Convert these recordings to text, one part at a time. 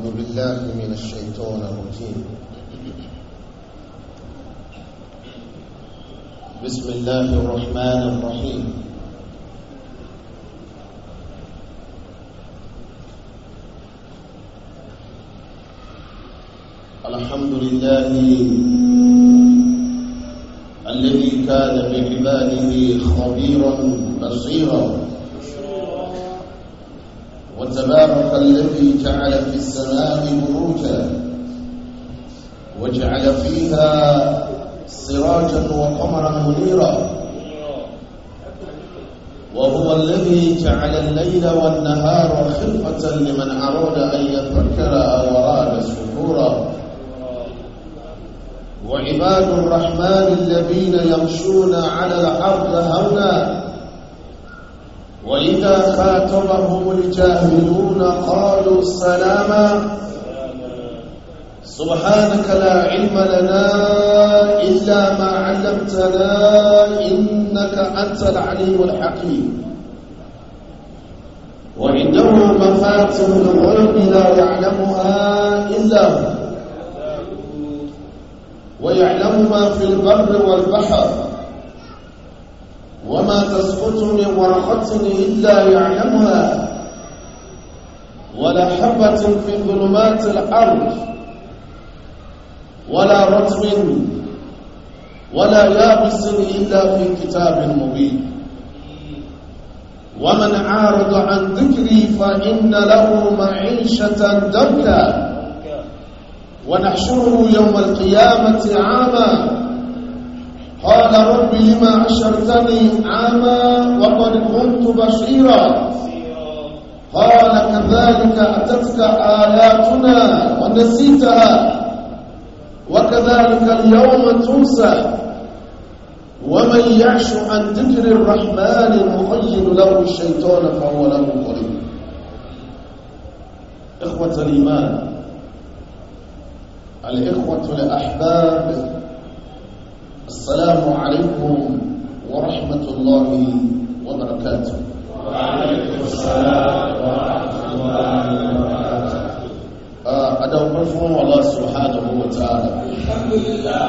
أعوذ بالله من الشيطان الرجيم بسم الله الرحمن الرحيم الحمد لله الذي كان بعباده خبيرا بصيرا تبارك الذي جعل في السماء بروجا وجعل فيها سراجا وقمرا منيرا وهو الذي جعل الليل والنهار خلفة لمن أراد أن يذكر أو أراد شكورا وعباد الرحمن الذين يمشون على الأرض هونا وإذا خاطبهم الجاهلون قالوا سلاما سبحانك لا علم لنا إلا ما علمتنا إنك أنت العليم الحكيم وعنده مفاتن الغرب لا يعلمها إلا هو ويعلم ما في البر والبحر وما تسقط من ورقة إلا يعلمها ولا حبة في ظلمات الأرض ولا رطب ولا يابس إلا في كتاب مبين ومن عارض عن ذكري فإن له معيشة ضنكا ونحشره يوم القيامة عاما قال رب لما عشرتني عاما وقد كنت بشيرا قال كذلك أتتك آياتنا ونسيتها وكذلك اليوم تنسى ومن يعش عن ذكر الرحمن نخيل له الشيطان فهو له قريب إخوة الإيمان الإخوة الأحباب السلام عليكم ورحمة الله وبركاته وعليكم السلام ورحمة الله وبركاته أدعو الله سبحانه وتعالى الحمد لله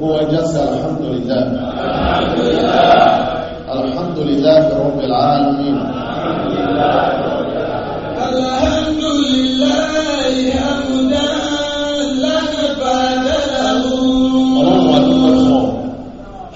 هو جس الحمد لله الحمد لله الحمد لله رب العالمين الحمد لله رب العالمين الحمد لله حمدا لك بعد له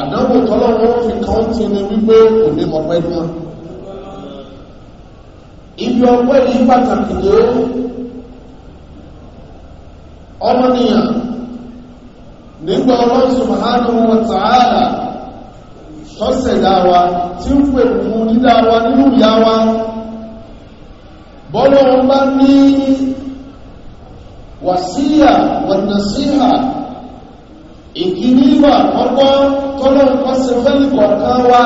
àdánwò tọ́lọ́wọ́ fi kàn ti ní wípé kò ní mọ̀pẹ́ ní wọn ibi ọpẹ́ yìí pàtàkì tó ọmọnìyàn nígbà Ọlọ́hun subhanahu wa ta'ala tọ́sẹ̀dá wa tí ń pè fún dídá nínú ìyá bọ́lọ́wọ́n bá ní wàsíyà ìkíníwà ọgbọ́ tọ́lọ́pọ̀ sí fẹ́lìkọ̀ kan wá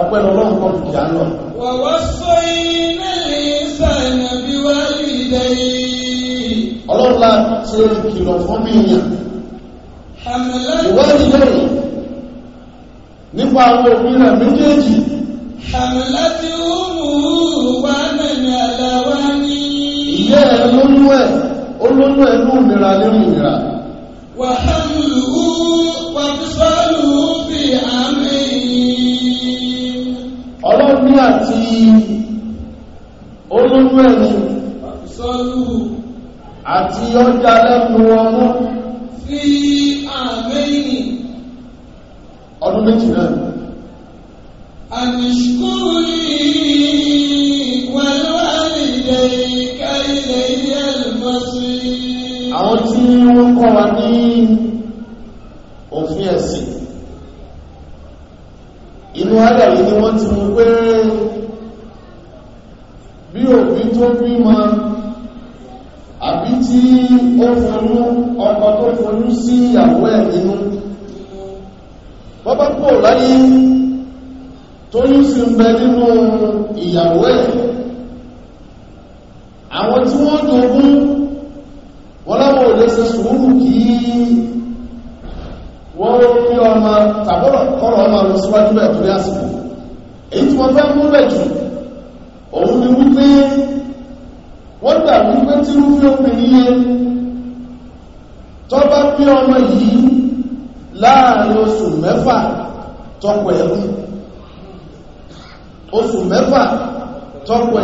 ọpẹ́ lọ́lọ́pọ̀ dùkìá lọ. wàwọ́ sọ iná ìsànà bí wá ìdẹ yìí. ọlọ́pàá ti kìlọ̀ fún mi yàn. ìwádìí lẹ́yìn nípa àwọn méjèèjì. وحمله وفصاله في عامين ọlọ́run ní àti olóògbé ẹ̀yìn sọ́lù àti ọjà lẹ́nu ọmọ fi àmẹ́yìn ọdún méjì náà àmìṣkúrì wàlúwàlì ilẹ̀ ìka ilẹ̀ ilẹ̀ ìmọ̀sí àwọn tí wọ́n kọ́ wa ní òfin ẹ̀sìn inú adàrí ni wọ́n ti mú pé bí òbí tó bímọ àbí tí ó fọnú ọkọ tó fọnú sí ìyàwó ẹ̀ nínú bọ́bá pò láyé tó ní sí ń bẹ nínú ìyàwó ẹ̀ àwọn tí wọ́n tó gún wọ́n láwọn ò lè ṣe sùúrù kí wọ́n kí ọmọ tàbọ́rọ̀ kọ́rọ̀ ọmọ lọ síwájú torí àsìkò èyí tí wọ́n fẹ́ mú bẹ̀ jù òun ni wípé wọ́n gbà wípé tí tó bá ọmọ yìí láàrin oṣù mẹ́fà tọkọ ẹ̀kú oṣù mẹ́fà ẹ̀kú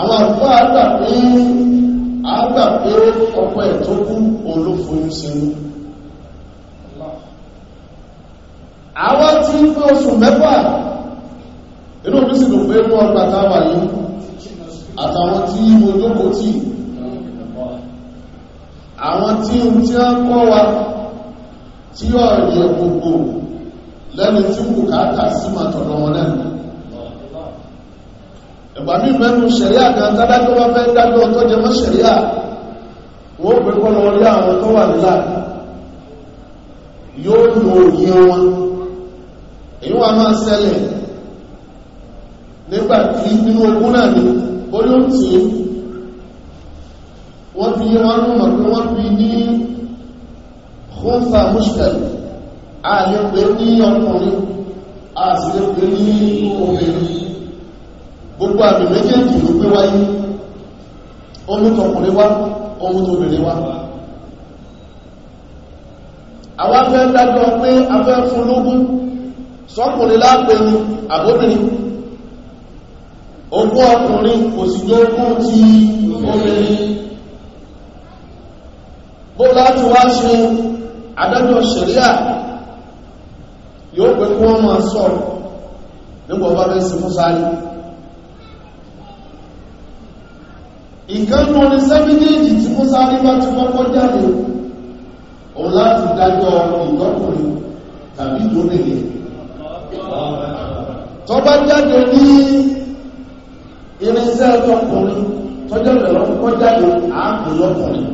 àwọn a gbà pé ọkọ ẹ̀ tó kú olófoyún sínú àwọn tí ń pé oṣù mẹ́fà inú mi sì lò pé mú ọgbà táwà yìí àtàwọn tí mo jókòó tí àwọn tí ń tí a kọ́ wa tí ọ̀rẹ́ gbogbo lẹ́nu tí kò káàkà sí màtọ̀lọ́wọ́ lẹ́nu ẹ̀gbà mí mẹ́nu sẹ̀ríà kan tádájọ́ bá fẹ́ dájọ́ tó jẹ mọ́ sẹ̀ríà wọ́n pẹ́ kọ́ lọ rí àwọn tó wà nílà yóò lo òye wọn èyí wọn máa ṣẹlẹ̀ nígbà tí nínú ogún náà ni ó yóò tì í wọ́n fi yé wọn mọ̀ pé wọ́n fi ní kóńfà mùsùlùmí àyẹ̀pẹ̀ ní ọkùnrin àti ẹ̀pẹ̀ ní obìnrin gbogbo àmì méjèèjì ló gbé wáyé ohun tọkùnrin wá ohun tóbìnrin wá àwọn afẹ́ dájọ́ pé afẹ́ fún lógún sọ́kùnrin láàpẹ́ ni àbóbìnrin ogún ọkùnrin kò sì jẹ́ ogún ti obìnrin bó láti wá ṣe adájọ́ ṣẹ̀ríà yóò pẹ́ kí wọ́n máa sọ̀rọ̀ nígbà ọba sí fún sáré ìkan náà ní sẹ́mídéèjì tí Musa ní bá ti kọ́kọ́ jáde òun láti dájọ́ ìtọ́kùnrin tàbí ìdónìyàn tó bá jáde ní irinṣẹ́ ọkùnrin tọ́jọ́ rẹ̀ lọ́kọ́ jáde àápò lọ́kùnrin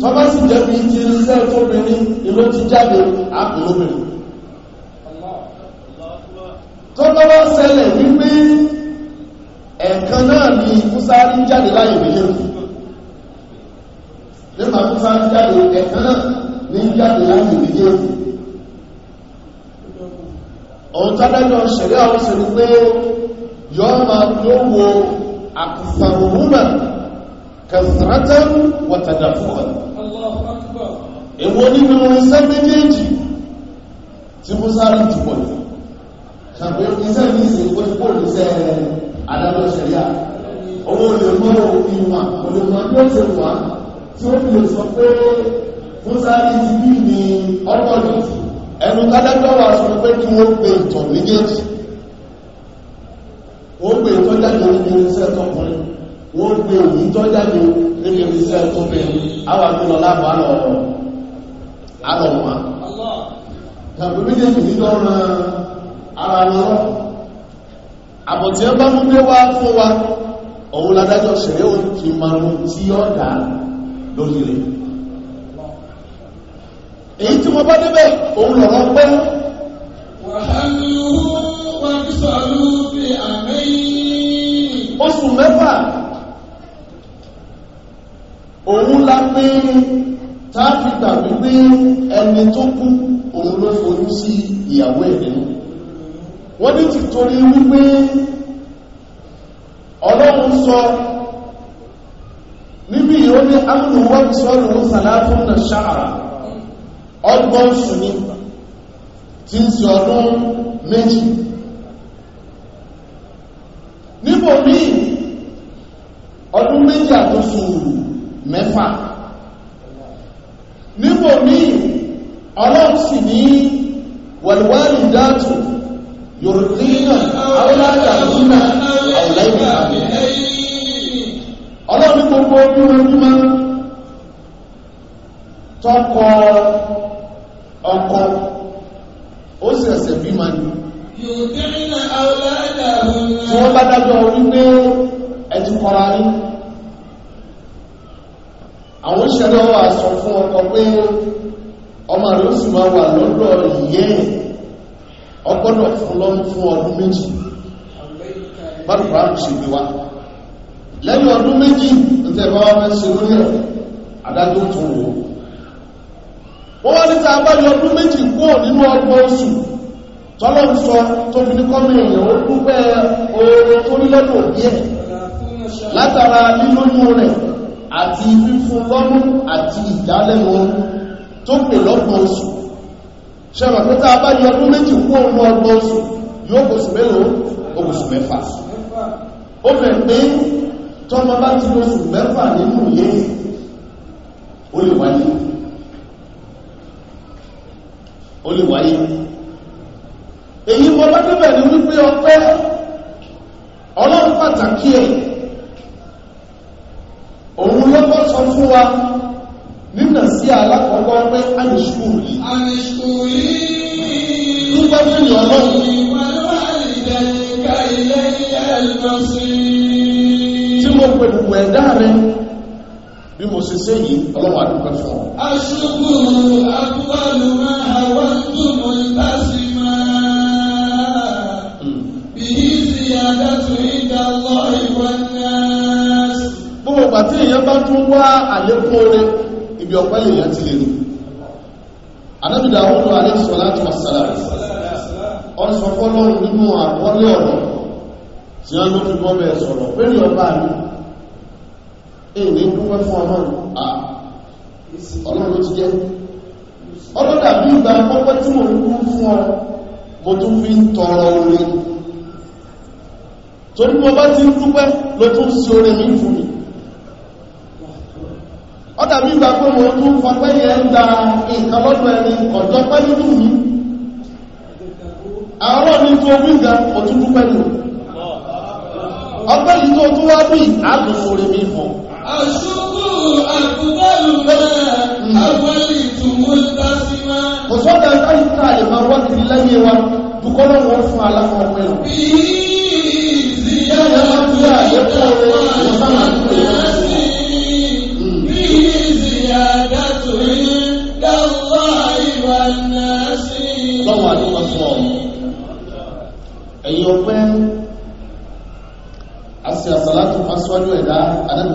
tó bá sì jẹ́ bí ti irinṣẹ́ tóbìnrin ìlú ti jáde àápò lóbìnrin tó bá wá ṣẹlẹ̀ wípé ẹ̀ẹ̀kan náà ni musa ń jáde láyé méjèèjì nígbà musa ń jáde ẹ̀ẹ̀kan náà ní ń jáde láyé méjèèjì ọ̀hún tádájọ́ ṣẹ̀rí àwọn ṣẹ̀rí pé yọ́ máa ló wo àkùsàrùmúnà kẹsìrátán wọ̀tàdàfọ́n èwo nínú iṣẹ́ méjèèjì tí musa rí jùpọ̀ ní ṣàpẹ́ iṣẹ́ ní ìsìnkú ìpòlùsẹ́ ẹ̀rẹ́ adájọ́ ṣẹ̀yà owó olùgbọ́rọ̀ òfin wà olùgbọ́rọ̀ tó ṣe wà tí ó lè sọ pé musa ní ti bí ní ọgbọ̀nà ẹnu kádájọ́ wà sọ pé kí wọ́n pe ìtọ̀ méjèèjì wọ́n pe ìtọ́ jáde níbi irinṣẹ́ tọkùnrin wọ́n pe òyìn tọ́ jáde níbi irinṣẹ́ tóbìnrin àwọn àgbélọ̀ lábọ̀ àlọ́ àlọ́ wọn. tàbí méjèèjì nídọ́ràn ara wọn àbọ̀tí ẹ bá fún wá fún wa òun ládájọ́ ṣẹ̀rẹ́ òun ti máa mú tí ó dá lórí rẹ̀ èyí tí wọ́n bá débẹ̀ òun lọ̀rọ̀ pẹ́ oṣù mẹ́fà òun la pé táàfì gbà wípé ẹni tó kú òun ló forí sí ìyàwó ẹ̀ wọ́n ní ti torí wípé ọlọ́run sọ níbi ìró ní amúlùwọ́n tí wọ́n lòó sàlátún na ṣáàrà ọgbọ́n ṣùní tí ń sí ọdún méjì níbò ní ọdún méjì àtúnṣù mẹ́fà níbò ní ọlọ́run sì ní wàlúwàlú dáàtù yorùbá àwọn aláàdàlúnà àìláìwà àmì ọlọ́run gbogbo ojúmọ́ tọ́kọ ọkọ ó sì ẹ̀sẹ̀ bí ma ní tí wọ́n bá dájọ́ wípé ẹ̀tù kọ́ra rí àwọn ìṣẹ̀lẹ̀ wà sọ fún ọkọ pé ọmọ rẹ̀ ó sì máa wà lọ́dọ̀ ìyẹ́ ọgbọ́dọ̀ fún lọ́n fún ọdún méjì bárùkù àrùn sí ìwé wa lẹ́yìn ọdún méjì tẹ́bà wá fẹ́ sí lórí ẹ̀ adájọ́ tó wò wọ́n wá níta abájọ ọdún méjì kó nínú ọgbọ́n oṣù tọ́lọ́ sọ tó fi ní kọ́mí èèyàn ó dúpẹ́ oore tó pè lọ́gbọ́n oṣù ṣẹ́mọ̀ tó tá a bá yọ ọdún méjì kú òun ọgbọ́n oṣù yóò oṣù mélòó oṣù mẹ́fà ó fẹ́ pé tọ́mọ bá ti oṣù mẹ́fà nínú yé ó lè wáyé ó lè wáyé èyí mọ́ bá débẹ̀ ní wípé ọpẹ́ ọlọ́run pàtàkì ẹ̀ òun lọ́kọ́ sọ fún wa nínà sí alákọ̀ọ́kọ́ pé anìṣkúrì anìṣkúrì tó bá fún ìyọ̀ ọlọ́run tí mo pè gbogbo ẹ̀dá rẹ bí mo ṣe ṣe yìí ọlọ́wọ́ àdúgbò fún ọ. aṣọ́gbò àbúwálù máa àwọn gbòmọ̀ ìbáṣì máa hmm. bí i sí àdátù ìdálọ́ ìwọ̀n náà. gbogbo pàtí èèyàn bá tún wá àlékún orin ibi ọ̀pẹ́ lèyàn ti lè lò Ànábì Dáúdù alayhi salatu wassalam ọ̀sọ̀ fọ́lọ́run nínú àkọọ́lẹ̀ ọ̀rọ̀ tí wọ́n ló fi bọ́mẹ̀ sọ̀rọ̀ pẹ̀lú ọba mi èyí dúpẹ́ fún ọmọ ọlọ́run ló ti jẹ́ ọlọ́run dàbí ìgbà pọ́pẹ́ tí mo ń kú fún ọ mo tún fi ń tọrọ orin torí mo bá ti ń dúpẹ́ ló tún sí orin mi fún mi ọ̀dà bí gba pé mo tún fọpẹ́ yẹn ń da nǹkan lọ́dọ̀ ẹni ọ̀jọ́ pẹ́ nínú mi àárọ̀ ní tó wí ga ọ̀tún dúpẹ́ nù ọpẹ́ yìí tó tún wá bí àtúnṣe orí mi fún. àṣùkù àkùbẹ́lù náà àwọn ìtumú dá sí kò sọ́dọ̀ ẹ̀ka a lè máa wá kiri lẹ́yìn wa dúkọ́ náà wọ́n fún aláfọ̀ ọ̀pẹ́ lọ. bí ìsìyá العيادة عند الله والناس lọ́wọ́ àdúgbò fún ọ ẹ̀yìn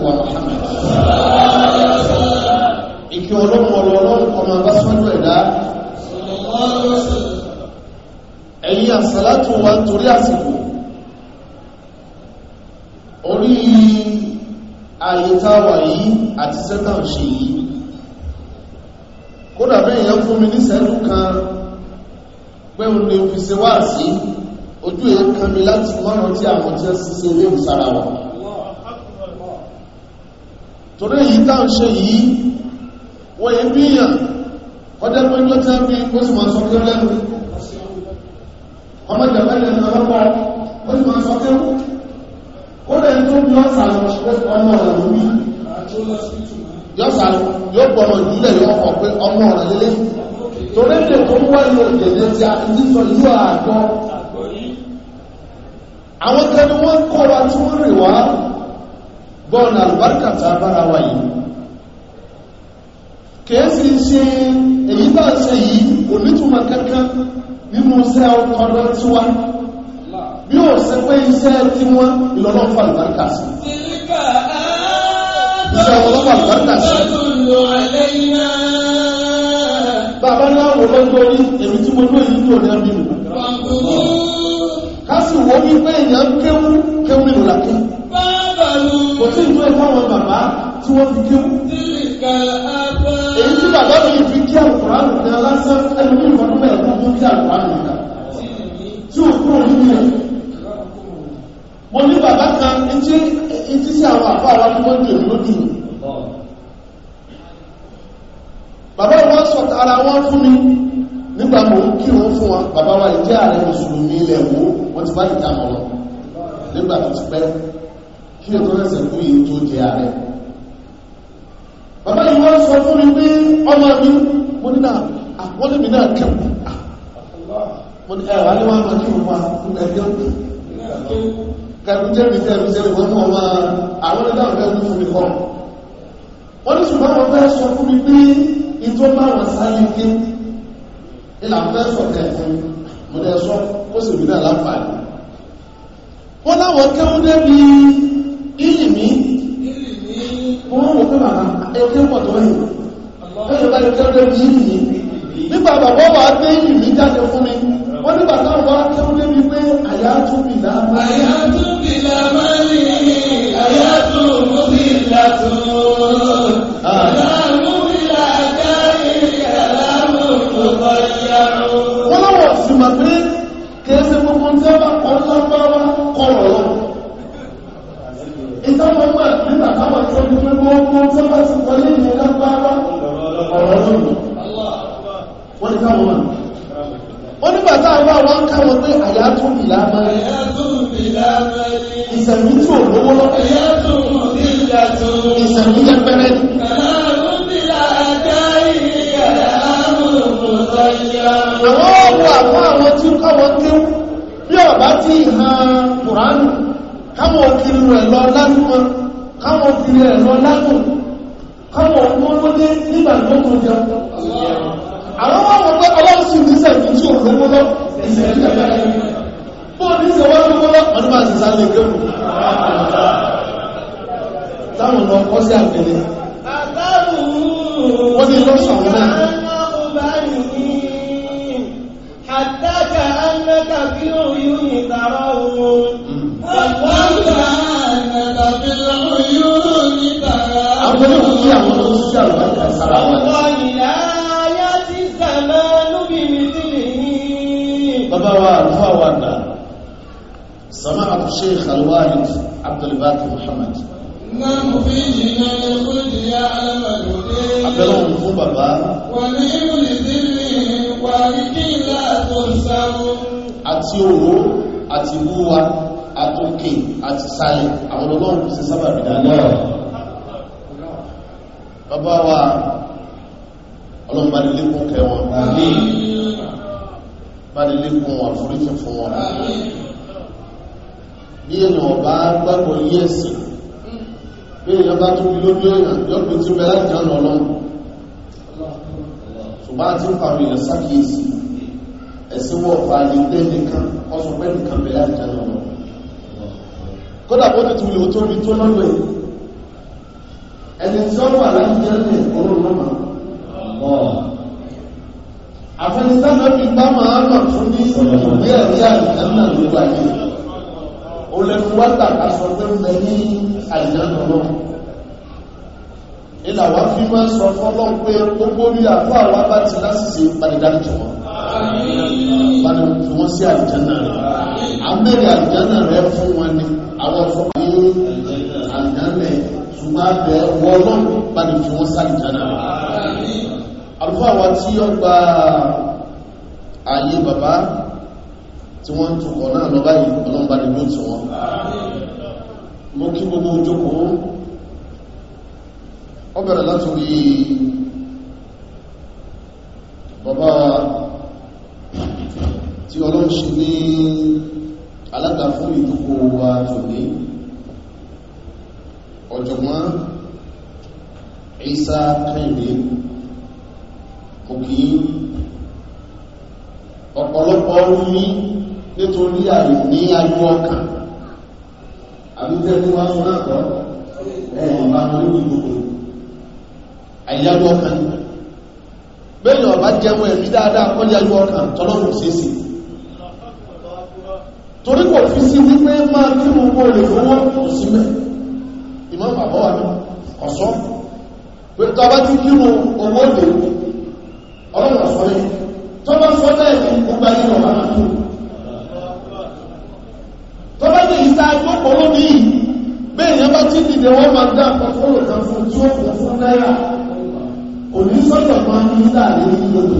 Muhammad ìkí ọlọ́pọ̀ ọlọ́run kọmọ fásiwájú ẹ̀dá ẹ̀yìn àsàlátù wa torí àsìkò orí àyíká wà yìí àti sẹ́tàn ṣe yìí kódà bẹ́ẹ̀ yẹn fún mi ní sẹ́dún kan pé òun ni òfin ṣe wá sí ojú èyí kan mi láti mọ́ràn tí àwọn tí ó sì ṣe ilé ìsára wọn torí èyí táà ń ṣe yìí wọ́n yẹ bí yàn kọjá pé ló tẹ́ bí ó sì máa sọ pé lẹ́nu ọmọ ìjọba ilẹ̀ ìjọba lọ́pọ̀ ó sì máa sọ pé ó tó bí ọ̀sán ọmọ ọ̀rọ̀ mi yọ́sà yóò gbọ́nà ìdílẹ̀ yóò kọ̀ pé ọmọ ọ̀rọ̀ lílé torí èdè tó ń wá ìwé ìdèdè tí a ti sọ yóò àgbọ́ àwọn tẹni wọ́n kọ́ wa tí wọ́n rè wá gbọ́nà àlùbáríkà tá a bára wa yìí kìí sì ṣe èyí bá ṣe yìí onítùmọ̀ kankan nínú iṣẹ́ ọkọ̀dọ̀ tiwa bí ó ṣe pé iṣẹ́ tiwọn ìlọ́lọ́ fún àlùbáríkà sí iṣẹ́ wọn lọ́wọ́ àgbàdà sí. bàbá náà wò lọ́jọ́ orí èmi tí mo lóye ní òní ẹbí mi. ká sì wọ́n mi pé èèyàn kéwú kéwú nínú làkè. kò sí ìjọ ẹ̀fọ́ àwọn bàbá tí wọ́n fi kéwú. èyí tí bàbá mi fi kí àlùkùránù náà lásán ẹni ní ìfọdún mẹ́ẹ̀ẹ́dógún kí àlùkùránù náà. tí òkú òní ni ẹ̀ mo ní bàbá kan etí etí sí àwọn àbá wa ní wọ́n dèrò lójú bàbá wọn sọ ara wọn fún mi nígbà mò ń kí wọn fún wa bàbá wa ìjẹ́ ààrẹ mùsùlùmí ilẹ̀ wo wọ́n ti bá ìjà mọ́ lọ nígbà tó ti pẹ́ kí ètò ẹsẹ̀ kú yìí tó jẹ ààrẹ bàbá yìí wọ́n sọ fún mi pé ọmọ mi mo ní náà àwọn èmi náà kẹ́kù mo ní ẹ̀rọ alẹ́ wọn máa kí wọn wá ẹgbẹ́ òkè tẹ̀kùjẹ́rì tẹ̀kùjẹ́rì wọn mọ̀ máa àwọn ẹgbẹ́ àwọn ẹgbẹ́ fún mi kọ́ wọ́n ní ṣùgbọ́n wọn fẹ́ sọ fún mi pé ìjọ máa wọn sáré ké ilà fẹ́ sọ tẹ̀kùn mo dẹ̀ sọ kó sì rí náà láǹfààní wọ́n láwọn kẹ́wọ́n débi ìyìnmí wọ́n wọ́n pé màmá ẹgbẹ́ pọ̀ tó yìí wọ́n yóò bá lè kẹ́wọ́n débi nígbà bàbá wà gbé ìlú jáde fún mi wọ́n nígbà táwọn wá tó lé mi pé àyátúbì lámà àyátúbì lámà ní àyátúbì látún àlámúbì láàkárí àlámúbì lọ́yàrún wọ́n lọ́wọ́ sí ma pé kẹsẹ̀ gbogbo ń tẹ́ bá kọ́ lọ́gbọ́wá kọ̀rọ̀ lọ bá ti ọ̀rọ̀ lọ́gbọ́ wọ́n ní káwọn wà wọ́n nígbà táwọn bá wá ń káwọn pé àyà tó bì lámàrí ìsẹ̀mí tí ò lówó lọ́pẹ́ ìsẹ̀mí yẹpẹrẹ àwọn ọ̀wọ̀ àwọn àwọn tí káwọn kéwú bí ọ̀bá tí hàn kùránù káwọn òkiri rẹ̀ lọ lánúmọ́ káwọn òkiri rẹ̀ lọ lánú káwọn òkúrúdé nígbà tó kọjá àwọn wọ́n wọ́n pé ọlọ́run sì ní sẹ́ẹ̀kì tí ò lówó lọ ìṣẹ̀lẹ̀ bọ́ọ̀ ní sẹ́wọ́ lówó lọ ọdún máa sì sáré kéwù táwọn lọ kọ́ sí àgbẹ̀lẹ̀ wọ́n ní lọ́sọ̀ wọn náà Àtàkà ánàkà bí òyìn ìtàrà òun. Àtàkà ánàkà bí òyìn ìtàrà òun. Àwọn olóòwò sí àwọn olóòwò sí àlùbáríkà sára wọn. Ọ̀pọ̀ ìlànà. bàbá wa àlùfáà wa àgbà sàmà àtúnṣe ìkàlùwáyé abdulbaki muhammad abẹ́rẹ́ òun fún bàbá àti òwò àti wúwa àtòkè àti sálẹ̀ àwọn ọlọ́run fi ṣe sábà rí dáadáa bàbá wa ọlọ́run bá nílé kún kẹwọn ní báni lékún àforíjì fún wọn bí èèyàn bá gbàgbọ́ yí ẹ̀sìn bí èèyàn bá tún lójú èèyàn yóò pín tí bẹ́lá ìjánà ọlọ́run ṣùgbọ́n tí ń pàrọ̀ èèyàn sákìyèsí ẹ̀sìn wọ́n bá lè dé nìkan ọsùn pẹ́ nìkan bẹ́lá ìjánà ọlọ́run kódà bó ti tún lè tó rí tó lọ́gbẹ̀ ẹni tí ó wà láti jẹ́ ní ìkóró náà àfẹnitánà fi bá máa mà fún ní ìwé ẹ̀rí àìjánà ló wáyé ó lẹ́nu wá tàbí sọ pé ń bẹ ní àìjánà náà ilà wá fi máa sọ fọ́lọ́ pé gbogbo rí àfọ́ àwọn bá ti lásìsì pàdédájọ́ wọn padà fi wọ́n sí àìjánà rẹ̀ amẹ́rẹ̀ àìjánà rẹ̀ fún wọn ni àwọn fọ́lọ́ pé àìjánà rẹ̀ ṣùgbọ́n abẹ́ wọ́ọ́lọ́ padà fi wọ́n sí àìjánà rẹ̀ àlùfáà wa tí ó gba ààyè bàbá tí wọ́n ń tukọ̀ náà lọ báyìí ọlọ́mbà ní ló tí wọ́n mú kí gbogbo ojókòó ó bẹ̀rẹ̀ látòrí bàbá tí ọlọ́run ní alága fún ìdúkò wa tòní ọ̀jọ̀gbọ́n Isa Kẹ́hìndé òkè ọ̀pọ̀lọpọ̀ ọrún ní nítorí àyè ní ayú ọkàn àbíjẹ́ tó wá fún àkọ́ ẹ̀yìn bá wọn lórí gbogbo àyájú ọkàn bẹ́ẹ̀ni ọ̀bá jẹun ẹ̀mí dáadáa kọ́ ní ayú ọkàn tọ́lọ́rùn sísì torí kò fi sí wípé máa kí gbogbo lè fowó kò sí mẹ́ ìmọ̀ bàbá wa ní ọ̀sán pé tọba ti kírun owó lè ọlọ́run ọ̀sọ́lẹ̀ tọ́bá sọ́lẹ̀ ẹ̀kùn gbogbo ayé lọ wà látò tọ́bá ní ìta agbókò ló ní bẹ́ẹ̀ yẹn bá tí dìde wọ́n máa dá àpọ̀fọ́lò kan fún tí ó fún fún náírà kò ní sọ́jọ̀ máa ní láàrin lòdì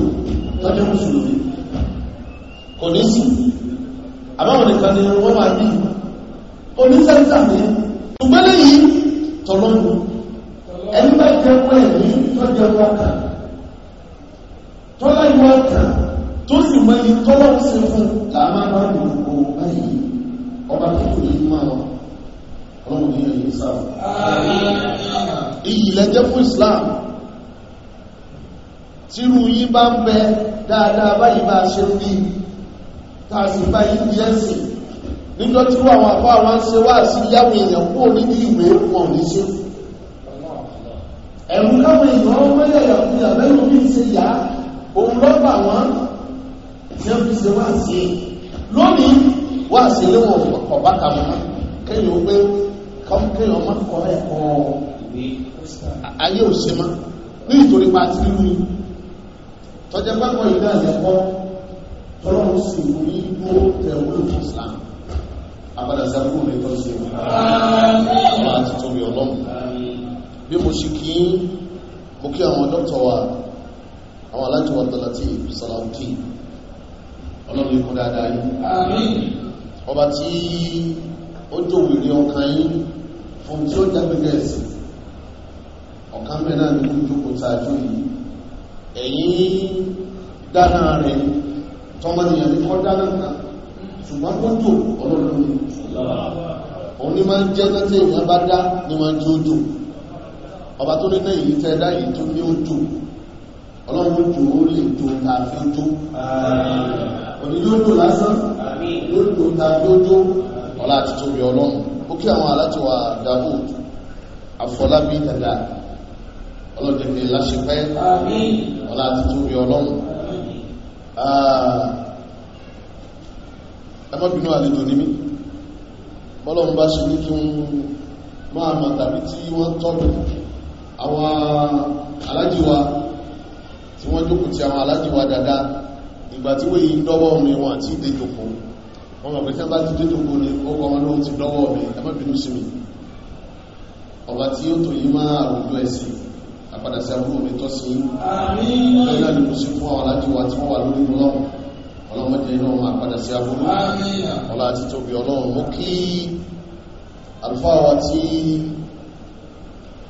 tọ́jọ́ mùsùlùmí kò ní sí àbáwọn nìkan ni wọ́n máa bí kò ní sẹ́ńtà ní ṣùgbọ́n lẹ́yìn tọ́lọ́run ẹni bá jẹ́ pẹ́ yìí tọ́jọ́ wákàtí tọ́lá ìwọ̀n tàn tó sì mọ́ ní tọ́lá ń ṣe fún làmá máa ń lò ó báyìí ọba tó kò ní máa lọ ọlọ́run ní ẹ̀yìn sáà iyì lẹ́jẹ́ fún Islam tírú yí bá ń bẹ dáadáa báyìí bá ṣe ń bí tààsì báyìí bí ẹ̀sìn níjọ́ tí wọ́n àwọn àfáà wọ́n ṣe wá sí yáwó èèyàn kúrò níbi ìwé wọn ní ṣe ẹ̀rù káwọn èèyàn mẹ́lẹ̀ yàkúyà mẹ́lòmí ṣe yàá òun ló bà wọ́n tí wọ́n fi ṣe wáàsí lónìí wáàsí ilé wọn ọ̀bá kà mọ́ kéèyàn pé kéèyàn ọmọ kọ́ ẹ̀kọ́ ayé òṣè mọ́ ní ìtòrí pa àti nínú ni tọ́jà pápọ̀ yìí náà lẹ́kọ́ tọ́lọ́run sì mú ní dúró tẹ̀wé òfin Islam abada sábú mi tó ṣe ọmọ àti torí ọlọ́run bí mo ṣe kí mo kí àwọn dókítà wa àwọn aláti wọ́n tọ́lọ́tí sọ́lọ́tí ọlọ́run ikú dáadáa yìí àmín ọba tí ó jòwì ní ọkàn yìí fún tí ó jágbẹ́gẹ́ ẹ̀sìn ọ̀kan bẹ́ẹ̀ náà ní kújú kò sáájú yìí ẹ̀yìn dáná rẹ̀ tọmọnìyàn ní kọ́ dáná kan ṣùgbọ́n wọ́n jò ọlọ́run ní òun ní máa ń jẹ́ náà èèyàn bá dá ní máa ń jẹ́ òjò ọba tó ní náà yìí tẹ́ dá yìí tó ní òjò ọlọ́run jò ó lè tó ta fi ó tó òní ló dò lásán ló dò ta fi ó tó ọlá àti tóbi ọlọ́run ó kí àwọn alátiwà dàbò àfọlábí dàda ọlọ́dẹ̀dẹ̀ láṣepẹ́ ọlá àti tóbi ọlọ́run ẹmọ́bìnú àlejò ní mí bọ́lọ́run bá ṣe ní kí wọ́n máa mọ̀ tàbí tí wọ́n tọ́lù àwọn alájíwá tí wọ́n jókòó ti àwọn alájíwá dáadáa ìgbà tí wọ́n yí dọ́wọ́ mi wọn àti ìdẹ́jòkó wọn mọ̀ pé tí wọ́n bá ti wọn lóhun ti dọ́wọ́ mi ẹ bínú sí mi ọba tí ó tó yí máa àrùjọ ẹ̀sìn àpadà sí àbúrò mi tọ́ sí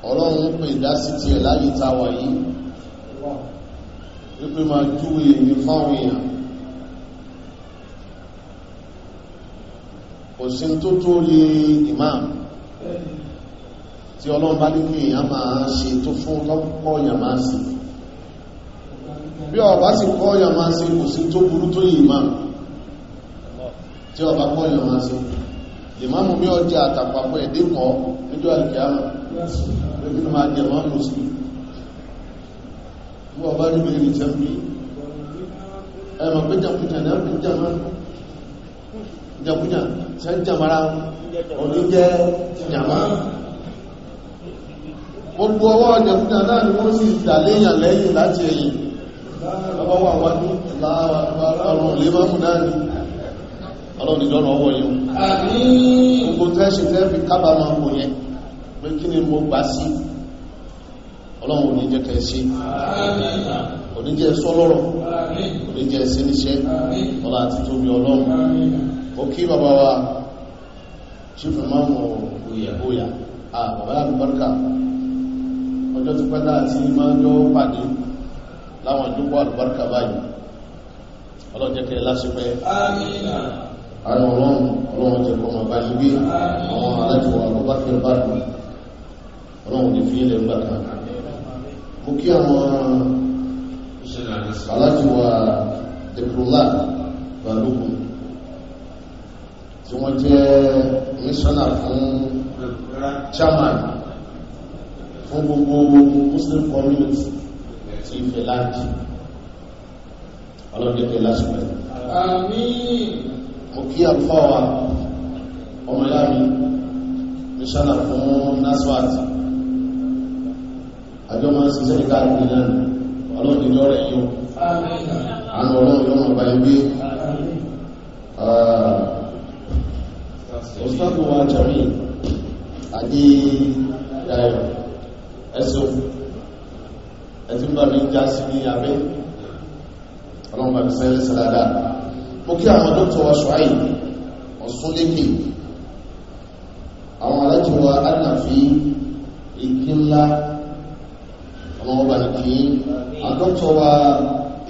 lọ́nà ọlọ́run pè dá sí tiẹ̀ láyé táwa yìí wípé máa júwe èmi fáwọn èèyàn kò sí tó tó rí imam tí ọlọ́run bá nínú èèyàn máa ṣe tó fún lọ́pọ̀ èèyàn máa sí bí ọba sì kọ́ èèyàn máa sí kò sí tó burú tó yìí imam tí ọba kọ́ èèyàn máa sí ìmáàmù bí ọjà àtàpàpọ̀ ẹ̀dínkọ́ níjọ́ àlùkìyàmù lóbi ló máa jẹ mọ́ mùsùlùmí wọ́n bá rí mẹ́rin jẹ́ bí ẹ̀rọ pé jàkújà náà ń ṣe ń jàmára jẹ́ jàmá gbogbo ọwọ́ jàkújà náà ni wọ́n sì dàléyàn lẹ́yìn láti ẹ̀yìn ọwọ́ wà wájú láàrùn olèmọ́mù ọlọ́run ò ní jẹ́ kẹ́ sí ò ní jẹ́ sọ́lọ́rọ̀ ò ní jẹ́ sí níṣẹ́ ọlá àti tóbi ọlọ́run ó kí bàbá wa ṣífù máa mọ̀ òyàbóyà àbàbá àlùbáríkà ọjọ́ ti pẹ́ta àti máa jọ pàdé láwọn ìdúgbò àlùbáríkà báyìí ọlọ́jẹ́ kẹ́ lásìpẹ́ àwọn ọlọ́run ọlọ́run jẹ́ kọ́ máa bá yí gbé àwọn alájọwà àbúbákẹ́ bá ọlọ́run ní fi ilẹ̀ ń gbà kan mo kí àwọn alájùwà dẹ̀kùrọ̀lá balógun tí wọ́n jẹ́ mísọ́nà fún chairman fún gbogbo muslim community ti ìfẹ̀láàjì ọlọ́dẹ̀kẹ̀ lásìkò àmín mo kí àfọ́wà ọmọ ìyá mi mísọ́nà fún naswati àjọ máa ń ṣiṣẹ́ ìta àrùn náà ọlọ́run ní lọ́rẹ̀ yóò àwọn ọlọ́run yóò máa ah, bá ibi ọ̀sánù wa jàrí àdí dàrẹ̀ ẹ̀sùn ẹ̀tí ń bá mi já sí ní abẹ́ ọlọ́run bá mi sẹ́lẹ̀ sẹ́lẹ̀ mo kí àwọn dókítà wa ṣùáyì ọ̀sún lékè àwọn alájọ wa á nà fi ìkínlá ọlọ́wọ́ bá kí àdọ́tọ̀ wa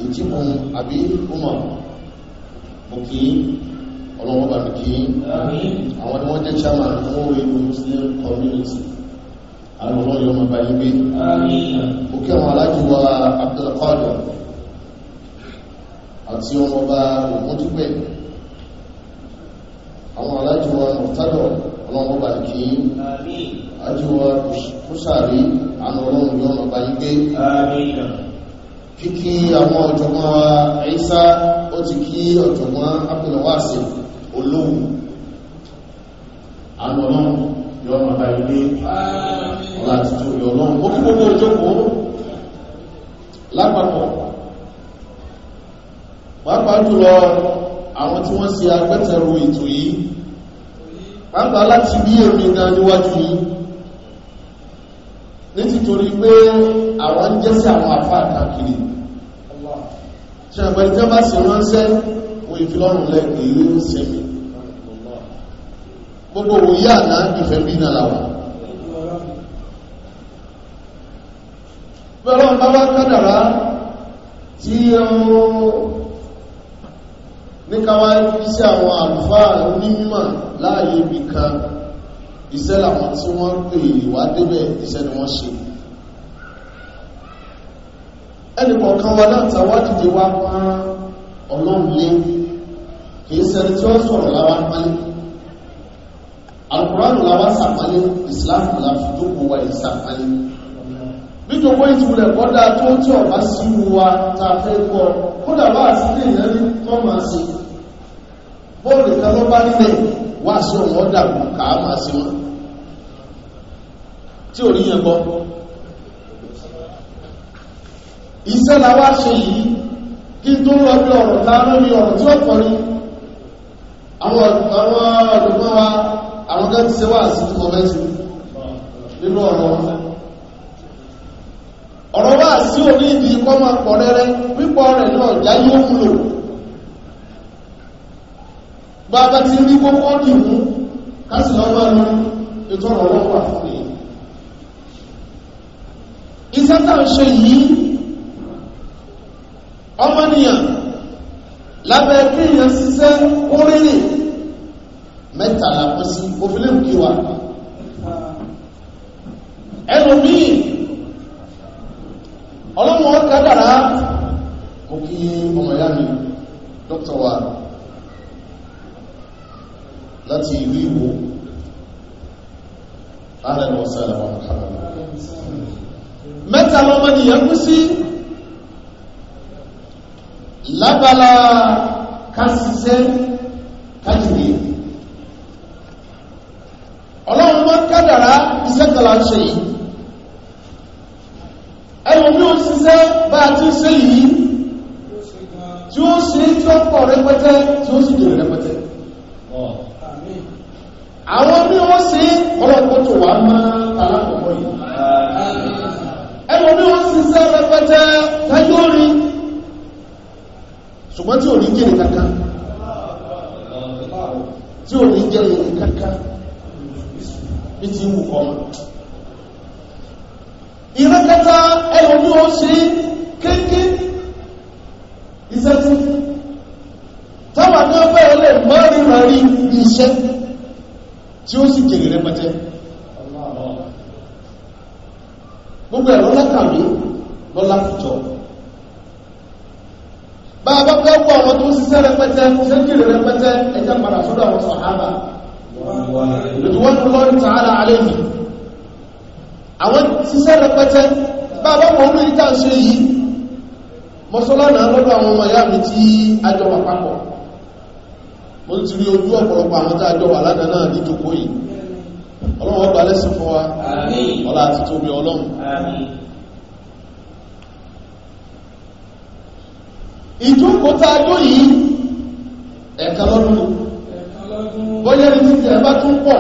ìjímọ̀ àbí umar mo kí ọlọ́wọ́ bá kí àwọn ni wọ́n jẹ́ chairman fún ìlú muslim community àwọn ọlọ́wọ́ yóò máa bá yí gbé mo kí àwọn alájú wa abdulkadir àti ọmọọba ògúntúpẹ̀ àwọn alájú wa mọ̀tádọ̀ ọlọ́wọ́ bá kí àjọ wa kúsàrí àánú ọlọ́run yóò máa bá yín gbé kíkí àwọn ọ̀jọ̀gbọ́n Ìsá ó ti kí ọ̀jọ̀gbọ́n Abdulwasi olóhùn àánú ọlọ́run yóò máa bá yín gbé ọlá tuntun yóò lọ́run ó kí gbogbo ìjókòó lápapọ̀ pàápàá jùlọ àwọn tí wọ́n ṣe agbẹ́tẹ̀rù ètò yìí pàápàá láti bí èmi níwájú yìí ní títorí pé àwọn ń jẹ́ sí àwọn àfáà káàkiri ṣe àgbẹ̀rẹ̀ tí wọ́n bá sì ránṣẹ́ wo ìfilọ́rùn lẹ èyí ń sẹ́mi gbogbo òye àná ìfẹ́ bí náà làwà bẹ́ẹ̀ lọ́n bá kádàrá tí ọmọ ní káwàá fi sí àwọn àlùfáà onímọ̀ láàyè ibì kan iṣẹ́ làwọn tí wọ́n pè wá débẹ̀ iṣẹ́ ni wọ́n ṣe ẹnì kọ̀ọ̀kan wa náà dìde wá pán ọlọ́run kìí sẹni tí wọ́n sọ̀rọ̀ láwa pálí alukuraanu láwa sàpálí islam la fi jókòó wa yìí sàpálí nítorí ìtúlẹ̀ kọ́dá tó tí ọ̀bá sí wa ta fẹ́ gbọ́ kódà bá àti ilé ìyẹn tó máa ṣe bóòlù nìkan ló bá nílẹ̀ wá sí òun ọ̀dà kù ká máa sí wọn tí ò níyẹn gbọ́ iṣẹ́ la wá ṣe yìí kí tó lọ bí ọ̀rọ̀ ta lórí ọ̀rọ̀ tí ó pọ̀ ní àwọn ọ̀dùnkún wa àwọn kan ti ṣe wá sí ti kọ̀mẹ́tì nínú ọ̀rọ̀ wọn ọ̀rọ̀ wá sí òní ìdí kọ́ máa pọ̀ rẹ́rẹ́ pípọ̀ rẹ̀ náà já yóò múlò bàbá ti rí kókó nìmú káàsì lọ́wọ́ ní ètò ọ̀rọ̀lọ́wọ́ àfúnni iṣẹ́ táà ṣe yìí ọmọnìyàn lábẹ́ kí èèyàn ṣiṣẹ́ orírì mẹ́ta làpọ̀ sí òfìlẹ̀ òkè wa ẹlòmíì ọlọ́wọ́ kádàrá òkè ọmọ ìyá mi dókítà wa láti ìlú ìwò ààrẹ̀lọ́ sẹ́lẹ̀wọ̀ mẹ́ta lọ́mọ nìyàn kú sí lábala kásìsẹ́ kájìdì ọlọ́run mọ́ kádàrá iṣẹ́ kọlá ń ṣe yìí ẹ̀rùn ní òṣìṣẹ́ bá ti ṣe yìí tí ó ṣe tí ó pọ̀ rẹpẹtẹ tí ó sì dèrè rẹpẹtẹ àwọn bí wọ́n sí ọlọ́pọ̀ tó wà máa alákọ̀ọ́kọ́ yìí ẹgbọ́n bí wọ́n sí sẹ́ rẹpẹtẹ tẹ́jú orí ṣùgbọ́n tí ò ní jẹ́ kankan tí ò ní jẹ́ kankan bí ti wù kọ́mọ tí tí ó sì kèrè rẹpẹtẹ gbogbo ẹ̀rọ lákàmí lọ́lá fìjọ bá a bá fẹ́ wọ àwọn tó ń ṣiṣẹ́ rẹpẹtẹ ṣe kèrè rẹpẹtẹ ẹjẹ́ padà sọ́dọ̀ àwọn sàhábà lùdùwọ́n lọ́rí tààrà alẹ́ yìí àwọn ṣiṣẹ́ rẹpẹtẹ bá a bá wọ́n lórí tá a yìí mọ́sọ́lá náà lọ́dọ̀ àwọn ọmọ ìyá mi tí a jọ wà papọ̀ mo ti rí ojú ọ̀pọ̀lọpọ̀ àwọn wà náà ní yìí lẹ́sìn fún wa ọlá àti tóbi ọlọ́run ìjókòó tá a jó yìí ẹ̀ka lọ́dún bóyá ní bá tún pọ̀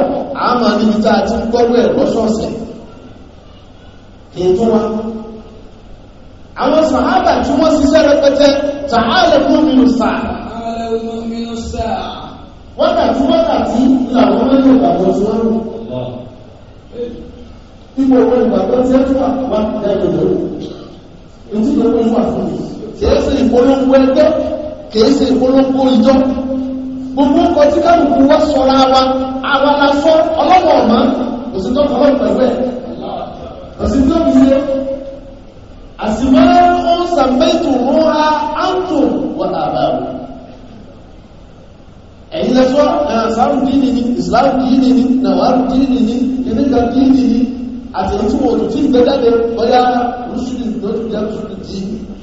níbi tá a ti ń gbọ́rú ẹ̀ lọ́sọ̀ọ̀sẹ̀ kì í ولو مؤمن الساعة wákàtí wákàtí làwọn mẹ́rin ìgbàgbọ́ tí wọ́n rú ipò owó ìgbàgbọ́ tí ẹ fà wá jáde lórí etí tó kún fà fún mi kìí ṣe ìpolongo ẹgbẹ́ kìí ṣe ìpolongo ìjọ gbogbo ọkọ̀ tí kálukú wá sọ̀rọ̀ àwa àwa la sọ ọlọ́wọ́ ọ̀mà òsì tó kọ́ pẹ̀lú ẹ̀ òsì tó fi ṣe àsìmọ́ ó sàmẹ́tò rọra áńtò wọ́n àbáwò ẹ̀yin lẹ́fọ́ sáàrù dínì ní ìsìláàmù dínì ní nàwàrù dínì ní kìníkà dínì ní àti èyí tí wọ́n tó tí gbẹ́jáde bọ́yá rúṣùlì lórí bí rúṣùlì jí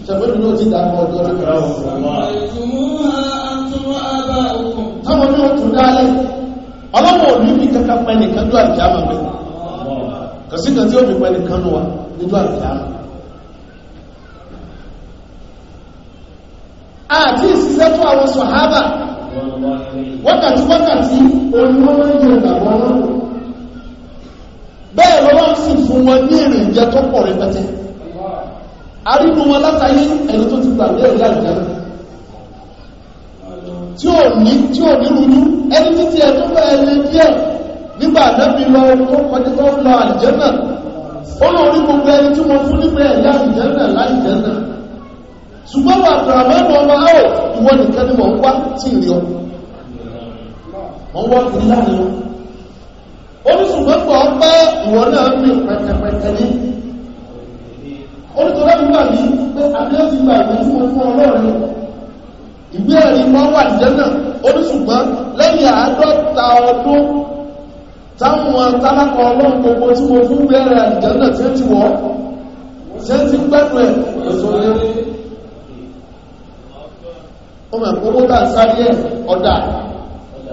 ṣẹ̀fẹ́lú ló ti dàpọ̀ ọjọ́ rẹ̀ táwọn náà tún dálẹ̀ ọlọ́wọ́ ní bí kankan pẹ́ nìkan jọ àjàmà mi kàsí kan tí ó fi pẹ́ nìkan wa níjọ àjàmà àti ìsìsẹ́ fún àwọn sọ̀hábà wákàtí wákàtí olúwọ́n yóò dàgbọ́ náà bẹ́ẹ̀ lọ́wọ́ sì fún wọn ní èrè ìjẹ tó pọ̀ rẹpẹtẹ arínú wọn látàyé ẹni tó ti gbàgbé ẹ̀rí àjẹ́ tí ò ní tí ò ní rújú ẹni títí ẹ̀ tó bẹ́ẹ̀ lé díẹ̀ nígbà àdẹ́bí lọ tó kọjú tó lọ àjẹ́ náà ó lórí gbogbo ẹni tí wọ́n fún nígbà ẹ̀rí àjẹ́ náà láì náà ṣùgbọ́n wà abdulhamanu ọmọ áwọ̀ ìwọ nìkan ni wọ́n wá tí ìrìn ọ wọ́n wá kiri láàrin ọ oníṣùgbọ́n pọ̀ ọpẹ́ ìwọ náà mi pẹ̀tẹ̀pẹ̀tẹ̀ ní oníṣùgbọ́n lẹ́yìn àádọ́ta ọdún táwọn ọlọ́run gbogbo tí mo fún bẹ́ẹ̀rẹ̀ tí ó ti wọ́ mọ̀ owó tà ń sáré ẹ̀ ọ̀dà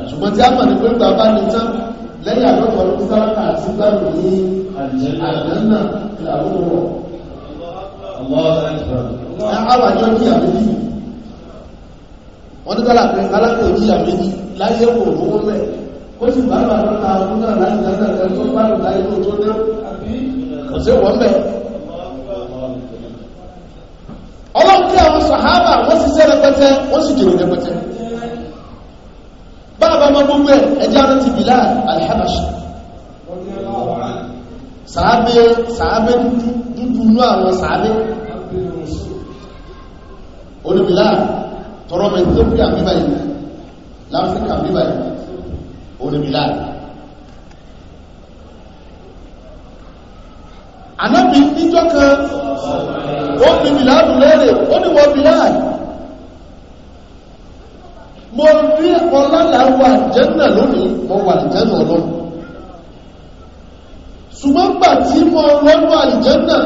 ṣùgbọ́n tí a mọ̀ ní pé bàbá ní tán lẹ́yìn àlọ́kọ̀ ló sálákà àti gbàrú ní àjẹ́nà ìlàwó rọ̀. àwọn àjọ ní àbẹ́jì wọ́n ní tálàpẹ́ alákòó ní àbẹ́jì láyé kò lówó lẹ̀ ó sì bá bàbá ta ọdún náà láti dáadáa tó bá lò láyé tó tó dé kò sí wọ́n bẹ́ẹ̀. sàhábà wọ́n sì sẹ́rẹ̀ pẹ́tẹ́ wọ́n sì jèrò rẹ̀ pẹ́tẹ́ báàbá ma gbogbo ẹ̀ ẹjẹ́ ara ti Bilal al-Habashi sàábé sàábé dúdú inú àwọn sàábé olùbìlá tọrọ mẹ́tẹ́ bí àbíbáyìí láfíríkà àbíbáyìí olùbìlá ànábì níjọ́ kan ó fi bìláàdù lẹ́rẹ̀ ó ní wọ́n bìláàdù mo rí ọlálàwà jẹ́nà lónìí mo wà jẹ́nà ọlọ́run ṣùgbọ́n gbà tí mo rọ́nú àlìjẹ́nà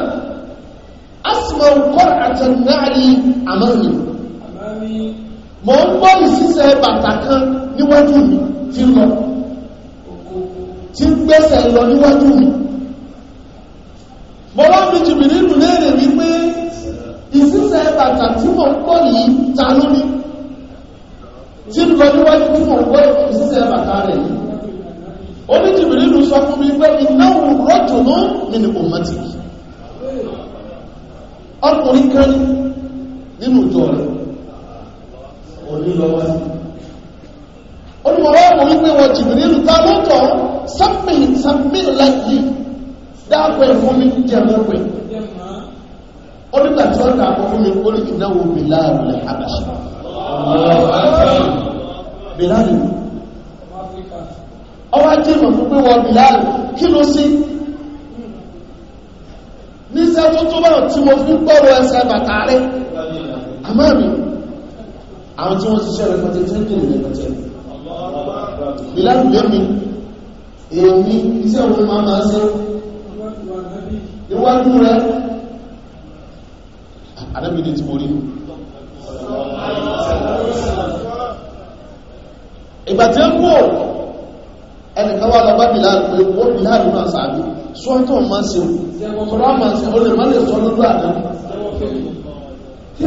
a sì mọ̀ kọ́ àtẹ̀náàrí àmọ́rin mo ń gbọ́ ìṣiṣẹ́ bàtà kan níwájú mi ti lọ ti gbẹ́sẹ̀ lọ níwájú mi mo wá bí jìbìrì ìlú léèrè wípé ìsísẹ bàtà tí mò ń kọ yìí ta ló ní tí ń lọ níwájú tí mò ń kọ ìsísẹ bàtà rẹ yìí ó ní jìbìrì ìlú sọ fún mi pé ìnáwó rọjò ló mi ni kò mọ tìkì ọkùnrin kan nínú ìjọ rẹ òní lọ wá sí olùmọ̀wọ́ ọkùnrin pé wọ́n jìbìrì ìlú ta ló tọ̀ sọ́pìn sọ́pìn láti dáàpọ̀ ẹ̀ fún mi jẹ́ mẹ́pẹ́ onígbà tí wọ́n dàpọ̀ fún mi ó lè fi náwó bìláàlù lè hàbàṣì bìláàlù ọwá jẹ́ mọ̀ fún pé wọ́n bìláàlù kí ló sí ní sẹ́tún tó bá tí mo fi gbọ́rọ̀ ẹsẹ̀ bàtà rẹ̀ àmọ́ mi àwọn tí wọ́n ṣiṣẹ́ rẹ̀ pàtẹ́ tí ó kèrè rẹ̀ pàtẹ́ bìláàlù lé mi èmi iṣẹ́ òun máa máa ṣe níwájú rẹ̀ ànábì ní ti mo rí ìgbà tí ó ẹnìkan wà lọ́gbà pé ó náà ṣe ọ̀rọ̀ máa ṣe ó lè má lè sọ kí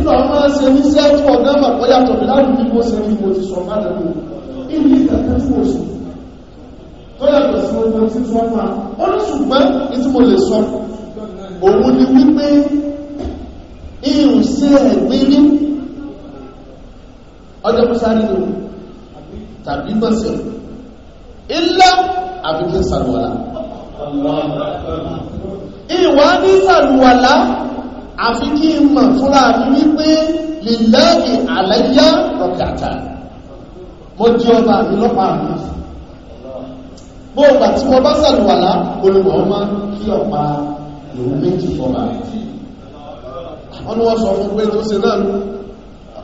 ṣe ní sẹ́tù ọ̀gá màpọ̀ yàtọ̀ bí mo ní mo ti má ìlú tó yàtọ̀ sí ọjọ́ tí sọ fà ó ní ṣùgbọ́n ìtí mo lè sọ òun ni wípé ihun sí ẹ̀gbẹ́ rí ọjọ́ tó sáré lò tàbí gbọ̀nsẹ̀ ilá àbí kí n sàlùwàlá ìwà ní sàlùwàlá àfi kí n mọ̀ fúnra mi wípé lillahi alayya rọ̀kàtà mo jẹ́ ọba mi lọ́pàá mi bó o gbà tí mo bá sàlùwàlá olùwọ̀ ọmọ kí ọ̀pá lòun méjì fọba wọn ni wọ́n sọ fún pé tó ṣe náà nù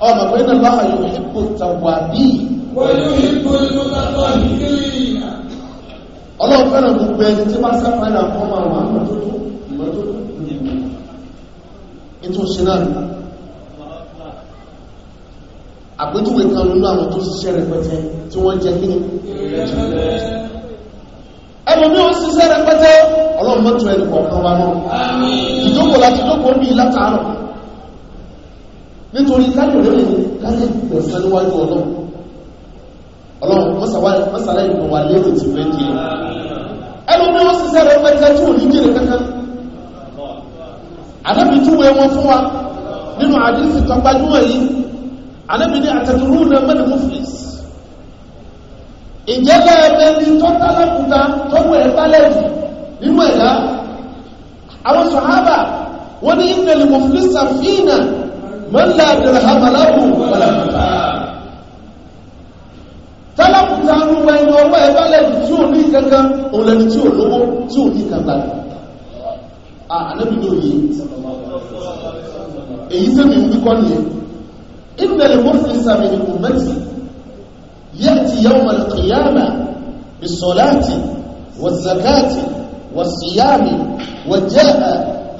ọmọ pé náà láwọn yóò hípò tàwà bí ọlọ́run fẹ́ràn gbogbo ẹni tí bá sáfàdà fún ọmọ àwọn àmọ́tótó ìmọ́tótó ètò ṣe náà nù àpéjúwe kan nínú àwọn tó ṣiṣẹ́ rẹpẹtẹ tí wọ́n jẹ kí ni ẹlòmí ó ṣiṣẹ́ rẹpẹtẹ ọlọ́run mọ́tò ẹni kọ̀ọ̀kan wa náà ìjókòó láti jókòó ní látàárọ̀ nítorí káyọ̀ lórí káyọ̀ ìgbẹ̀sẹ̀ níwájú ọlọ́run ọlọ́run mọ́sàlá ìgbọ̀n wà lérò ti fẹ́ kí ẹlòmí ó ṣiṣẹ́ rẹpẹtẹ tí ò ní jèrè kankan àdábì túwé wọn fún wa nínú àdínsì tọgbàjúmọ̀ yìí àdábì ní àtẹ̀tùrú náà mẹ́lẹ̀ mọ́fìlìsì ìjẹ́lẹ̀ ẹgbẹ́ni tó tálákùta tó mú ẹ̀ tálẹ̀tì nínú ẹ̀dá àwọn sọ̀hábà wọ́n ní ìpẹ̀lẹ̀ mọ̀fílísà fíìnà mọ́lá àdìrẹ̀hábàláwò tálákùta rúwẹ́ ní ọwọ́ ẹ̀ tálẹ̀tì tí ò ní kankan òlẹ̀ni tí ò lówó tí ò ní kankan ànábìdó yìí èyí sẹ́mi wíkọ́ nìyẹn ìpẹ̀lẹ̀ mọ̀fílísà mi ni kò mẹ́tì يأتي يوم القيامة بالصلاة والزكاة والصيام وجاء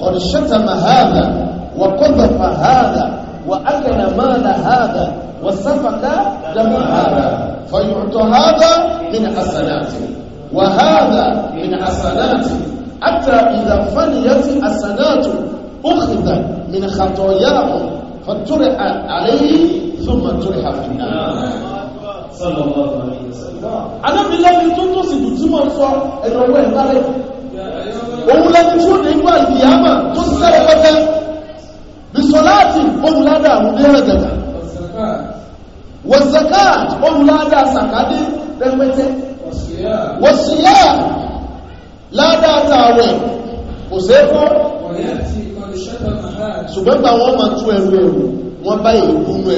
قد شتم هذا وقذف هذا وأكل مال هذا وسفك دم هذا فيعطى هذا من حسناته وهذا من حسناته حتى إذا فنيت حسناته أخذ من خطاياه فترح عليه ثم ترح في النار sallallahu alaihi wasallam anábìlẹ́ni tó tó sì dùn tí wọ́n sọ ẹ̀rọ owó ẹ̀ lálẹ́ bisolati olùládà àmúdérẹ̀dẹ̀dà wọ̀sàkáàt olùládà sàkádé rẹpẹtẹ wọ̀síyà ládà tààwẹ̀ kò sẹ́kọ́ ṣùgbọ́n gbà wọ́n máa tú ẹrù ẹrù wọ́n bá èébú nú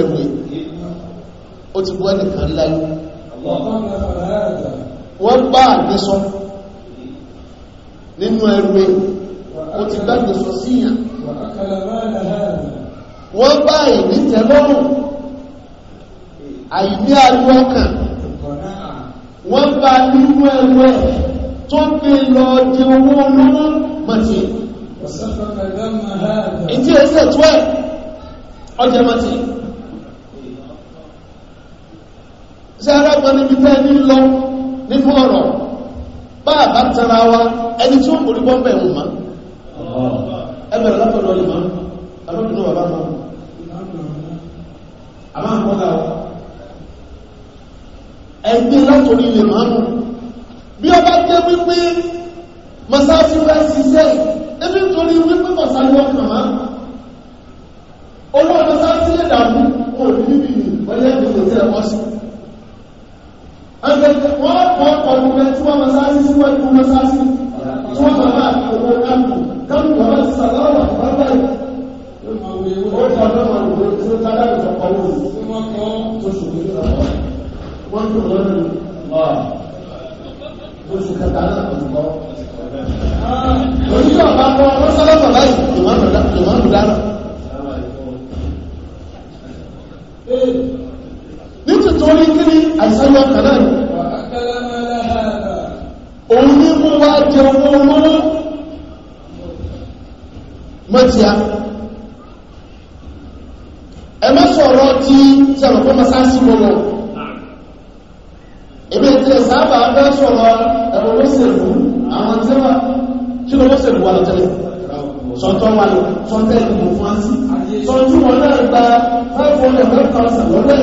ó ti bọ́ ẹnìkan láyé wọ́n bá àgbésọ́ nínú ẹgbẹ́ ó ti gbàgbésọ́ síyàn wọ́n bá ìdítẹ́lọ́rùn àìní àlú ọkàn wọ́n bá nínú ẹgbẹ́ tó gbé lọ di owó olówó mọ̀tí ìtí ẹsẹ̀ tó ẹ̀ ọjẹ́ mọ̀tí sára gbọ́n níbi tẹ́ ní lọ nínú ọ̀rọ̀ bá àbá tara wa ẹni tí ó ń borí bọ́m̀bẹ̀ ń mọ́ ẹgbẹ̀rẹ̀ látọ̀dọ̀ lè mọ́ alóbìnrin bàbá mọ́ àmá ń kọ́dà wa ẹgbẹ́ látọ̀dọ̀ lè mọ́ nù bí ọba jẹ́ wípé masáfi wá ṣiṣẹ́ ebi torí wípé masáfi wá kàn án olóòdó sáfi lè dàbí òní níbi ìwọlé ẹgbẹ̀rẹ̀ tẹ́lẹ̀ wọ́n sí agbẹ̀tẹ̀ wọ́n kọ́ ọdún bẹ tí wọ́n máa sáásí sí wọ́n máa sáásí tí wọ́n máa máa owó káàkù káàkù wọ́n máa sàlọ́wà lọ́gbà Oṣù kẹta náà kọ̀ ọ́. Oníyọ̀ bá kọ́ ọ́ sábà báyìí, ìmọ̀ ń lù dáná nítorí kí ni àṣàyọ kanáà ni òun ní mú wá jẹ owó olóró mọ́tíá ẹ má sọ̀rọ̀ tí sẹ́wọ̀n kó masáàsì mọ́ lọ ebi tí ẹ sábà bẹ́ sọ̀rọ̀ ẹ̀rọ lọ́sẹ̀lú àwọn tí wọ́n kí ló lọ́sẹ̀lú wà lọ́tẹ̀lẹ̀ sọ̀tọ̀ wà lọ sọ̀tẹ̀ ìmọ̀ fún wọn náà gba five hundred thousand lọ́dọ̀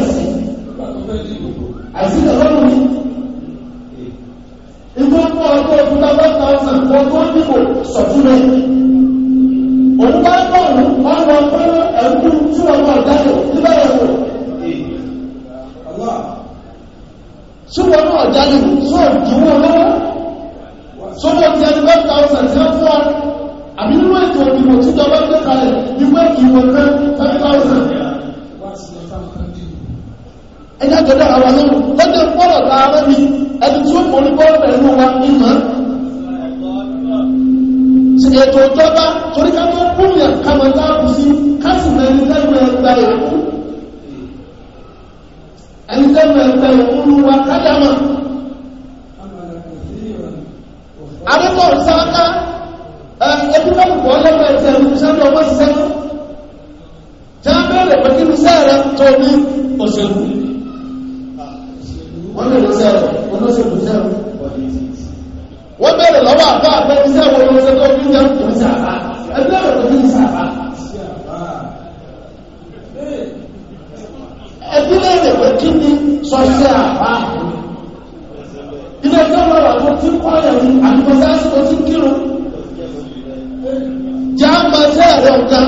àìsílẹ̀ lọ́rùn ní ìgbó pọ̀ ọjọ́ òkúta one thousand for one people sọ̀túnlẹ̀ òun bá pọ̀ òun wọ́n wọ́n pé ẹ̀kú tí wọ́n wọ́n dájọ́ níbẹ̀rẹ̀ wò tí wọ́n náà jáde wò tí wọ́n dìwọ́ lọ́wọ́ sọ́dọ̀ tí ẹni one thousand tí wọ́n fún ọ àbí nínú ètò ìdìbò tí ìjọba gbé kalẹ̀ ìwé ìwé kan ten thousand ẹjá jọ dára wa lóhùn lọ́jọ́ pọ́lọ̀ ta ara mi ẹni tí ó forí bọ́ọ̀lù pẹ̀lú wa ní mọ́ ètò ìjọba torí ká tó kúnyà kàmọ́ táàbù sí káàsì mẹ́rin lẹ́nu ẹgbẹ́ ìkú ẹni lẹ́nu ẹgbẹ́ ìkú ló wa kájàmọ́ àdúgbò sáká ẹgbẹ́ ìkú ọlọ́pàá ẹ̀sẹ̀ ìrùsẹ́ lọ́wọ́ sẹ́nu jábẹ́rẹ̀ pẹ̀lú sẹ́ẹ̀rẹ̀ tó ní òṣèlú wọ́n lè lọ́sẹ̀ rẹ̀ wọ́n lọ́sẹ̀ lọ́sẹ̀ rẹ̀ wọ́n bẹ̀rẹ̀ lọ́wọ́ àbá àbẹ̀rẹ̀sẹ̀ wọ́n lọ́sẹ̀ tó fi ń jẹ́ òṣà àbá ẹgbẹ́ rẹ̀ tó fi ń sàbá ẹgbẹ́ rẹ̀ pé kí ni sọ́sẹ̀ àbá ilé ẹjọ́ lọ́wọ́ tó ti kọ́ ẹ̀yìn àdìgbọ́sẹ̀ àsìkò tí kírun já máa ṣẹ́ ẹ̀rọ ọ̀gá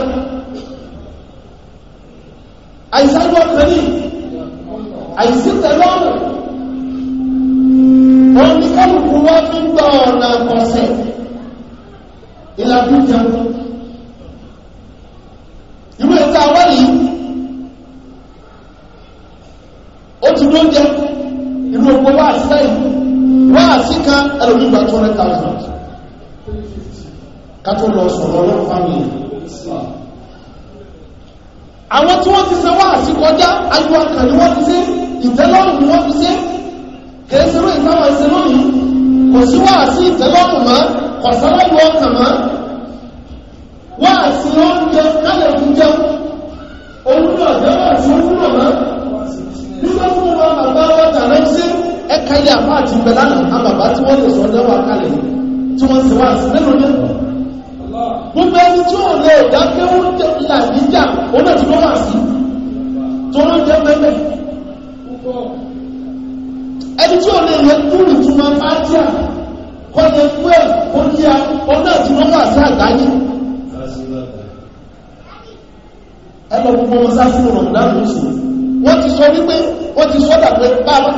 àìsàn lọ́kùnrin àìsí tẹ̀lọ́rùn oníkálukú wá fi gba ọ̀nà àkọsẹ̀ ìlàbí jẹun irú ètò àwọn yìí ó ti ló jẹ irú ògbó wá sẹ́yìn wá sí kan ẹlòmí gba two hundred thousand ká tó lọ sọ̀rọ̀ ọlọ́run fámìlì àwọn tí wọ́n ti sẹ́ wá sí kọjá ayọ̀ akàn ni wọ́n ti sẹ́ ìtẹ́lọ́rùn ni wọ́n ti sẹ́ kèésìrò ìtawà ìsinú yìí kò sí wá sí ìtẹ́lọ́rùn mọ́ kò sọ́rọ̀ ìwọ ọkàn mọ́ wá sí oúnjẹ káyọ̀ fún jẹun olúdó ọ̀jọ́ wà sí oúnjẹ mọ́ nígbà fún wa bàbá wa tààrẹ sí ẹ̀ka ilé àpá àti ìgbẹ̀lá náà bàbá tí wọ́n lè sọ́jọ́ wà kalẹ̀ tí wọ́n sì wá sí nínú ní gbogbo ẹni tí ò lè dákẹ́ oúnjẹ làdíjà òun náà ti lọ́wọ́ sí toróúnjẹ mẹ́mẹ́ ẹni tí ò lè yẹ kúrò túmọ̀ fátíà kọ́ lè kú ẹ̀ kó ní a ọ̀nà tí wọ́n wà sí àgbáyé. ẹ lọ gbogbo wọn sáfù rọ̀mùdá lóṣù wọ́n ti sọ wípé wọ́n ti sọ dàgbé bá a bá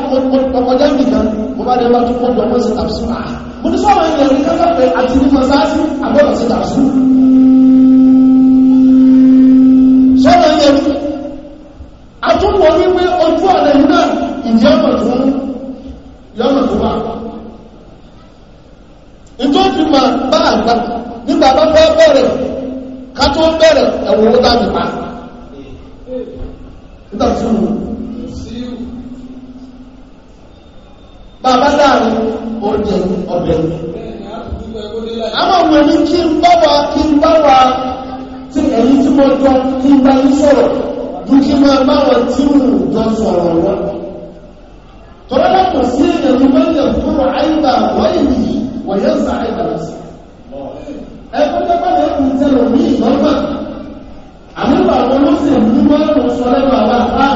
kọjá nìkan mo bá dé bá tó kọjọ wọ́n sì tàbí sùn àá mo ní sọ́wọ́ ilẹ̀ ní kásáfẹ́ àti ní mọ́sáàsì àgbọ̀dọ̀ sí tàbí sùn. Ah, sọ́wọ́ ilẹ̀ àtúnwò wípé ojú ọ̀nà náà ìdí ọ̀pọ̀ tó ń lọ́nà tó wà ìtòjú máa bá àgbà nígbà bá fẹ́ bẹ̀rẹ̀ ká tó bẹ̀rẹ̀ ẹ̀wọ̀n owó tá a nígbà tí ó bá láàrin oúnjẹ ọbẹ̀ àwọn ọmọ kí n bá wa kí n bá wa tí ẹ̀yìn tí mo jọ kí n bá yín sọ̀rọ̀ ju kí máa bá wọn tí jọ sọ̀rọ̀ wọn tọ́lá sí من يذكر عيب غيره وينسى عيب نفسه ẹgbẹ́ tẹ́pẹ́lẹ̀ ẹkùn tẹ́lẹ̀ ní ìgbọ́gbà àmúbà wọn ló sì mú mọ́rùn sọ lẹ́nu àwọn àpá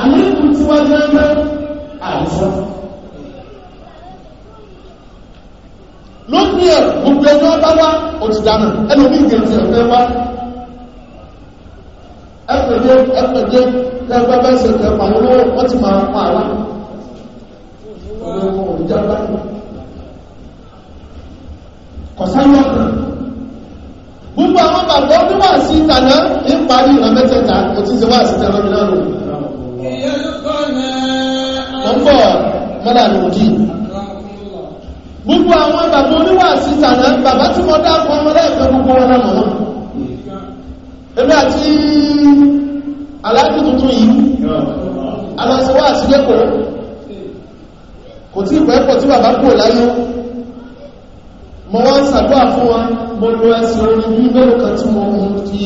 àmúkù tí wọ́n jẹ́ ẹgbẹ́ àrùsọ lópin ẹ̀ gbogbo ẹjọ́ bá wá òtìdánà ti máa pa ọjà ọlọ́run kọ̀sáyọ̀ kan gbogbo àwọn bàbá ọdún wà sí ìtànà ń parí ìran mẹ́tẹ̀ẹ̀ta kò tí ń sí ìtànà mi náà gbogbo àwọn bàbá ọdún sí ìtànà bàbá tí mo dá fún gbogbo wọn náà mọ̀ èmi àti aláàbí tuntun yìí alọ́sọ̀wọ́ àti kò tí ìpẹ́pọ̀ tí bàbá kò láyé mo wá ń sàdúrà fún wa mo lo ẹsẹ̀ orin bí mẹ́rin kan tí mo mú fi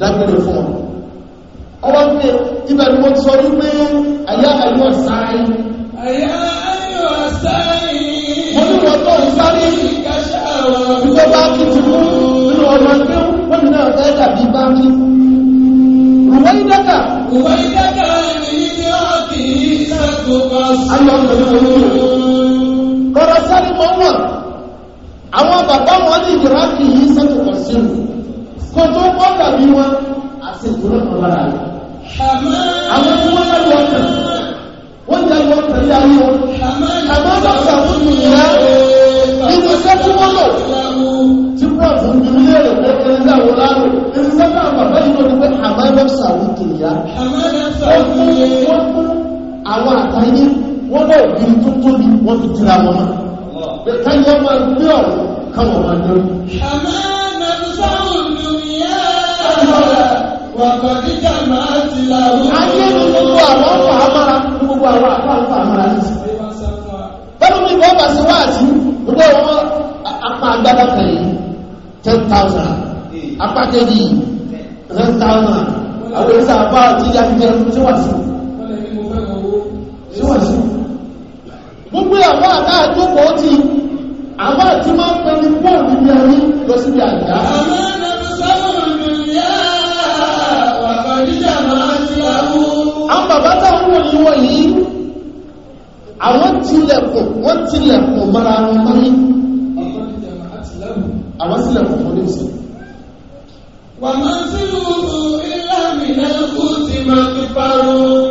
dágbére fún wa ọwọ́ pé ibẹ̀ ni mo ti sọ wípé àyà àyọ̀ sáré àyà àyọ̀ sáré mo ní wọ́n tó ń sáré ìgbẹ́ bá kí ti mú nínú ọmọ pé wọ́n ní náà fẹ́ dàbí bá kí rùwẹ́ ìdáka rùwẹ́ ìdáka rẹ̀ ní ní kọ́rọ̀ sáré mọ́ wọ̀ àwọn bàbá wọn ní ìdíra kì í sẹ́tù kan sí mi kó tó kọ́ dàbí wọn àti ìdúró kan lára rẹ̀. àwọn tí wọ́n dàbí wọn kàn wọ́n dàbí wọn kàn yá wọn. àmọ́ bàbá wọn kì í yá nínú sẹ́tù wọn lọ. tí wọ́n fún mi ní èrè pé ẹni náà wọ́n lárò ẹni náà bàbá yìí ló ní pé àmọ́ bàbá wọn kì í yá. wọ́n kú wọ́n kú. àwọn àtàyé wọ́n náà bí tó ní wọ́n ti tira wọn náà máa gbé ọ̀rọ̀ káwọn máa àmọ́ máa ti la wọ́n. ayé ni gbogbo àwọn ọ̀pá amára ni gbogbo àwọn àpá bá gbogbo àwọn kan yìí ten thousand wà síwájú gbogbo àwọn àbá àjókòó ti àwọn àti máa ń pẹni bọ́ọ̀lù níbi ayé lọ síbi àjá àwọn bàbá wọ́n tilẹ̀kùn mara wọn mọ́rí àwọn tilẹ̀kùn mọ́rí sí wà máa ń sílùú ìlànà ìlànà kú ti máa fi parun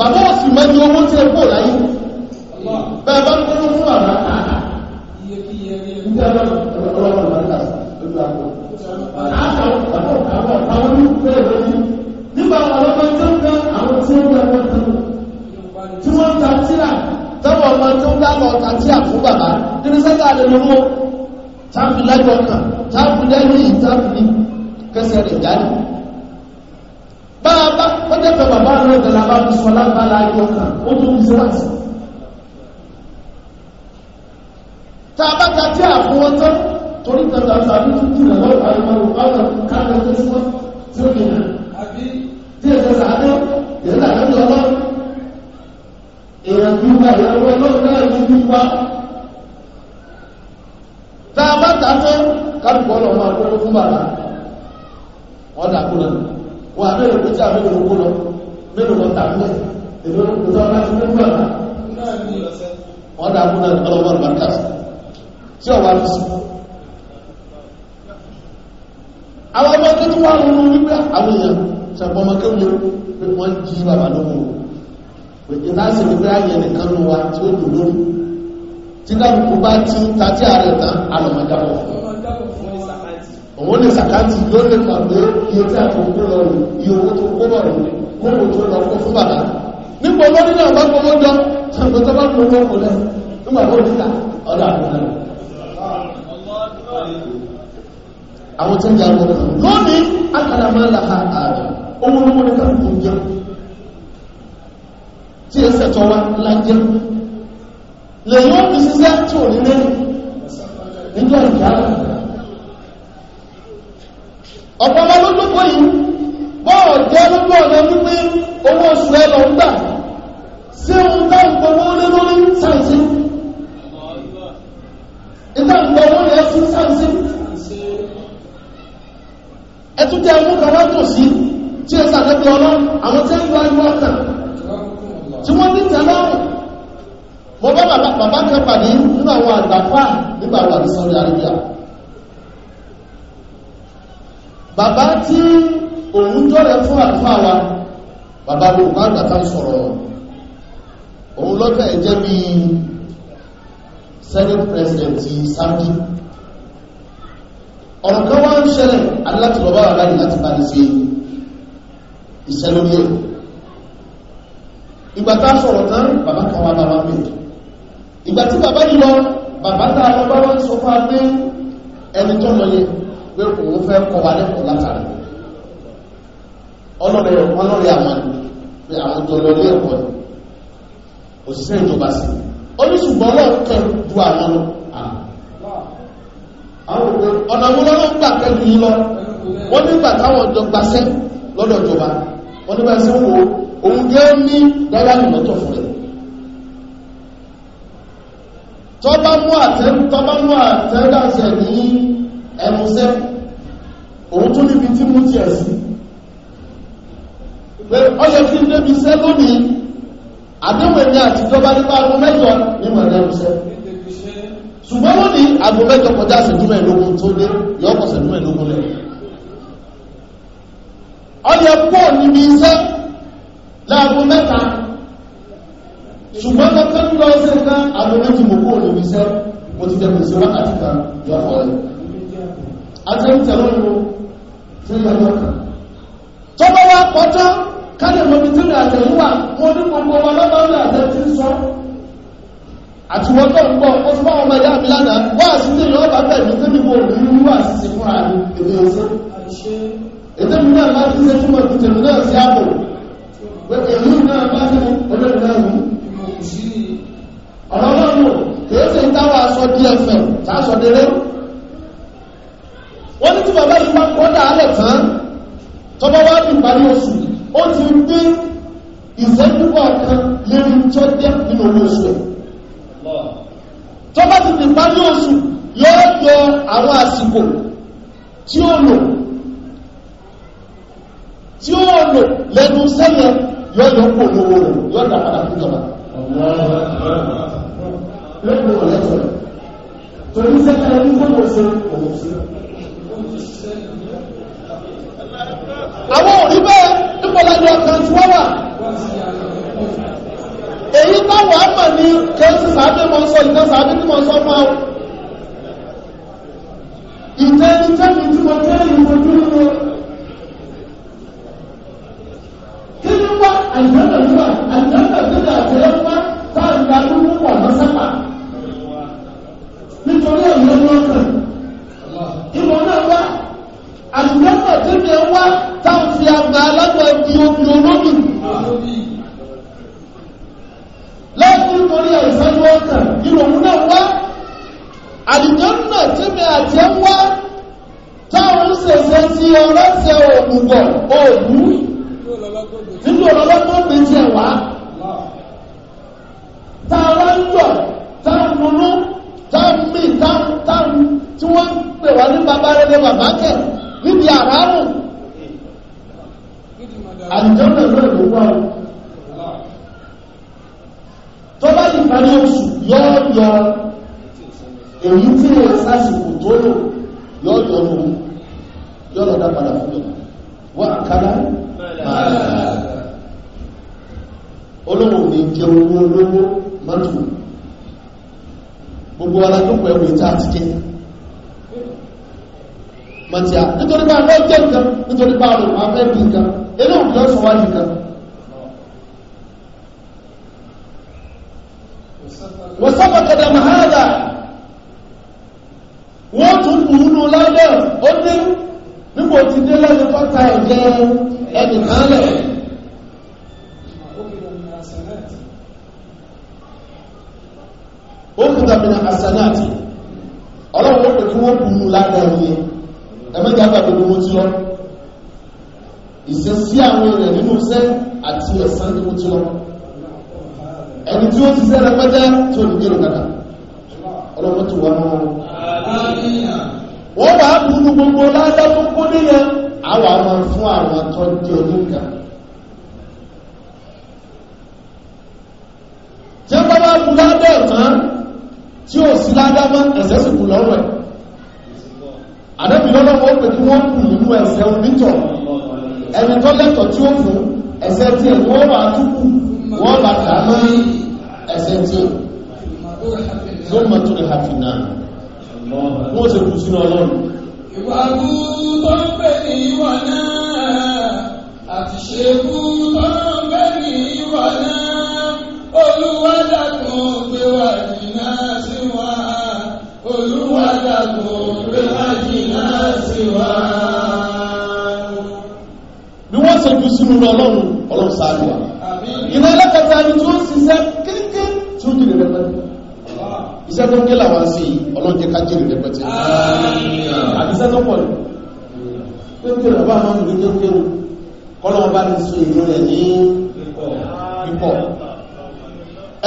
bàbá òsì mẹ́jọ owó tí ẹ kó láyé bàbá ń kúrò fún àrà àrà nígbà ọlọ́pàá tó ń gbá àwọn tí ó gbá wọn tó tí wọ́n ta tíra tọ́wọ́ ọmọ tó ń gbá lọ ta tíra fún bàbá nínú sẹ́ta lè lówó táàbù lájọ kan táàbù lẹ́yìn táàbù ní kẹsẹ̀ rẹ̀ jáde bàbá wọ́n jẹ́ pé bàbá rẹ̀ gbẹ̀lá bá fi sọlá bá láàyè ọkàn ó tún fi sọ́lá sí. tá a bá ka tí àfún wọn tán torí tàbí àti àbí tún jìnà lọ́wọ́ àyẹ̀wò àwọn káàkiri tó súnmọ́ tí ó kìnnà àbí tí ẹ̀sẹ̀ sàádọ́ ìrẹ́lẹ̀ àdájọ́ ọlọ́run èèyàn tó gba ìyàwó ọlọ́run náà ti bí wá. tá a bá ta tán káàkiri ọlọ́run máa dọ́rọ́ fún bàbá wọn kúrò náà wọn àbẹ̀rẹ̀ ló tí àbẹ̀rẹ̀ ló kó lọ mẹ́rin lọ tà mẹ́ èmi ló tó lọ́wọ́ láti mẹ́rin lọ́la wọ́n dà kú náà ọlọ́wọ́ ọ̀rọ̀ bàtà sí ọ̀wá lọ sí. àwọn ọmọ tó tún wà lóru wípé àwọn èèyàn ṣàpọ̀ ọmọ kéwòn pé wọ́n jí bàbá lóhùn o èyí náà sì wípé àyẹ̀ nìkan ló wa tí ó dùn lórí tí dáàbò bá ti ta tí ààrẹ tán alọ̀mọdé àwọn ọ̀fọ̀ òun ní sàkáàtì ló lè pàdé iye tí àti òkú lọ rẹ̀ iye owó tó kó bọ̀rọ̀ rẹ̀ kókò tó lọ kó fún bàbá nípa olórí náà bá gbogbo jọ ṣàgbọ́n tó bá gbogbo kò lẹ̀ nígbà tó níta ọ̀dọ̀ àbúrò àwọn tó ń jà lọ lónìí akàlà máa là ha ààrẹ owó lówó ní kàkùn tó jẹ tí ẹsẹ̀ tó wá ńlá jẹ lẹ́yìn ó fi ṣiṣẹ́ tí ò ní lẹ́yìn nígbà ìdáhùn ọ̀pọ̀ ọmọ ló jókòó yìí bọ́ọ̀ jẹ́ lójú ọ̀nà wípé owó oṣù ẹ lọ ń gbà sí ohun tá ń gbowó lé lórí sáǹsì ìta ń gbowó lé sí sáǹsì ẹtún jẹ́ ọmọ kan wá tòsí tí ẹ sàdébí ọlọ́ àwọn tí ń gba ẹgbẹ́ ọ̀tàn tí wọ́n ní tẹ́lọ́rùn mo bá bàbá kan pàdé nínú àgbàfà nígbà wà ní sọ́rí àríyá bàbá tí òun jọ́rẹ̀ fún àlùfáà wa bàbá gbogbo àgbàtà ń sọ̀rọ̀ òun lọ́tẹ̀ jẹ́ bí senate president Saudi ọ̀rọ̀ kan wá ń ṣẹlẹ̀ aláti lọ́bá wà láti láti bá ní sí iṣẹ́ lórí ẹ̀ ìgbà tá sọ̀rọ̀ tán bàbá kan wá bá wá ìgbà tí bàbá yìí lọ bàbá tá a lọ bá wá ń sọ fún ẹni tó lọ yẹn pé òun fẹ́ kọ́ wa lẹ́kọ̀ọ́ látàrí ọlọ́rẹ̀ ọlọ́rẹ̀ àwọn pé àwọn tó lọ ní ẹ̀kọ́ ni òṣìṣẹ́ ìjọba sí ó ní ṣùgbọ́n ju àwọn lọ ọ̀nà wo lọ́wọ́ gbà kẹ́lu yín lọ wọ́n nígbà táwọn ọjọ́ gbaṣẹ́ lọ́dọ̀ ìjọba wọ́n nígbà sí wo òun jẹ́ ní dáadáa fún rẹ̀ tọ́ba mú àtẹ́ tọ́ba mú àtẹ́ ẹnu sẹ́kù òun tó níbi tí mú ti ẹ̀ sí pé ó yẹ kí n débi sẹ́ lónìí àdéhùn èmi àtijọba nípa aago mẹ́jọ ní mọ̀lẹ́rù sẹ́ ṣùgbọ́n lónìí aago mẹ́jọ kọjá ìṣẹ́jú mẹ́ẹ̀ẹ́dógún tó dé yọ̀ọ́kọ̀ ìṣẹ́jú mẹ́ẹ̀ẹ́dógún lẹ́yìn ó yẹ pọ̀ níbi iṣẹ́ láago mẹ́ta ṣùgbọ́n kankan lọ sí nǹkan aago méjì mọ̀ pọ̀ níbi iṣẹ́ mo ti jẹ́ pèsè wákàtí kan yọ̀ọ́kọ̀ rẹ̀ àtẹ́rùtẹ̀ lọ́wọ́ sílẹ̀ lọ́kà tó bá wá pọ́jọ́ kálẹ̀ mọ́bí tó ní àtẹ̀yíwà wọn ní gbogbo ọmọ lọ́bàá àtẹ́ tí ń sọ àtiwọ́tọ̀ ń bọ̀ ó ti bá ọmọ ìyá mi lánàá wá àsìkò ìlú ọba bẹ̀rẹ̀ tó ní wo òbí ní wá àsìkò fún ààrẹ èdè ọ̀sẹ̀ èdè mi náà máa ti ṣe fún ọdún tèmi náà sí ààbò èmi náà máa ní olóòrùn náà wù ọ̀rọ̀ náà nù kèé ṣe ń táwọn aṣọ dfm tá aṣọ dẹrẹ́rù wọ́n ní tí bàbá yìí bá kọ́ dáálẹ̀ tán tọ́bá wá ní ìparí oṣù ó ti ń gbé ìṣẹ́dúgbà kan lérí tó jẹ́ nínú owó oṣù ẹ̀ tọ́bá ti ìparí oṣù yóò yọ àwọn àsìkò tí ó lò tí ó lò lẹ́nu sẹ́yẹ yóò yọ kó lówó rẹ̀ yóò dà padà fún ìjọba lẹ́nu ọ̀lẹ́tọ̀ọ́ torí sẹ́yẹ ní sẹ́yẹ ṣe òun sí àwọn òrí bẹ́ẹ̀ nípọ̀lájọ́ kan tí wọ́n wà èyí táwọn àmà ní kẹ́sì sàábé mọ́ sọ ìtẹ́ sàábé tí mọ́ sọ fún àwọn ìtẹ́ ní tẹ́lì tí mo tẹ́ ìwòjú nínú kí ní wá àjọ́nà wíwà àjọ́nà dídà àjẹ́lẹ́ wá táà ń darí wúwà lọ́sẹ́pà nítorí ẹ̀yọ́ lọ́kàn ìwọ náà wá àtúnyẹ́fọ̀ tó ní ẹ wá táwọn fi àgbà alágbà di omi olómi láti nítorí àìsàn ọkàn ìrònú náà wá àdìjọ́ náà tí mi àti ẹ wá táwọn ń ṣẹ̀ṣẹ̀ sí ọlọ́sẹ̀ ògùnbọ̀ òòlù nínú ọlọ́lọ́gbọ́n mi tiẹ̀ wá táwọn ń jọ táwọn ń lọ táàmì táàmì tí wọ́n ń pè wá ní bàbá rẹ̀ bàbá kẹ̀ níbi àrárùn àjọ́nà náà ló wà ó tó bá yìí parí oṣù yọ́ọ̀yọ́ èyí tí ó sásìkò tó lò yọ́ọ̀yọ́ lòun yọ́ọ̀lọ́ dá padà fún mi wọ́n àkàrà máa olóhùn ní jẹun olówó mọ́tò gbogbo alájọ́pọ̀ ẹ̀rù ìta àti jẹ́ mọ̀tíà nítorí bá lọ jẹ́ nǹkan nítorí bá lọ máa fẹ́ bí nǹkan inú òkúlọ́ sọ wáyé nǹkan wọ́n sábà kẹta mahada wọ́n tún kùrúnú ládẹ́ ó dé nígbò ti dé lẹ́nu tọ́ta ẹ̀jẹ̀ ẹnìkan lẹ̀ ó kù tàbí ọlọ́run ó pè wọ́n bùnú lágbàá yẹn ẹ̀mẹ́jà gbàgbé gbogbo tí lọ ìṣesí àwọn èèyàn nínú iṣẹ́ àti ẹ̀san gbogbo tí lọ ẹni tí ó ti ṣe rẹpẹtẹ tí ò ní gbèrò kàkà ọlọ́run tó wà wọ́n gbogbo tó kó àwọn fún àwọn jẹ́ bá tí ó sí ládámọ́ ẹ̀sẹ̀ sì kù lọ́rọ̀ ẹ̀ àdẹ́bì lọ́nà wọ́n pè kí wọ́n kù nínú ẹ̀sẹ̀ onítọ̀ ẹni tó lẹ́tọ̀ tí ó fún ẹ̀sẹ̀ tí ẹ̀ wọ́n wà túkù wọ́n bà kà mọ́ ẹ̀sẹ̀ tí ó tó mọ̀ tó lè hàfi náà wọ́n sì kù sínú ọlọ́run ìwà tó ń pè ní ìwà náà àti ṣe gúú tó ń pè ní ìwà náà olùwádàkùn gbé wá jìnnà sí wa olùwádàkùn gbé wá jìnnà sí wa. bí wọ́n ṣe jù sínú ọlọ́run ọlọ́run sáájú wa ìlà ẹlẹ́kẹta ni tí ó ṣiṣẹ́ kéékèé tí ó jìnnà rẹpẹtẹ iṣẹ́ tó kí làwọn sí ọlọ́run jẹ́ ká kọ́lọ́ ọba ní sùn ìlú rẹ̀ ní pípọ̀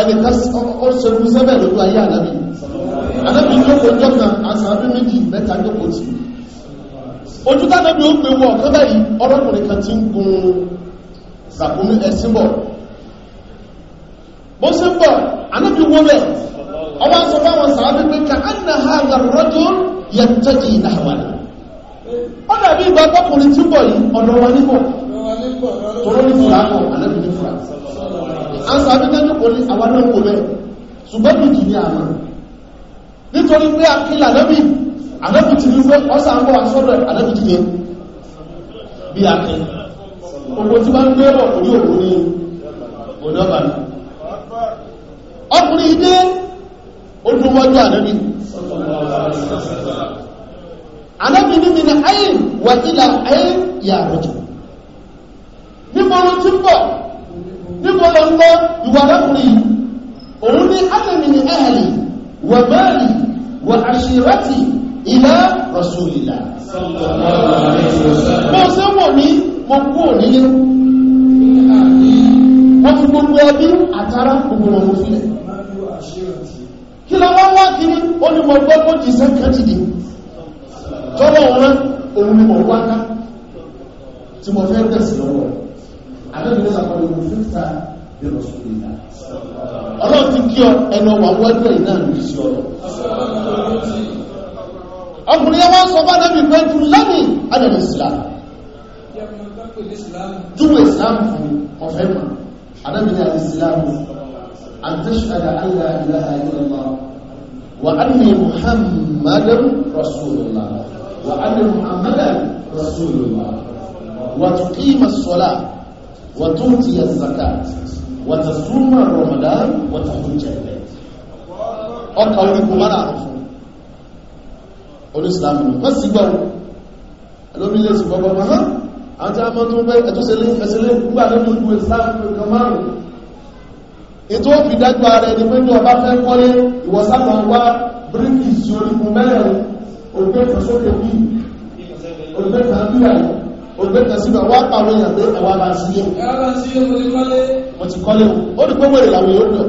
ẹni ká ó ṣerú sẹ́bẹ̀ lójú ayé ànábì ànábì jókòó jọ́kan àṣàbí méjì mẹ́ta jókòó tì ojú tánábì ó gbé wọ ọ̀kan báyìí ọlọ́kùnrin kan ti ń gun zàkúnmí ẹ̀sìn bọ̀ bó ṣe ń bọ̀ ànábì wó bẹ̀ ọwọ́ sọ fáwọn sàábí pé ká ànà ha gàrọ́jọ́ yẹ tẹ́jì ìdáwàlá ó dàbí ìgbà tọkùnrin tí ń bọ̀ yìí ọ̀dọ̀ wa níbọ̀ tó ló ní fúlàkọ̀ ànábì a sọ abẹ́jọ́ kò ní àwọn náà kò ṣùgbọ́n kìí kìí àmà nítorí pé àkílà lẹ́bí àlẹ́bí ti ti dé bí akẹ́ ogun tí wọ́n gbé bọ̀ ní òdọ́bà ọkùnrin ilé ní mìíràn ayé wà ayé tí ń níbo lọ ń lọ ìwà lọ́kùnrin òun ní ánàmì ní ahli wa mali wa ashirati ila rasulillah mo ṣe wọ̀ mí mo kú òní ní wọ́n ti gbogbo ẹbí àtàrà gbogbo ọmọ sílẹ̀ kí lọ wọ́n àbẹ́bí sàkọlù kò fi ta bẹ̀rẹ̀ sùn nígbà ọlọ́run ti kí ọ ẹnu wà wọ́dọ̀ yìí náà lùdí sí ọlọ́ ọkùnrin yẹn wọ́n sọ bá nàbì pé tu lẹ́mì adàlẹ̀ islam dúró islam fún ọ̀fẹ́ mọ́ adàbí ní àti islam àtẹ́ṣàdà àyà ìlà àyẹ̀lọ́mà wà á ní muhammadu rasulullah wà á ní muhammadu rasulullah wà tó kí ma sọ́lá وتؤتي الزكاة وتصوم رمضان وتحج البيت ọkà orígun mara àrùn fún olùsìlámù ní wọ́n sì gbọ́rù ẹlòmílẹ̀ sí gbọ́gbọ́ ọmọ àti àmọ́ tó bẹ́ ẹ̀tọ́sẹ̀lẹ̀ ìfẹsẹ̀lẹ̀ gbà nínú ìlú ìsìlámù kan márùn ètò òfin dágbà rẹ̀ ni pé tó ọba fẹ́ kọ́lé ìwọ̀sánà wá bíríkì sí orígun mẹ́rin olùgbẹ́fẹ́ sókè bí olùgbẹ́fẹ́ bí àyè olùgbẹ́ta sí wà pàwọn èèyàn pé ẹwà bá sí yóò wọ́n ti kọ́lé o ní gbogbo ìlàwò yóò dọ̀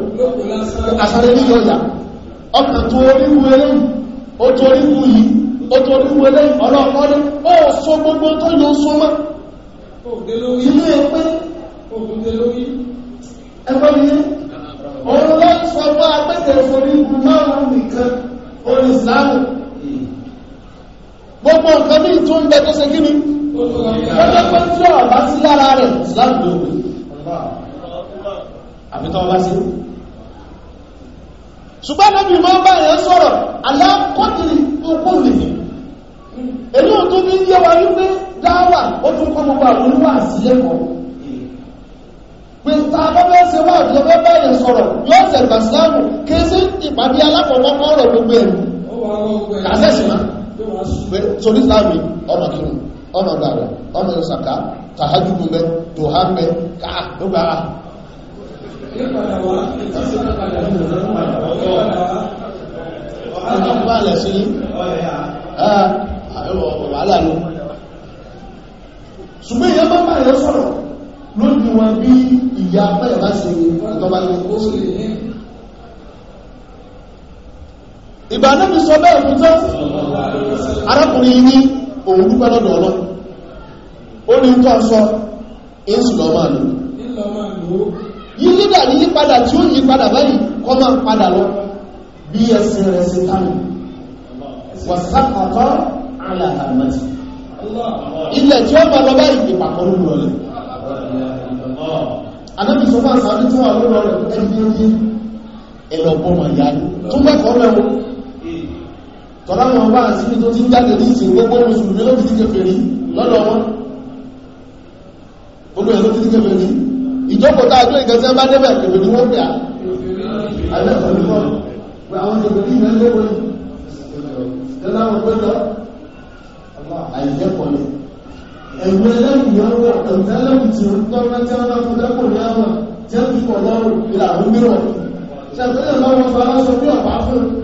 àṣàrẹ ní yọ̀yà ọkà tó oríwu eléyìn ó tó oríwu yìí ó tó oríwu eléyìn ọlọ́ọ̀kọ́lé ó so gbogbo tó yọ so mọ́ ilé pé ẹgbẹ́ mi òun lọ́sọ̀gbọ́ apẹ́tẹ̀ fún oríwu márùn-ún nìkan orí ìsìláàmù gbogbo nǹkan ní ìtún ń bẹ tó ṣe kíni ọlọ́pẹ́ tí ọ̀rọ̀ bá sí lára rẹ̀ ìsìláàmù ló pè àfi tọ́ bá sí ṣùgbọ́n níbi máa bá èèyàn sọ̀rọ̀ aláàkọ́tìrì òkú nìyí èyí ò tún ní yé wa wípé dáwà ó tún kọ́ gbogbo àwọn oníwà sí ẹ̀kọ́ pé ta bọ́bẹ́ ṣe wà ní ọbẹ̀ bá èèyàn sọ̀rọ̀ yóò ṣẹ̀gbà síláàmù kí sí ìpàdé alákọ̀ọ́kọ́ ọ̀rọ̀ gbogbo ẹ̀rù kàṣẹ́ṣì máa torí láàmì ọ̀nà kírun ọ̀nà ọ̀dàrẹ̀ ọ̀nà ìsàká tàhájúgbò mẹ́ tòhá mẹ́ káà ló bá a ṣùgbọ́n ìyá bá bá yẹ sọ̀rọ̀ lójú wọn bí ìyá pẹ́yà bá ṣe ìtọ́bá kó sí ní ìgbà anábì sọ bẹ́ẹ̀ fún tán arákùnrin ní òun dúpẹ́ lọ́dọ̀ ọlọ́ ó ní tó sọ ìsìlọ́ máa lò yí lídà ní yípadà tí ó yípadà báyìí kọ́ máa padà lọ bí ẹsẹ̀ rẹ̀ sí tánù wàsápàtọ́ aláàmàtì ilẹ̀ tí ó máa lọ báyìí ìpàkọ́ lórí ọlẹ̀ anábì sọ fún àṣà tí wọ́n lórí ọlẹ̀ ẹ̀lọ́pọ̀ màá yá tó mẹ́kọ̀ọ́ lẹ́wọ̀n tọ́lá wọn bá síbi tó ti ń jáde ní ìsìn gbogbo mùsùlùmí ló ti dìkẹ̀ fèrí lọ́dọ̀ wọn olú ẹ̀ ló ti dìkẹ̀ fèrí ìjọpọ̀ tá a tó ìkẹsẹ́ bá débẹ̀ kèbè ni wọ́n bẹ̀à àìjẹ́kọ̀ọ́ ni ẹ̀wọ̀n ẹlẹ́mìíyàwó ẹ̀mẹ́lẹ́mì tí ó tọ́rọ tí wọ́n fún lẹ́kùn ní àwọn tí ó fi pọ̀ lọ́rùn ìlàrún mìíràn ṣàtẹ́lẹ̀ lọ́wọ́ bá wọ́n sọ bí ọ̀pá fún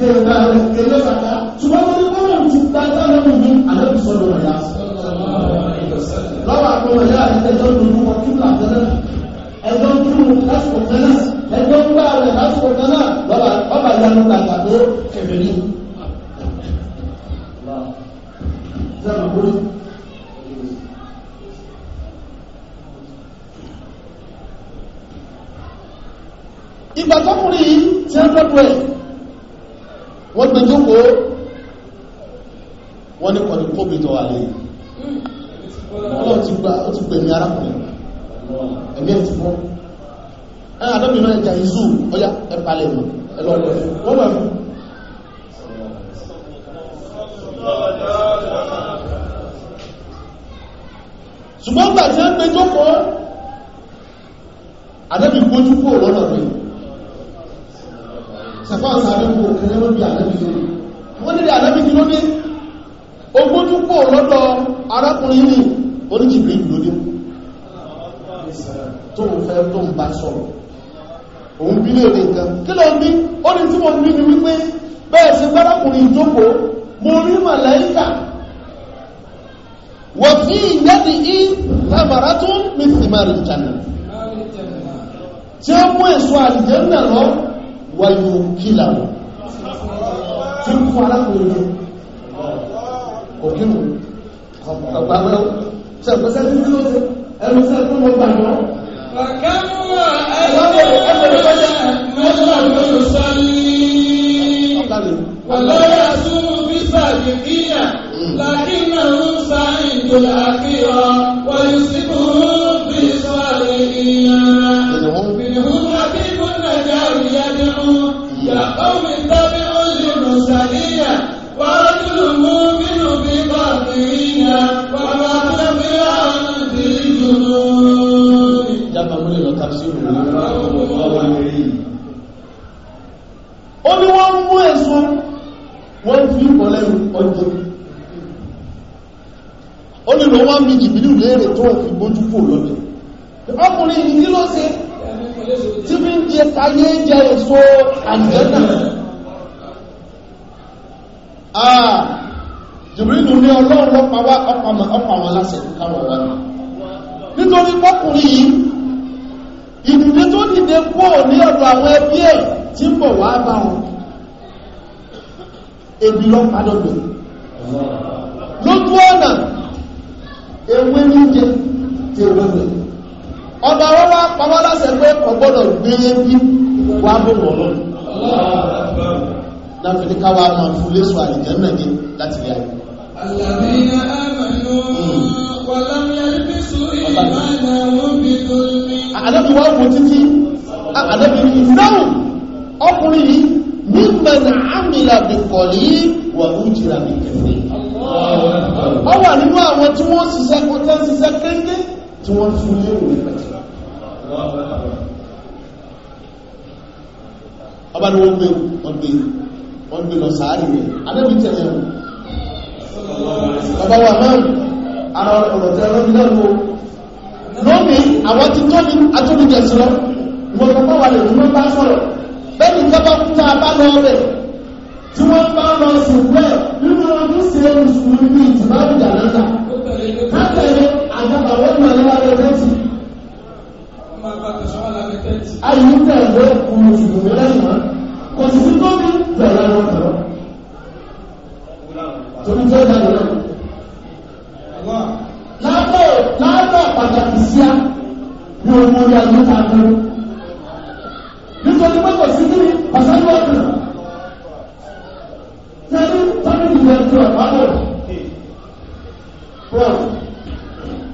kẹrẹ̀dá rẹ̀ kẹrẹ̀ kàkà ṣùgbọ́n tó ní kọ́nà ti dájá lọ́nà ní àlẹ́bùsọ̀rọ̀ rẹ̀ yá lọ́wọ́ àpọ̀lọ̀ yá ẹjọ́ lórí wọn kí là tẹ́lẹ̀ ẹjọ́ kúrò lásìkò tẹ́lẹ̀ ẹjọ́ gbà rẹ̀ lásìkò tẹ́lẹ̀ lọ́wọ́ ìyanu kàkà tó kẹ̀mẹ̀ ní. ìgbà tọkùnrin yìí ti ń lọ́dọ̀ ẹ̀ wọ́n gbé jókòó wọ́n ní kọ̀dí kóbi tó wà lẹ́yìn ọlọ́run ti gba ó ti gbẹ̀mí arákùnrin ẹ̀mí ẹ̀ ti bọ́ ẹ̀ àdọ́bì náà ẹja ìzú ọya ẹ palẹ̀ mọ́ ẹ lọ lọ wọ́n mọ̀ fún ṣùgbọ́n gbà tí wọ́n gbé jókòó àdọ́bì gbójú kúrò lọ́nà rẹ̀ sàfáà sàárẹ̀ kò kẹrẹ lórí ànábì lórí wọ́n nílẹ̀ ànábì kí ló dé ogójú pò lọ́dọ̀ arákùnrin ní oníjìbìrì lódé tó ń fẹ́ tó ń bá sọ̀rọ̀ òun bí lè rè nǹkan kí ló ń bí ó ní tí mo ní ni wípé bẹ́ẹ̀ sí bárakùnrin ìjókòó mo rí màláíkà wọ́n fi ìyẹ́dì í lábàrá tó ń mi sì máa rí jàǹdà tí ó mú èso àlìjẹ́ náà lọ wáyé kílà wọn tí ń fún alákùnrin yẹn òkèrò ọ̀pàá ṣàpẹ́sẹ́ ní kí ló ṣe ẹnu sí ẹkún wọn gbàgbọ́. Ọ̀gáwọ̀ ẹgbẹ̀rẹ̀ ọjọ́ قوم اتبعوا المرسلين ورجل مؤمن بباطنين وما تبع في الجنود جاب مولي لو تفسير ó ní wọ́n mú èso wọ́n fi ń pọ̀lẹ́nu ọjọ́ ó ní lọ wọ́n bí jìbìlì léèrè tó wọ́n fi gbójú kò lọ́dẹ̀ ọkùnrin ìdí tí fi ń jẹ táyé jẹ èso àjẹ́nà àà jìbìrìlù ní ọlọ́run lọ́pàá ọpàmà ọpàmà láti káwọ̀ wá nítorí pọ́kùnrin yìí ìdìdé tó dìde kó ní ọ̀dọ̀ àwọn ẹbí ẹ̀ tí ń bọ̀ wá bá wọn ebi lọ́pàá dọ̀gbẹ̀ lójú ọ̀nà ewé ní jẹ tèwé mẹ́rin ọ̀dọ̀ ọ̀rọ̀ wa pàwọ́ láṣẹ pé kò gbọ́dọ̀ gbé bí wà bó wọ̀ lọ láti ní káwa máa fún léṣọ àlìjẹ́ náà láti rí ayé. àlàmì ọkùnrin yìí mímọ̀ ní àmìlà bìkọ̀lì wà ó jìrà bìkẹ̀fẹ́. ọ nínú àwọn tí wọ́n ṣiṣẹ́ kó ṣiṣẹ́ kéńké tí wọ́n tún lé òun ọba ni wọ́n gbé wọ́n gbé wọ́n gbé lọ sàárì rẹ̀ adébí tẹ̀lé wọn ọba wa máa ara ọ̀rọ̀ tẹ̀lé wọn nílẹ̀ wọn lómi àwọn ti tọ́ ní atóbi jẹ̀sí lọ wọn lọ́pọ̀ wà lè ní wọ́n bá sọ̀rọ̀ bẹ́ẹ̀ ni kábàkúta bá lọ ọbẹ̀ tí wọ́n bá lọ sùnkú ẹ̀ nínú ọdún ṣe é mùsùlùmí bíi ìtìbáàbù jàǹdà látẹ̀lé àgbàbà wọ́n mọ̀ ní wàlẹ̀ tẹ́tì. ayé tẹ̀lé mùsùlùmí lẹ́yìn wọn kò sì sí tóbi tẹ̀lé wọn tẹ̀lé. torí tí ó dá nìyẹn. lábẹ́ lábẹ́ pàtàkì síá ní ọmọ orí ayé tá a kúrò. Muhammad náà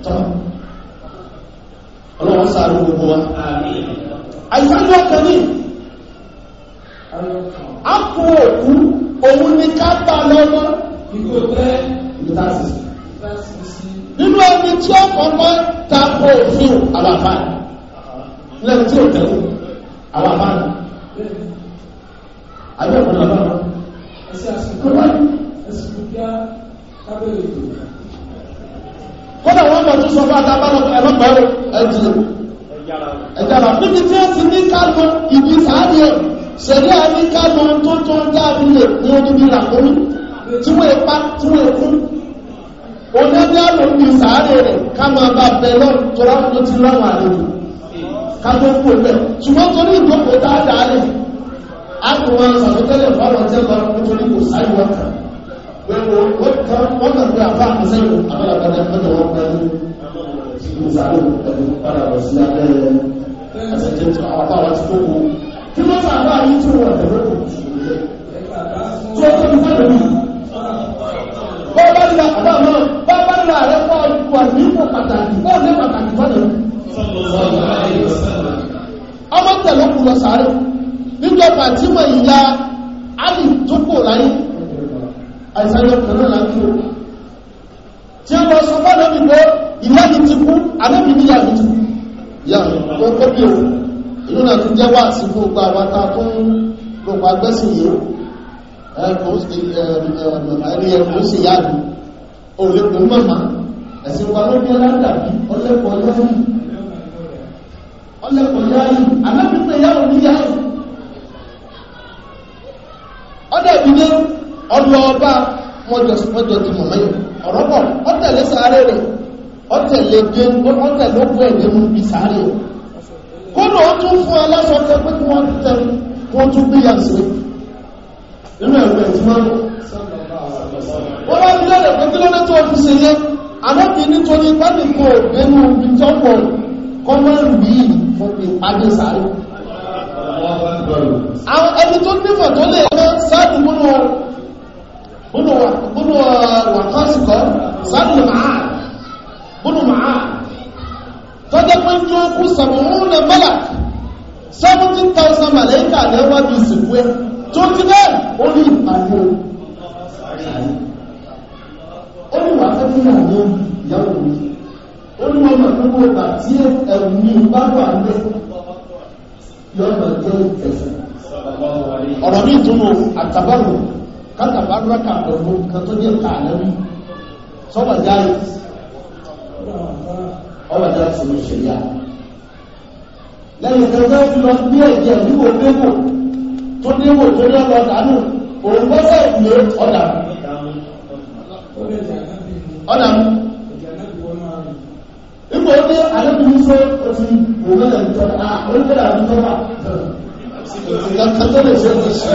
tán ọlọ́run sáré gbogbo wa àyíkájọ́ kan ní àpò òkú òun ni ká nínú ẹni tí ọkọ̀ mọ́ tako òfin àlàfà lẹ́nu tí ò tẹ̀wọ́ ṣẹ̀rí àríká mọ tó tó ń dáàbí lè ní odúbí làkúrú tí wọ́n ipá tí wọ́n ikú onídé àlòmí sàárè rẹ̀ ká máa bá bẹ lọ́rùn tó ráwọn tó ti lọ́wọ́ àlejò ká tó kú ọ̀pẹ ṣùgbọ́n torí ìjókòó tá a dà á lè á kò wọn sàtọ́tẹ́lẹ̀ fáwọn tẹ́ lọ nítorí kò sáyé wọn kàn wọ́n kàn pé àbá àmọ́sẹ́yìn abẹ́lẹ́bẹ́lẹ́ mẹ́tọ̀ wọn pẹ̀lú ìgbésàlù pẹ̀lú padà lọ sí kí ló fà wá yí tó wọ̀ lọ́wọ́ tó tó tó lórí. Bọ́lá ní àbá náà bábá ní ààrẹ fọ́ wà ní ipò pàtàkì bọ́ọ̀ ní pàtàkì fọ́nà. Ọmọ tẹ̀lé kù lọ sáré nígbà pàtí mọ̀ ìyá Alì tó kò láyé àìsàn yóò kọ̀ náà láti ó. Tí ó lọ sọ fọ́nà mi pé ìyá mi ti kú, àlẹ́ mi níyà mi ti kú. Ìyá mi, ó ìlú náà tún jẹ́ wà sí gbogbo àwọn tó ń gbogbo agbẹ́sìn yìí ẹ̀rí ẹ̀kùn sí ìyá mi òlẹ́kùn mọ̀mọ́ ẹ̀sìn wa ló jẹ́ ládàbí ọlẹ́kùn ọlọ́yìn ọlẹ́kùn ọlọ́yìn alábìpẹ́ ìyá òní yá ọdẹ̀bí ní ọlọ ọba mọ́jọ ti mọ̀mọ́ yìí ọ̀rọ̀ pọ̀ ọtẹ̀lé sáré rẹ̀ ọtẹ̀lé gbé ọtẹ̀lé ó kódò ó tún fún ẹlẹ́sọ̀ tẹ pé wọ́n tẹ wọ́n tún gbé yàtọ̀ nínú ẹ̀rọ ẹ̀tí máa ń wọ́n bá fi lẹ́rẹ̀ pé kí ló dé tó fi ṣe yẹ àlọ́bì nítorí pẹ́lúkọ nínú ibi tó pọ̀ kọ́mọ́rù yìí fún mi adé sáré àwọn ẹni tó nífẹ̀ẹ́ tó lè rán sáàdù gbónú wàkọ́sìkọ́ sáàdù màá gbónú màá tọ́jẹ́ pé tí ó kú sẹ̀mùmú lè mẹ́là 17,000 màlẹ́kà lẹ́wọ́ bí ìsìnkú ẹ tó ti bẹ́ẹ̀ ó ní ìpàdé ó ní wà fẹ́ fún àwọn ìyàwó mi ó ní wọn mọ̀ gbogbo ọgbà tí ẹ̀rù mi bá wà lé yọ̀ọ̀mọ̀ jẹ́ ìtẹ̀sẹ̀ ọ̀rọ̀ mi tún mọ̀ àtàbárò kátàbárúrákà ọ̀gbọ̀n kan tó jẹ́ tààlẹ́rí ọ̀rọ̀ ìjà sínú ìṣẹ̀lẹ̀ à. lẹ́yìn tẹ́tẹ́ fi lọ bí ẹ̀jẹ̀ wíwò léwò tó léwò tó lé lọ dànù òun gbọ́dọ̀ ìwé ọ̀dà ọ̀dà ipò ó alẹ́kùnrin sọ oṣù òun náà ń tọ́ta àwọn ìgbẹ́lẹ̀ àti tọ́ta. Ìgbàkátọ́ lè ṣe é ṣe.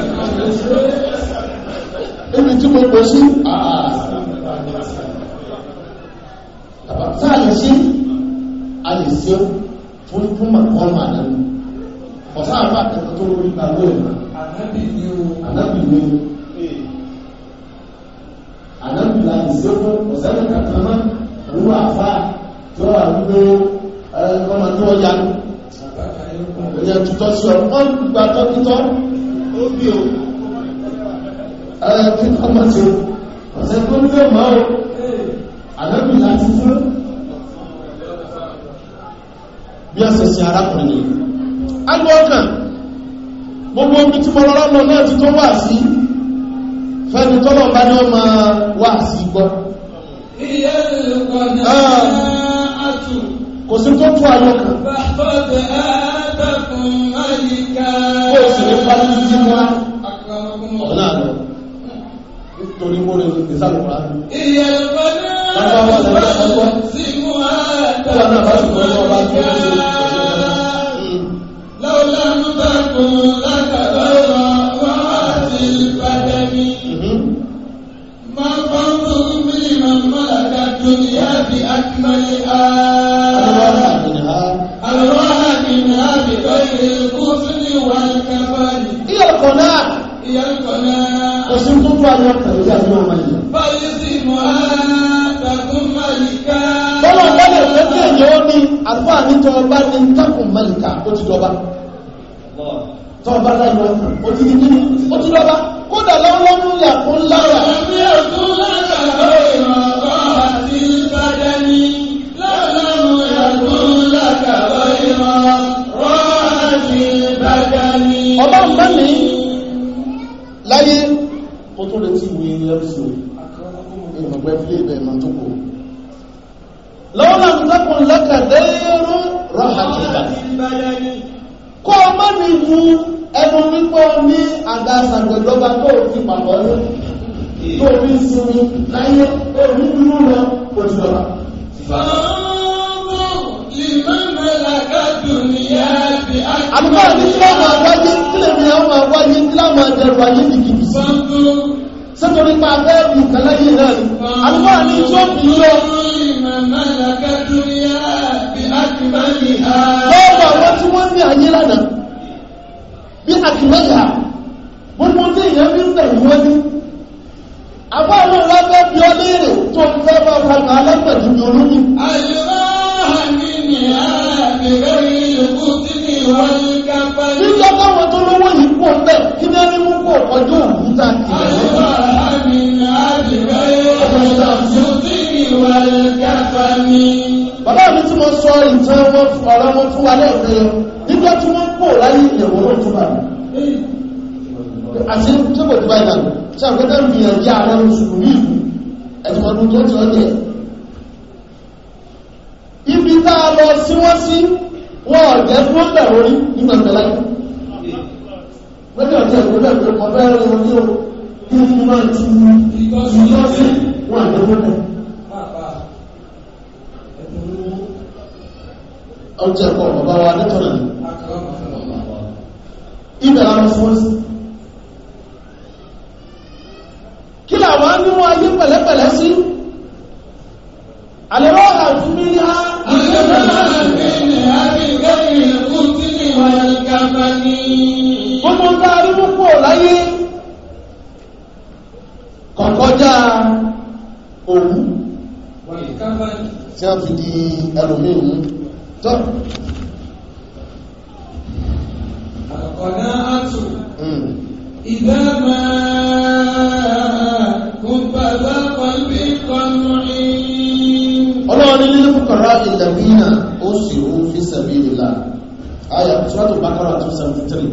Ibi tí mo pọ̀ sí. Àbàtà lè ṣe a lè ṣe fún fún màkọ́mà àná ọ̀sán àbá àtẹ́kọ̀ tó lórí ìgbàgbọ́ ẹ̀ ànábì ni o ànábì ni o ànábì la lè ṣe fún ọ̀sán àbá àtẹ́kọ̀ náà òun wà fà tó wà wípé ọmọ sí ọ wọ́n gbà tọ́ títọ́ ó bí o ẹ̀ẹ́dẹ́gbọ́n mọ̀ sí o ọ̀sẹ̀ tó ń lé mọ́ o ànábì la fún bí ọ̀sẹ̀ sí arákùnrin yìí agbó ọkàn gbogbo omi tí mo lọ́rọ́ lọ náà ti tó wà sí fẹ́ni tọ́lọ̀ bá ní ọmọ wà sí gbọ́ kò sí tó tó ayọ́ kan kò sí ní fásitì wá ọ̀nà àgbà torí wọ́n lè fi sálọ̀ wá. ìyẹ̀fọ́ náà wà lọ́wọ́ sí mú àtọ̀. ọ̀nà bá ti wọ́n lọ́wọ́ wa wá sí mm-hmm. náà ìyàtọ̀nà. Ẹ̀sùn tó tó àyọ̀ tẹ̀lé sí àdúrà wọn yìí. Báyìí sì mọ̀ á takùn màlìkà. Bọ́lá bọ́lá tó tẹ̀lé ó ní àbúrò àníjọ ọba ní takùn màlìkà ó ti dọba. Tọ́ ọba láyọ̀ ó ti di kíni ó ti dọba. Kódà lọ́wọ́ mú yà kó lára. Àmì ọ̀tún lára lọ́wọ́ ìrànwọ́ àti àti ìtajà ni. Ọba bá mi láyé kó tó lè tí ìwé ẹlẹ́sìn ìrọ̀gbẹ́ fi ìbẹ̀ ìmọ̀ tó kò lọ́wọ́lá nǹkan lẹ́kà dẹ́rù rọ̀hàkìlá kó o má ní ju ẹnu wípé o ní àga sàgbẹ̀dọ́gba tó o ti pàgọ́ ní àbúkọ́ ní tí wọ́n máa wáyé sílẹ̀ ní àwọn máa wáyé tí láwọn máa dẹrù ayé dìgìdì sí sẹ́tọ̀rí pa abẹ́ ẹ̀bù kàláyé náà ni àbúkọ́ ní tí ó bí yọ lọ́wọ́ àwọn tí wọ́n ní ayé lánàá bí àkìmẹ́yà wọ́n mú tí èèyàn bí ń bẹ̀rù wọ́dí àbọ̀ àwọn ọlọ́fẹ́ bí ọ léèrè tó fẹ́ bá ọkọ̀ alápẹ̀jù ní olóyún. àyùrá Níjọ́ táwọn tó lówó yìí pò bẹ́ẹ̀ kí ní ẹni mú kò ọjọ́ òun ta kì í. Bàbá mi tí mo sọ ìtàn wọn ọ̀rọ̀ wọn fún wa lẹ́ẹ̀kan yẹn, nígbà tí wọ́n pò láyé ìyẹ̀wò náà tó bàbá. Àti tí kò tó bá ìdàgbà, tí àwọn akẹ́kọ̀ọ́ mi yàn jẹ́ àwọn mùsùlùmí ẹ̀tùmọ̀dún tó ti ọdẹ ibi tá a lọ sí wọ́n sí wọ́n ọ̀jẹ́ fún bẹ̀rù rí nígbà tẹ̀lé lọ́jọ́ ọ̀jẹ́ ìwé bẹ̀rù kọ́ bẹ́ẹ̀ rẹ̀ ní o kí n fi máa ti lọ sí wọ́n àjẹ́ fún bẹ̀rù. ọjọ́ ẹ̀kọ́ bàbá wa nítorí ibẹ̀ la lọ sí wọ́n sí. kí làwọn á ní wọn ayé pẹ̀lẹ́pẹ̀lẹ́ sí àlẹ́ tí wọ́n fi di ẹlòmíì mú tó. àkọ́dá àtù hmm. ìdá máa kún bàbá pàmí pàmí. ọlọ́run ní nínú kọ̀ọ̀rọ̀ ìdàgbìnà ó sì rú fi sẹ̀bí ìlà ayà sọ́tò bákọ́rà 273.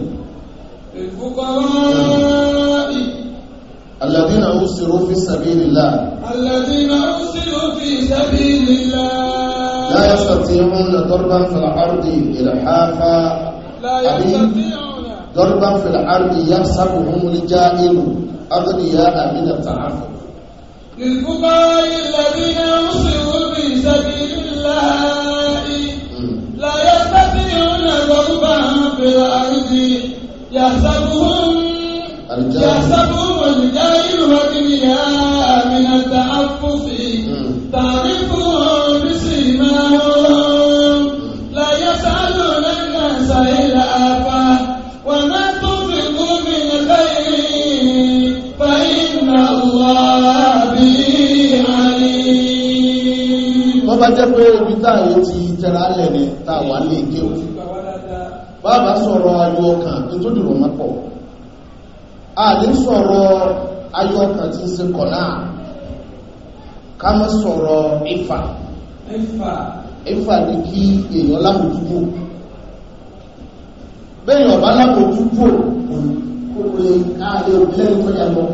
الذين أسروا في سبيل الله الذين أرسلوا في سبيل الله لا يستطيعون ضربا في الأرض إلحافا لا يستطيعون ضربا في الأرض يحسبهم الجاهل أغنياء من التعفف للفقراء الذين أرسلوا في سبيل الله لا يستطيعون ضربا في الأرض يحسبهم يحسبهم الجاهل أغنياء من التعفف تعرفهم بسيماهم لا يسألون الناس إلافا وما تنفقوا من خير فإن الله به عليم. wọ́n bá jẹ́ pé ibi táyé ti jẹra lẹ́ni táwa lè kéwòn bá a bá sọ̀rọ̀ ayọ̀ ọkàn tó dùn wọ́n pọ̀ àdé ń sọ̀rọ̀ ayọ́ kan tí ń ṣe kọ̀ náà ká mọ́ sọ̀rọ̀ ìfà ìfà ní kí èèyàn lámòjúgbò bẹ́yìn ọ̀bá lámòjúgbò kò pé káàlẹ̀ òbílẹ̀ ìtọ́jà lọ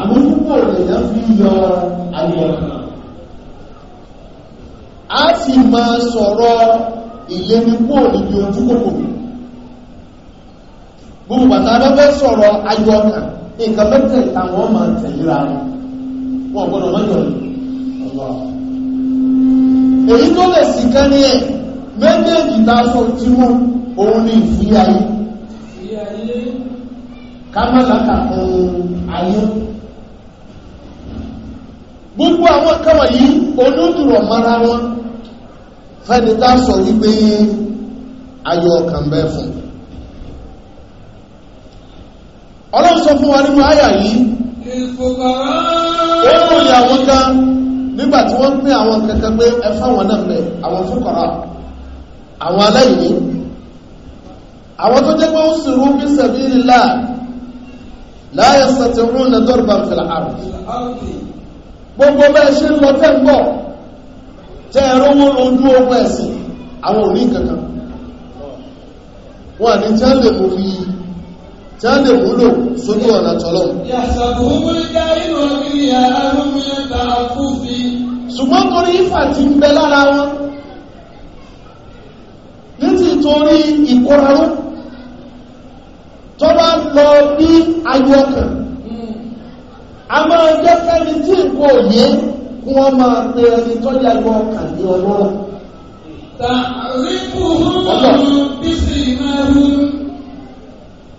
àmójúgbò lèyàn fi yọ ayọ̀ a sì máa sọ̀rọ̀ ìlénikó níbi ojú gbogbo bàtà abẹ́fẹ́ sọ̀rọ̀ ayọ̀ ọkàn nǹkan mẹ́tẹ̀ táwọn máa tẹ̀léra wọn gbọ́dọ̀ mọ́jọ ọ̀lọ́ èyí tó lè sì kán ní ẹ̀ méjèèjì dáṣọ tí mú òun ní ìfúyà yìí kámẹ́lákà ayé gbogbo àwọn mara wọn ọlọ́run sọ fún wa nínú àyà yìí ó yà àwọn kan nígbà tí wọ́n pín àwọn kankan pé ẹ fáwọn náà pẹ̀ àwọn fúkọ̀rá àwọn aláìní àwọn tó jẹ́ pé ó sì rú bí sabilillah la yastati'una darban fil ard gbogbo bẹ́ẹ̀ ṣe ń lọ tẹ́ ń bọ̀ tẹ́ ẹ̀rọ wọn lójú ogun ẹ̀sìn àwọn òní kankan wọn àní tí wọ́n lè mú fi yìí tí a lè wúlò sójú ọ̀nà tọ́lọ́ ṣùgbọ́n torí ìfà ti ń bẹ lára wọn nítorí ìkóraró tó bá lọ ní ayé ọkàn a máa jẹ́ fẹ́ni tí ìkó òye kí wọ́n máa pe ẹni tó jẹ́ ayé ọkàn ní ọlọ́rọ̀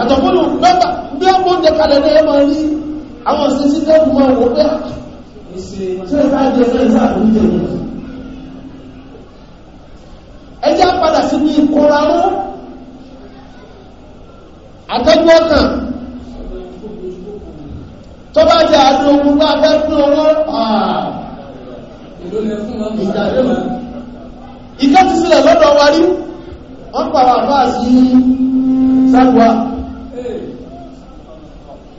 àtọ̀kùnlù mẹ́ta bí ó kún jẹ́kalẹ̀ ní ẹmọ rí àwọn sísí tẹ́kù máa wò pé ẹjá padà sí ní ìkọra mú àtẹ́jú ọkàn tó bá jẹ́ àdó ogun bá fẹ́ fún ọwọ́ ìjàdéwò ìkẹ́ ti sílẹ̀ lọ́dọ̀ wa rí wọ́n pàwà bá sí sáwọ́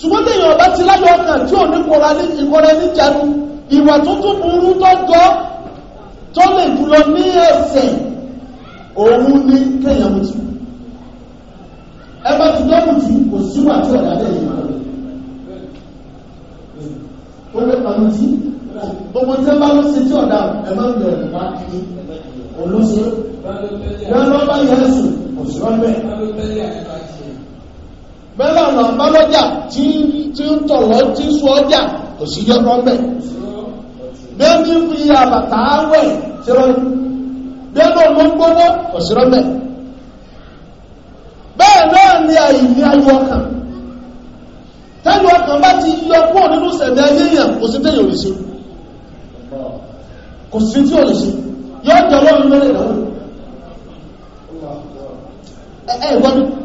ṣùgbọ́n tẹ̀yìn ọba ti láyọ̀ ọkàn tí ò ní kọra ní ìkọrẹ ní jẹnu ìwà tó tún burú tọ́jọ́ tó lè jùlọ ní ẹsẹ̀ òun ní kẹyàn mutí ẹ bá ti jẹ́ mutí kò síwà tí ọ̀dà lẹ́yìn máa rẹ̀ lè pa mutí gbogbo tí wọ́n ló ṣe tí ọ̀dà ẹ ń bẹ̀rẹ̀ wá kiri olóṣèlú lọ́wọ́ bá yẹ ẹ̀sùn òṣìṣẹ́ bẹ́ẹ̀ àbálọ́jà tí ń tọ̀lọ́ tí ń sọ ọjà kò sí yọ́ pọ́ńbẹ̀ bẹ́ẹ̀ ní fi àbàtà áwẹ̀ tí wọ́n bẹ́ẹ̀ náà ló ń gbọ́wọ́ kò sí rọ́bẹ̀ bẹ́ẹ̀ náà ni àìní ayọ̀ ọkàn tẹ́lú ọkàn bá ti yọ pọ̀ nínú sẹ̀dẹ̀ ayé kò sí tẹ́yìn òrìṣẹ́ kò sí tí òrìṣẹ́ yọ́ jọ lọ́rùn lọ́rẹ̀ náà ẹ̀ ẹ̀ gbọ́dọ̀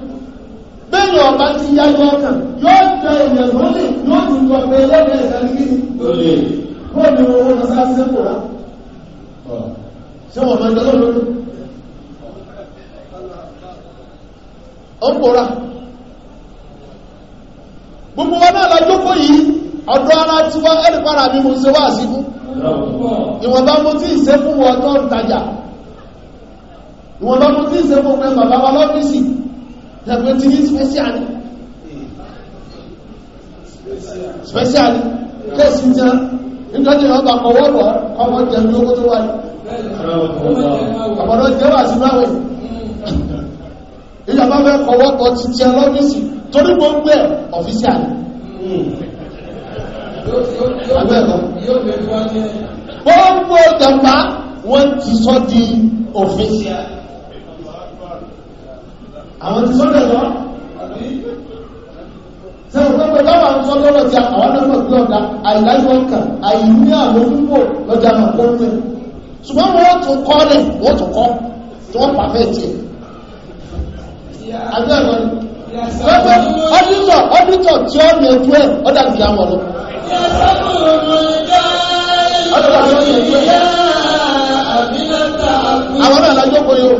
ọ̀rọ̀ bá ti yájú ọkàn yóò jẹ ìyẹn lónìí yóò ti lọ pé lẹ́gbẹ̀ẹ́ ìdánikíni lónìí wọ́n ní owó kó yìí ọ̀dọ́ ara tí wá ṣe wá sí fún ìwọ̀nba mo ti ṣe fún wọn tó ń tajà ìwọ̀nba mo ti ṣe fún bàbá wa lọ́fíìsì tẹ̀gbẹ́ ti ní special special kẹ́sì jẹ́ nítorí ọba kọwọ́ bọ̀ kọwọ́ jẹ́ ní owó tó wáyé àbọ̀dọ̀ jẹ́ wà sí báwẹ̀ ìjọba fẹ́ kọwọ́ bọ̀ ti jẹ́ lọ́fíìsì torí gbogbo ẹ̀ official gbogbo ìjọba wọ́n ti sọ di official àwọn ti sọ́dọ̀ lọ sẹ́wọ̀n tó pẹ̀lú àwọn àwọn ti àwọn náà pẹ̀lú ọ̀dà àìdájú ọkà àìyí àwọn púpọ̀ lọ́jà máa kó ní ẹ̀ ṣùgbọ́n wọ́n tún kọ́ lẹ̀ wọ́n tún kọ́ tí wọ́n pàfẹ́ tiẹ̀ agbẹ́rún lọ́pẹ́ ọ́dítọ̀ tí ó yẹ ju ẹ̀ ọ́dà lọ. àwọn kọ́ yóò.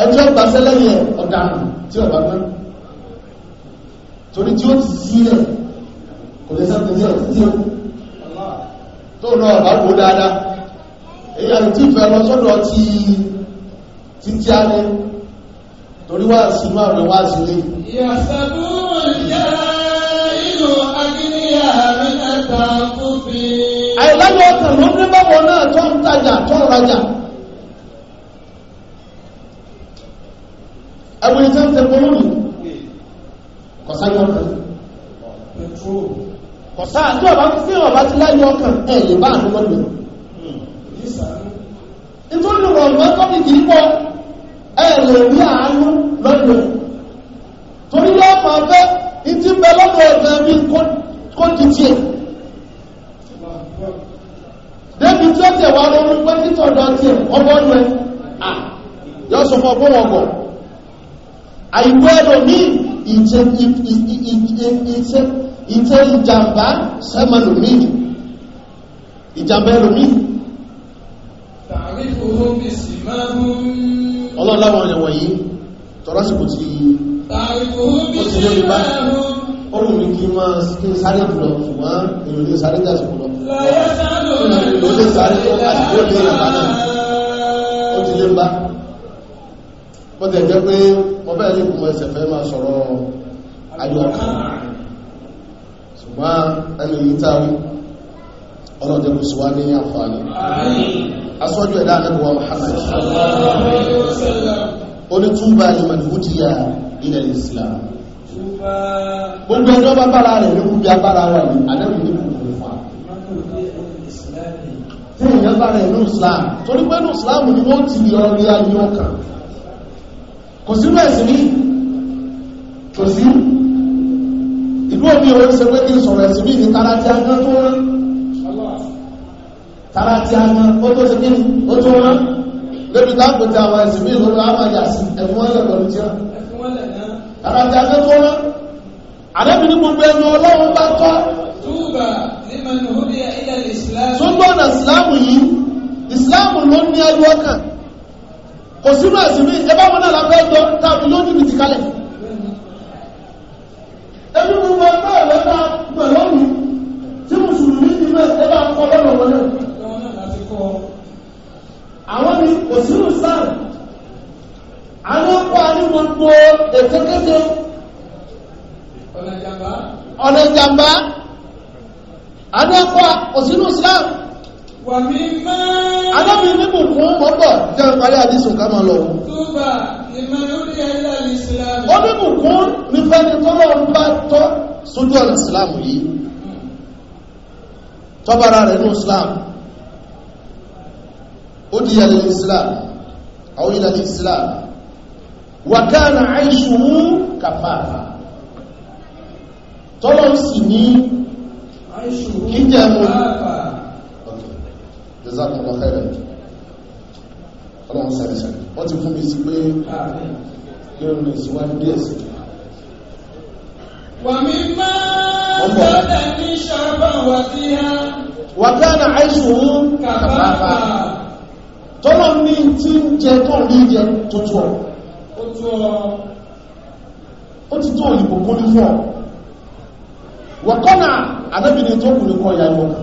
ẹjọ́ gbàṣẹ́ lẹ́yìn ọ̀daràn tí ọ̀bá gbọ́n torí tí ó ti sílẹ̀ kò lè sẹ́kùn sí ọ̀tí tí ó tó lọ ọ̀bá wò dáadáa èyí àti tí ìfẹ́ lọ sọ́dọ̀ ti títí alẹ́ torí wá sí inú àwọn wá sí lé. ìyàsẹ́dú ìyá inú agíníyà mi ẹ̀ta kúfin. àìláyọ̀ ọ̀tàn ló ń rí báwọn náà tó ń tajà tó ń rajà. ẹgbẹ́ tí ó ń tẹ pọ́ lónìí kọ̀sá yọ ọkàn kọ̀sá tí ọba tí ọba ti láyé ọkàn ẹ̀ lè bá àánú mọ́lẹ̀ nítorí wọn lọ tọ́bi kì í pọ̀ ẹ̀ lè rí àánú lọ́dọ̀ torí yọ ọkàn fẹ́ ìtì bẹ lọ́dọ̀ ọ̀gá mi kó di tiẹ̀ débi tí ó tẹ̀ wá lọ́rùn pẹ́ títọ̀ dọ̀ tiẹ̀ ọgbọ́n rẹ̀ yọ sọ fún ọgbọ́n àìwẹ́rọ̀ ní ìtẹ́ ìjàmbá sẹ́mọ̀lòmí ìjàmbá ẹlòmí ọlọ́láwọn ẹ̀wọ̀n yìí tọ́rọsìkò tí ọlọ́run ní kí máa kí n sáré jùlọ ṣùgbọ́n èrò ní sáré jàsìkò lọ ó sáré tó bó tẹ̀ jẹ́ pé mo fẹ́ ní ìgbìmọ̀ ẹsẹ̀ fẹ́ máa sọ̀rọ̀ ayọ̀ká ṣùgbọ́n ẹni yìí táwí ọlọ́dẹ kò sí wá ní àǹfààní asọ́jú ẹ̀dá àdẹ́bùwà Muhammad ó ní túbà ní mọ̀lúkútìyà ilẹ̀ Islam gbogbo ẹjọ́ bá bára rẹ̀ ní kúbi abára rẹ̀ ní àdẹ́bù ní kúkú fà tí èèyàn bára ẹ̀ ní Islam torí pé ní Islam ni wọ́n ti yọ ọrí ayé ọkàn kò sínú ẹ̀sìn ní kò sí ìlú òbí owó ṣe pé kí n sọ̀rọ̀ ẹ̀sìn ní tara ti agbọ́n tó rán tara ti agbọ́n ó tó ṣe kí ni ó tó rán lóbi táàpù ti àwọn ẹ̀sìn ní ìlú àwọn àyàsí ẹ̀fún ẹ̀lẹ̀ pẹ̀lú tí wọ́n tara ti agbọ́n tó rán àdébì ní gbogbo ẹnu ọlọ́run bá tọ́ túbà ní mẹ́nu ó ilẹ̀ ìsìlámù yìí ìsìlámù ló ní ẹrú ọkàn kò sínú ẹ̀sìn mi ẹbá wọn náà lábẹ́ ẹjọ́ tàbí lójú mi ti kalẹ̀ ẹbí gbogbo ẹgbẹ́ ẹ̀rọ bá gbẹ̀ lọ́rùn tí mùsùlùmí ti mẹ́ ẹbá kọ́ lọ́rọ̀ wọn náà àwọn ni kò sínú sáà àwọn kọ́ àní gbogbo ètekéte ọ̀nà ìjàmbá àwọn kọ́ kò sínú sáà Adábi nígbò fún ọgbọ̀ jẹ́ parí àdísùn ká máa lọ. Ó nígbò fún nípa ní tọ́lọ̀ ń bá tọ́ sójú ọ̀nà ìsìláàmù yìí. Tọ́bára rẹ̀ ní ìsìláàmù. Ó di yà lẹ́yìn ìsìláàmù. Àwọn ìlànà ìsìláàmù. Wà káàna àìṣùwú kàfàfà. Tọ́lọ̀ sì ní kíjẹ̀mù jazakumullahu khairan ọlọ́run sẹ́rẹ̀sẹ̀ wọ́n ti fún mi sí pé lórí ìsíwájú díẹ̀ sí wàmí máa tọ́lẹ̀ ní ṣàbà wà sí ha wàkánà àìṣòwò kàbàbà tọ́lọ̀ ní tí ń jẹ tó ní jẹ tó tó ọ̀ ó ti tó òyìnbó kó fún ọ wàkánà anábìnrin tó kù ní ìyá ìwọ̀n kan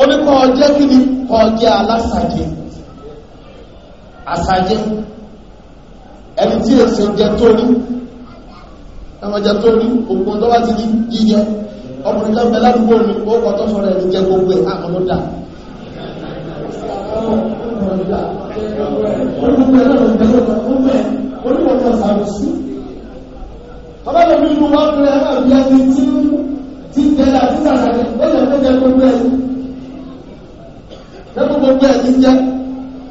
ó ní kọ́ jẹ́ kí ni kọ́ jẹ́ alásàjẹ́ àsàjẹ́ ẹni tí èsì oúnjẹ tó ní ẹmọjẹ tó ní ògùn tó bá ti di jíjẹ ọkùnrin kan bẹ ládùúgbò ní ó kọ́ tó sọ̀rọ̀ ẹni jẹ gbogbo ẹ̀ àmọ́ ló dà ọba lè fi inú wa pẹ̀lú ẹ̀rọ àbíyá ti tí ń tẹ́lẹ̀ àti sàrẹ̀ ó lè gbogbo ẹ̀ gbogbo ẹ̀ ti jẹ́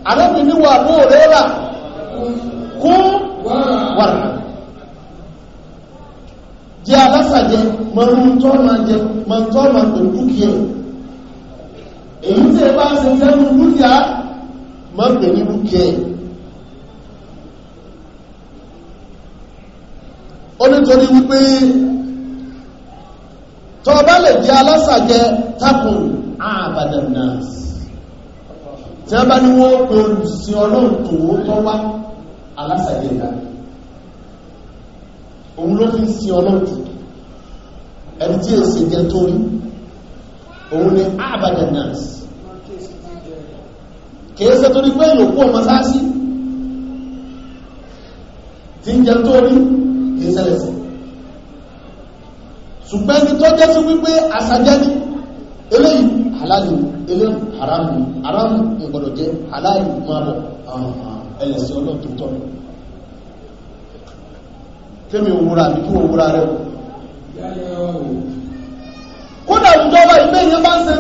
àrẹ́bì ní wà bó rẹ̀ rà kún wàrà jẹ́ alásàjẹ mọ̀rúntọ́ máa jẹ mọ̀rúntọ́ máa pè dúkìá èyí tí ẹ bá ń ṣe fẹ́ràn dúkìá máa pè ní dúkìá ó nítorí wípé tọ́ bá lè jẹ́ alásàjẹ tákùn àbàdàn náà tí wọ́n bá ní wọ́n pe olùsìn ọlọ́run tòótọ́ wá alásàyè ìlà òun ló fi ń sin ọlọ́run jù ẹni tí èsì jẹ tó rí òun ni abadan kìí ṣe torí pé yòókù ọmọ sáásí tí ń jẹ tó kìí ṣẹlẹ̀ sí ṣùgbọ́n ẹni tó jẹ́ sí wípé àṣàjẹ́ ni eléyìí halálù ilé haramu haramu ìgbọ̀dọ̀ jẹ́ halálù máa bọ̀ ẹlẹ́sìn ọlọ́ tó tọ́ tẹ́mi òwúra àbí kí òwúra rẹ̀ kódà ìjọba ìgbé ìyẹn bá ń ṣe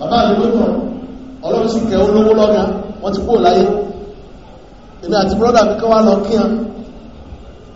bàbá mi ló tàn ọlọ́run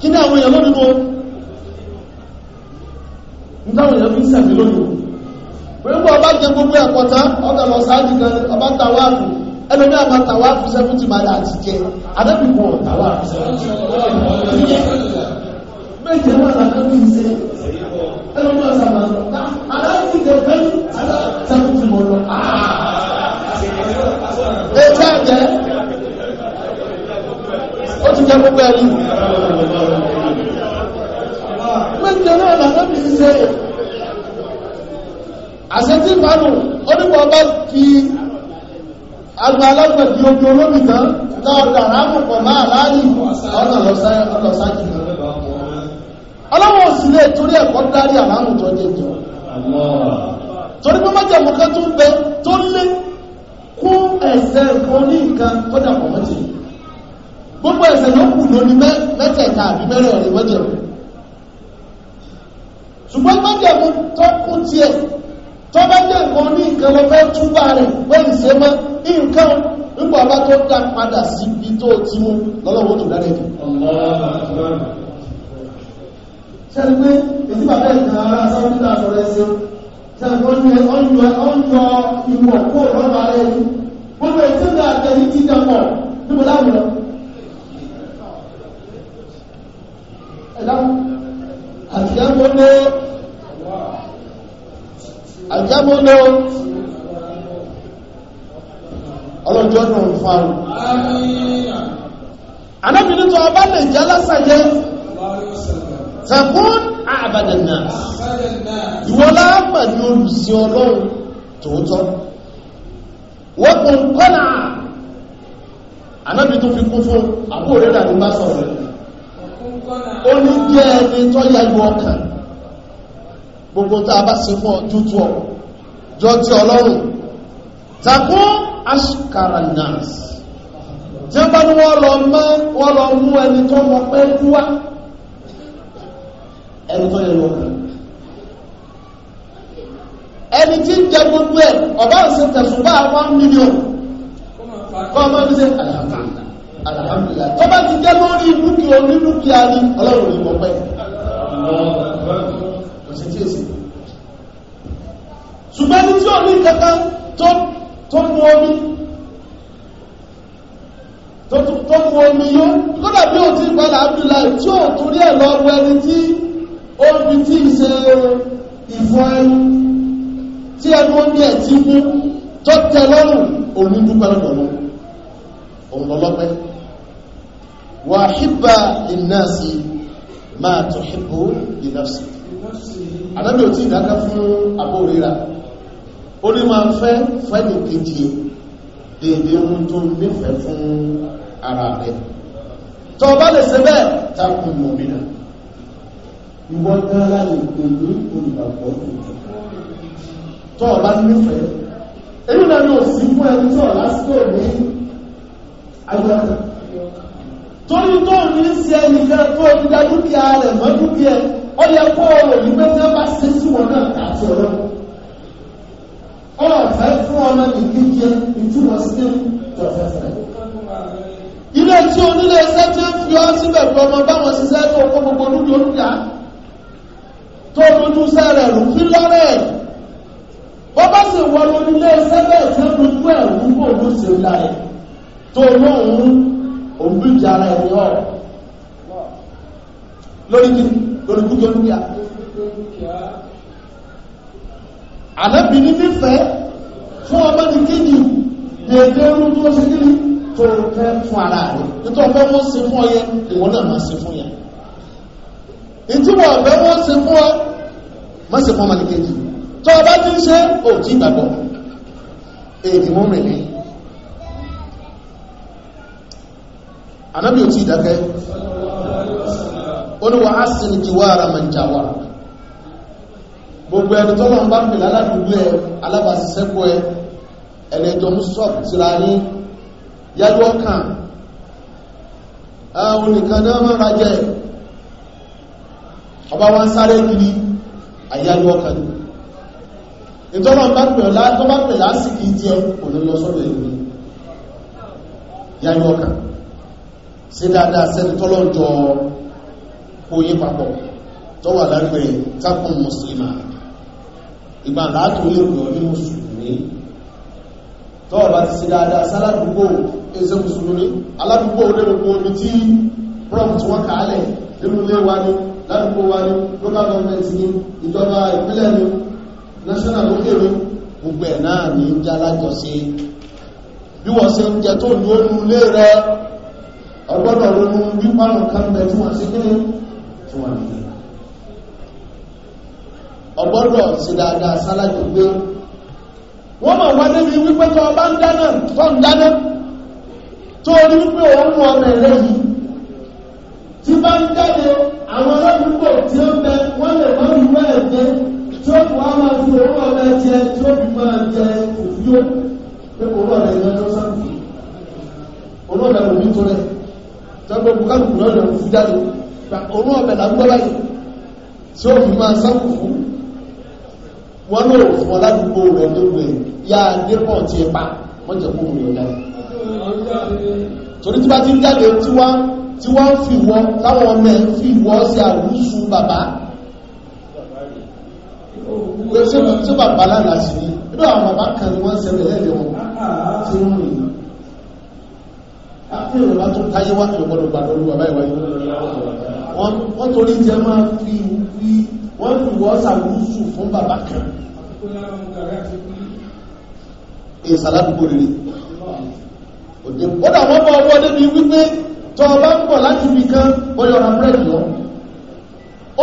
kí ní àwọn èèyàn lónìí wọn ń dáwọn èèyàn fi ń lónìí ọba jẹ gbogbo ẹ̀kọ́ta ọ lọ sáájì gan ọba tàwáàfù ẹlòmí àmà tàwáàfù sẹ́fúntì máa àti jẹ adébìkọ tàwáàfù sẹ́fúntì méje wà jẹ́ ó ti jẹ́ púpẹ́ yìí méje náà lànà bí i ṣe àṣetí ìbánu onígbà bá fi agba alágbẹ̀dì ojú olómi tán náà dàrá púpọ̀ máa láàyè ọ̀nà lọ́sájì ọlọ́wọ́ sì lè torí ẹ̀kọ́ dárí àlámùjọ jẹjọ torí pé májèmú kan tún bẹ tó lé kún ẹ̀sẹ̀ kan ní nǹkan kọ́dà pọ̀ mọ́tì yìí gbogbo eze ló kù lórí mẹ́tẹ̀ẹ̀ta àbí mẹ́rẹ̀ ọ̀rẹ́ mọ́jẹ̀mú ṣùgbọ́n mọ́jẹ̀mú tó kú tiẹ̀ tó bá jẹ́ nǹkan ní nǹkan lọ fẹ́ túbà rẹ̀ wọ́n ìṣe mọ́ nǹkan nígbà bá tó dá padà sí ibi tó ti mú lọ́lọ́wọ́ tó dára jù. ṣẹ́ni pé èyí bàbá ìtàn ara sáwọ́dá sọ̀rọ̀ ẹ̀ṣẹ̀ ṣẹ́ni pé ìwọ̀ kó rẹ̀ gbogbo ti níbo àjábọ́lé àjábọ́lé ọlọ́jọ́ náà ń farun anábìnrin tó ọba lè jẹ́ lásàjẹ́ fẹ̀kún àbàdànà ìwọlá pẹ̀lú olùsí ọlọ́run tòótọ́ wọ́n kún kọ́nà anábìnrin tó fi kún fún àbúrẹ́dà ní bá sọ̀rọ̀ ó ní jẹ́ ẹni tó yàgò ọkàn gbogbo tá a bá ṣe fún ọ tútù ọ jọ ti ọlọ́run takó aṣkara nas tí wọ́n bá ní wọ́n lọ mọ́ wọ́n lọ mú ẹni tó mọ pé wá ẹni tó yẹ lọ kàn ẹni tí ń jẹ gbogbo ẹ ọba ń ṣe bá one million kọ́ ọmọ ní ṣe àyàká alhamdulilayi tó bá ti jẹ́ lórí dúkìá onídúkìá ni ọlọ́run ìmọ̀ pẹ́ ọ̀sẹ̀ tí èsì ṣùgbọ́n ní tí ò ní kankan tó mú omi tó mú omi yó kódà bí ò tí ì pẹ́lá abdullahi tí ò torí ẹ̀ lọ wọ ẹni tí omi tí ì ṣe ìfọ ẹnu tí ẹnu omi ẹ̀ ti mú tó tẹ lọ́rùn òun dúpẹ́ lọ́dọ̀ òun lọ́lọ́pẹ́ wàhíbà ìnáàsì máa tó hìbò ìnáàsì àdábì ò tí ìdáká fún àbórira ó ní máa fẹ́ fẹ́lì kejì dèdè ohun tó nífẹ̀ẹ́ fún ara rẹ̀ tọ́ bá lè ṣe bẹ́ẹ̀ tákùn mọ̀mìnà ìwọ gára ìpè ní olùgbàgbọ́ tọ́ bá nífẹ̀ẹ́ èyí náà ní òsì fún ẹni tọ́ lásìkò ní agbára torí tó ní ṣe nìkan tó ń da dúkìá rẹ̀ mọ́ dúkìá ọ yẹ kó o rò wípé tí wọ́n bá ṣe sí wọn náà àti ọ̀rọ̀ ọ̀rọ̀ ọ̀fẹ́ fún ọmọ nìkejì ìtumọ̀ sí ìjọfẹ́fẹ́ ilé tí onílé iṣẹ́ tí ó fi ọ́ síbẹ̀ fún ọmọ báwọn ṣiṣẹ́ tó kó gbogbo dúkìá dúkìá tó dojú sẹ́rẹ̀ rù kí lọ́rẹ̀ ó bá sì wọ lónílé iṣẹ́ bẹ́ẹ̀ tí ó dojú ẹ̀rù kó o ló ṣe láyé tó lóhùn òun bí ìjà ara ẹni ọ̀rọ̀ lórí kí lórí kú tó ń kíá àlẹ́bí ní nífẹ̀ẹ́ fún ọmọ ti kéjì dèédé orún tó ṣe kí tó fẹ́ fún ara rẹ̀ nítorí ọ̀fẹ́ wọ́n ṣe fún ọyẹ ìwọ́n náà máa ṣe fún yẹn ìtúbọ̀ ọ̀fẹ́ wọ́n ṣe fún ọ má ṣe fún ọmọ ti kéjì tó ọba ti ń ṣe òtí ìgbàgbọ́ èdè mú anábì ò dake, ìdákẹ́ wa asin jìwára mẹ́jàwà gbogbo ẹni tọ́lọ̀ ń bá pè lálàdúgbò ẹ alábàṣiṣẹ́pọ̀ ẹ ẹ̀lẹ́jọ ń sọ síra ní yájú ọkàn àwọn nìkan náà máa rajẹ́ ọba wa ń sáré kiri àyájú ọkàn ní ìtọ́lọ̀ ń bá pè lásìkò ìdí ẹ kò ní lọ sọ́dọ̀ ìlú yájú ọkàn ṣe dáadáa sẹ́ni tọ́lọ́jọ́ oyé papọ̀ tó wà lágbẹ̀ kápọ̀ mùsùlùmá ìgbà láàtò yóò lọ ní mùsùlùmí tó ọ̀bá ti ṣe dáadáa sáládùúgbò ẹsẹ mùsùlùmí aládùúgbò onírúkú omi tí prọm tí kàálẹ̀ nínú ilé wa ládùúgbò wa local government ìjọba ìpínlẹ̀ national gbogbo ẹ̀ náà ní jálájọ sí bí wọ́n ṣe ń jẹ tó ilé ẹgbọ́dọ̀ ronú wípánù kan bẹ tí wọ́n sí kíni tí wọ́n ní ọgbọ́dọ̀ sí dáadáa sálájú pé wọ́n mọ̀ wá débi wípé tó ọba ń dáná tó ń dáná tó rí wípé òun mú ọmọ ẹ̀rẹ́ yìí tí bá ń jáde àwọn ọlọ́dúnkò tí ó bẹ wọ́n lè wọ́n rí wọ́n ẹ̀jẹ̀ tí ó fún àwọn àti òun ọmọ ẹ̀jẹ̀ tí ó fi máa jẹ òfúyó pé òun ọ̀rẹ́ ìyẹn ló sọ́kùn òun ọ̀rẹ́ òun nítorí tọ́gbọ́n bukálùkù náà lọ fún jáde òun ọ̀bẹ̀ làgbọ́ báyìí tí ó fi máa sáàkù fún wọn ló fún ọládùúgbò rẹ̀ tó gbé ya nípọ̀ tí ẹ pa wọ́n jẹ́ kó rẹ̀ ọ̀dá torí tí bá ti ń jáde tí wọ́n fi wọ́ táwọn ọmọ ẹ̀ fi wọ́ sí àwùsù bàbá ṣé bàbá lánàá sí ní ibi àwọn bàbá kan ni wọ́n ṣẹlẹ̀ lẹ́yìn wọn tí wọ́n rìn àti ìrọ̀lá tó táyé wá ìrọ̀gbọ́dọ̀ gbàdọ̀ olúwa báyìí wáyé wọ́n torí jẹ́ máa fi wí wọ́n fi wọ́ sàrúsù fún bàbá kan ìsàládùgbò rere òde kódà wọ́n bọ́ ọwọ́ débi wípé tó o bá ń bọ̀ láti ibi kan ó yọra búrẹ́dì lọ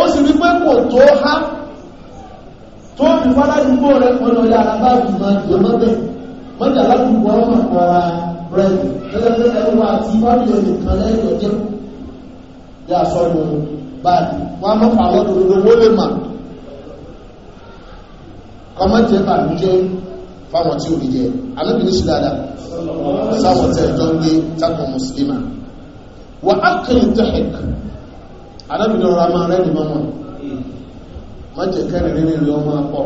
ó sì rí pé kò tó há tó fi wá ládùúgbò rẹ̀ pẹ̀lú ọ̀yà alábàbí máa jẹ́ mọ́bẹ̀ mọ́jà ládùúgbò ọmọ kan ara rẹ̀ gẹ́gẹ́ bí ẹwà àti bábílò nìkan lẹ́yìn ọjọ́ yà sọ́nù báyìí wọ́n á mọ́fà àwọn olówó lè mà kọ́mọ́jẹ́ bàmíjẹ́ fáwọn tí ò ní jẹ alábìnrin sí dáadáa sáwọn tẹ́ ẹjọ́ gbé tákùn mùsùlùmá wà á kiri tẹ́hẹ̀k alábìnrin ọ̀rọ̀ àmà rẹ̀ ní mọ́mọ́ mọ́jẹ́ kẹrin rírìn rí ọmọ akọ́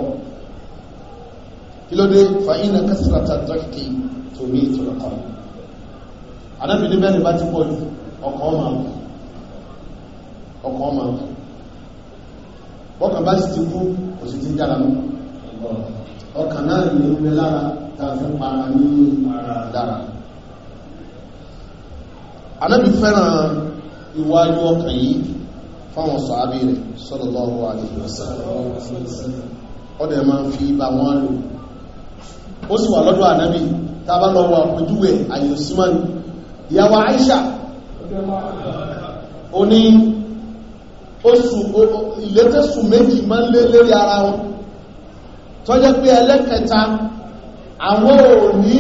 kí ló dé fàyínà kásìlátà dọ́kítì tòmí tòlọ́kọ́ anábìlí bẹ́ẹ̀ni bá ti pọ̀ jù ọkọ̀ ọmọ ọkọ̀ ọmọ ọkàn bá sì ti kú kò sì ti ń dára mọ́ ọkàn náà ní omi lára tàbí para ní dára anábì fẹ́ràn ìwájú ọkàn yìí fáwọn sàábì rẹ̀ sallallahu alaihi wasallam ọdẹ̀ máa fi bá wọn lò ó sì wà lọ́dọ̀ anábì tá a bá àyè òsímánì ìyàwó Aisha ó ní oṣù ìlétẹ́sù méjì máa ń lé lérí ara wọn tó jẹ́ pé ẹlẹ́kẹta àwọn ò ní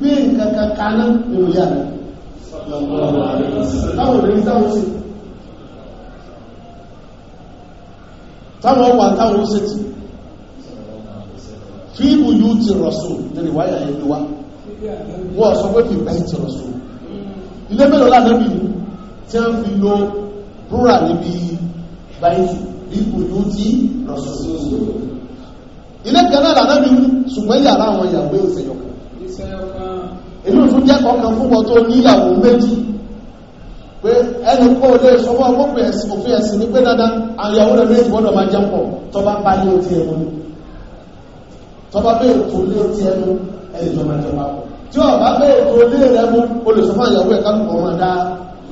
bí nǹkan kankan náà nínú ìyá rẹ̀ táwọn ò lè rí táwọn sí táwọn ọwà táwọn ó sẹ́tì fíìmù yóò ti rọ̀sùn nínú ìwáyà ẹni wá wọ́n sọ pé fíìmù báyìí ti rọ̀sùn ilé mélòó lánàbì ni tí a ń fi lo rúra níbi báyìí ipò yóò tí lọ́sọ̀sọ̀ ilé kan náà lánàbì ni ṣùgbọ́n yàrá àwọn ìyàwó ìṣẹ̀yọ̀ èyí ò tún jẹ́ kọ̀ọ̀kan fún wọn tó níyàwó méjì pé ẹni kó o lè sọmọ́ ọgbọ́pẹ̀ ẹ̀sìn òfin ẹ̀sìn ní pé dandan àyàwó rẹ̀ méjì gbọ́dọ̀ máa jẹun pọ̀ tó bá bá ní otí ẹnu tó bá bẹ́ẹ̀ tó ní otí ẹnu ẹni tó máa jẹun pọ̀ tí ọ̀bá bẹ́ẹ̀ tó lé rẹ mú olùsọ́fà ìyàwó ẹ̀ká lùkọ́ máa dá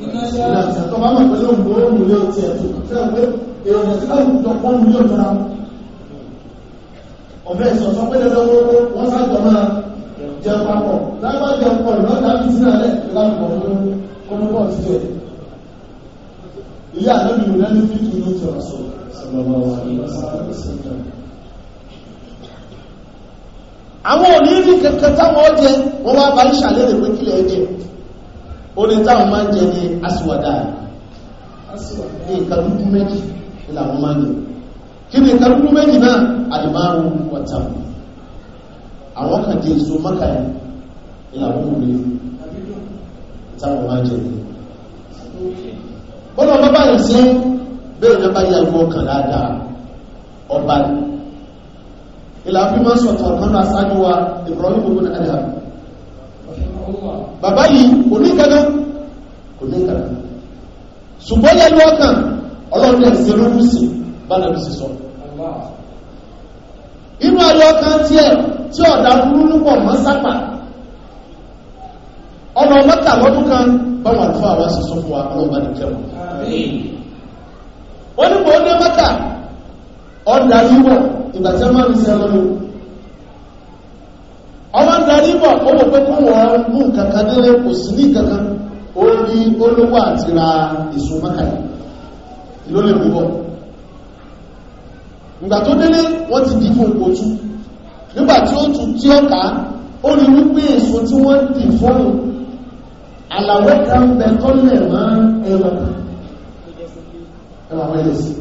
ìlànà tó bá mọ̀ pé ló ń bó ń lé ti ẹ̀tù fẹ́ pé èròjà tí láwùjọ jọ pọ́n ní ọ̀nà ọ̀bẹ ìsọ̀sọ́ pé lọ́wọ́ wọ́n sájọ máa jẹ papọ̀ lábá jẹ pọ̀ lọ́dà bí sínú alẹ́ ìlànà olùkọ́ ti jẹ ilé àlọ́bìnrin lẹ́nu fífi ní ìjọ àwọn onírí kẹ̀kẹ́ táwọn ọjẹ́ wọ́n wá bá ń ṣàlérè pé kílẹ̀ ẹjẹ́ orí táwọn máa ń jẹ ní aṣíwádà ní ìkàlùkù méjì láwọn máa ń lò kí ni ìkàlùkù méjì náà àdìmáàrún wàtàmù àwọn kan jẹ èso mọ́kà ìlàwọ̀ òwe táwọn máa ń jẹ ní bọ́lá ọba báyìí sí bẹ́ẹ̀ ní ọba yàgò ọkàn dáadáa ọba ìlà fi máa sọ̀tọ̀ ọ̀kan náà sáájú wa Ibrahim ibn Adham bàbá yìí kò ní kaná kò ní kaná ṣùgbọ́n lẹ́nu ọkàn ọlọ́run ẹ̀ ṣe lóhùn sí bánà bí sì sọ inú ayé ọkàn tiẹ̀ tí ọ̀dà burúkú pọ̀ mọ́ sápà ọ̀nà mẹ́ta lọ́dún kan báwọn àlùfáà wá sí sọ fún wa ọlọ́run bá ní kẹwọn wọ́n ní kò ní mẹ́ta ọ̀darí bọ̀ ìgbà tí ọmọ mi sẹ ọmọ darí ọ wọ́n mú kankan délé kò sí ní kankan ó ní olówó àti ra èso mọ́kàlá ló lè mú ìgbà tó délé wọ́n ti dìbò òtú nígbà tí ó tún tí ó ó wípé èso tí wọ́n dì fóònù kan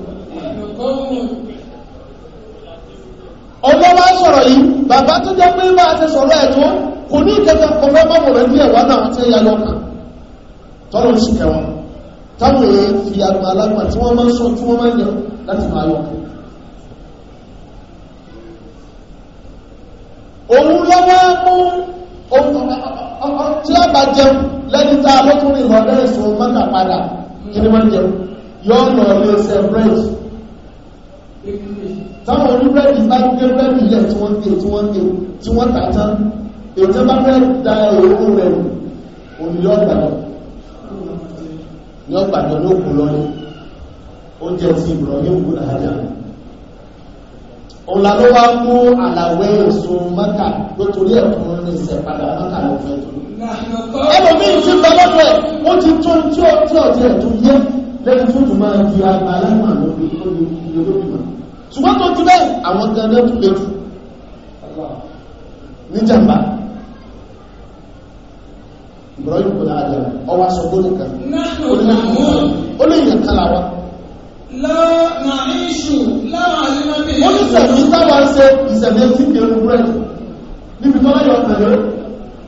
ọmọ wa sọ̀rọ̀ yìí bàbá tó jẹ́ pé bá ti sọ̀rọ̀ ẹ̀ kò ní ìkẹta kọfẹ́ bọ́ ẹ̀wà náà ti ya sí táwọn èèyàn fi àgbà alágbà tí wọ́n máa ń sọ tí wọ́n máa ń yẹ láti máa lọ. òun lọ́wọ́ mú tí a bá jẹun lẹ́ni tá táwọn oníbẹ̀rẹ̀ bá gbé bẹ́ẹ̀rẹ̀ yẹ tí wọ́n tẹ tí wọ́n tẹ tí wọ́n tà tán ètò bá fẹ́ da owó rẹ̀ òníyàn gbàdọ̀ ní ọgbàdọ̀ ló kù lọ ní oúnjẹ ti ìbùrọ̀ ní òkú nàájà ọ̀la ló wá mú àlàwé èso mẹ́ta ló torí ẹ̀kún ní ìṣẹ̀padà mẹ́ta ló fẹ́ tó ẹlòmíì ti gbọ́ lọ́dọ̀ ti tó tí ó lẹ́yìn tó tún máa ju àgbà aláìmọ̀ lórí olóògbìmọ̀ ṣùgbọ́n tó tún bẹ́ẹ̀ àwọn gangan tó léwu ní jàmbá ìbọ̀rọ̀yìn kò dáa jẹun ọwọ́ aṣọ tó nìkan ó lè yàn kan làwa. lọ́nà ìṣù láwọn àlùmọ́bì. ó ní sẹ̀mí táwa ṣe ìṣẹ̀mí tí kì í rú tó láyọ̀ tẹ̀lé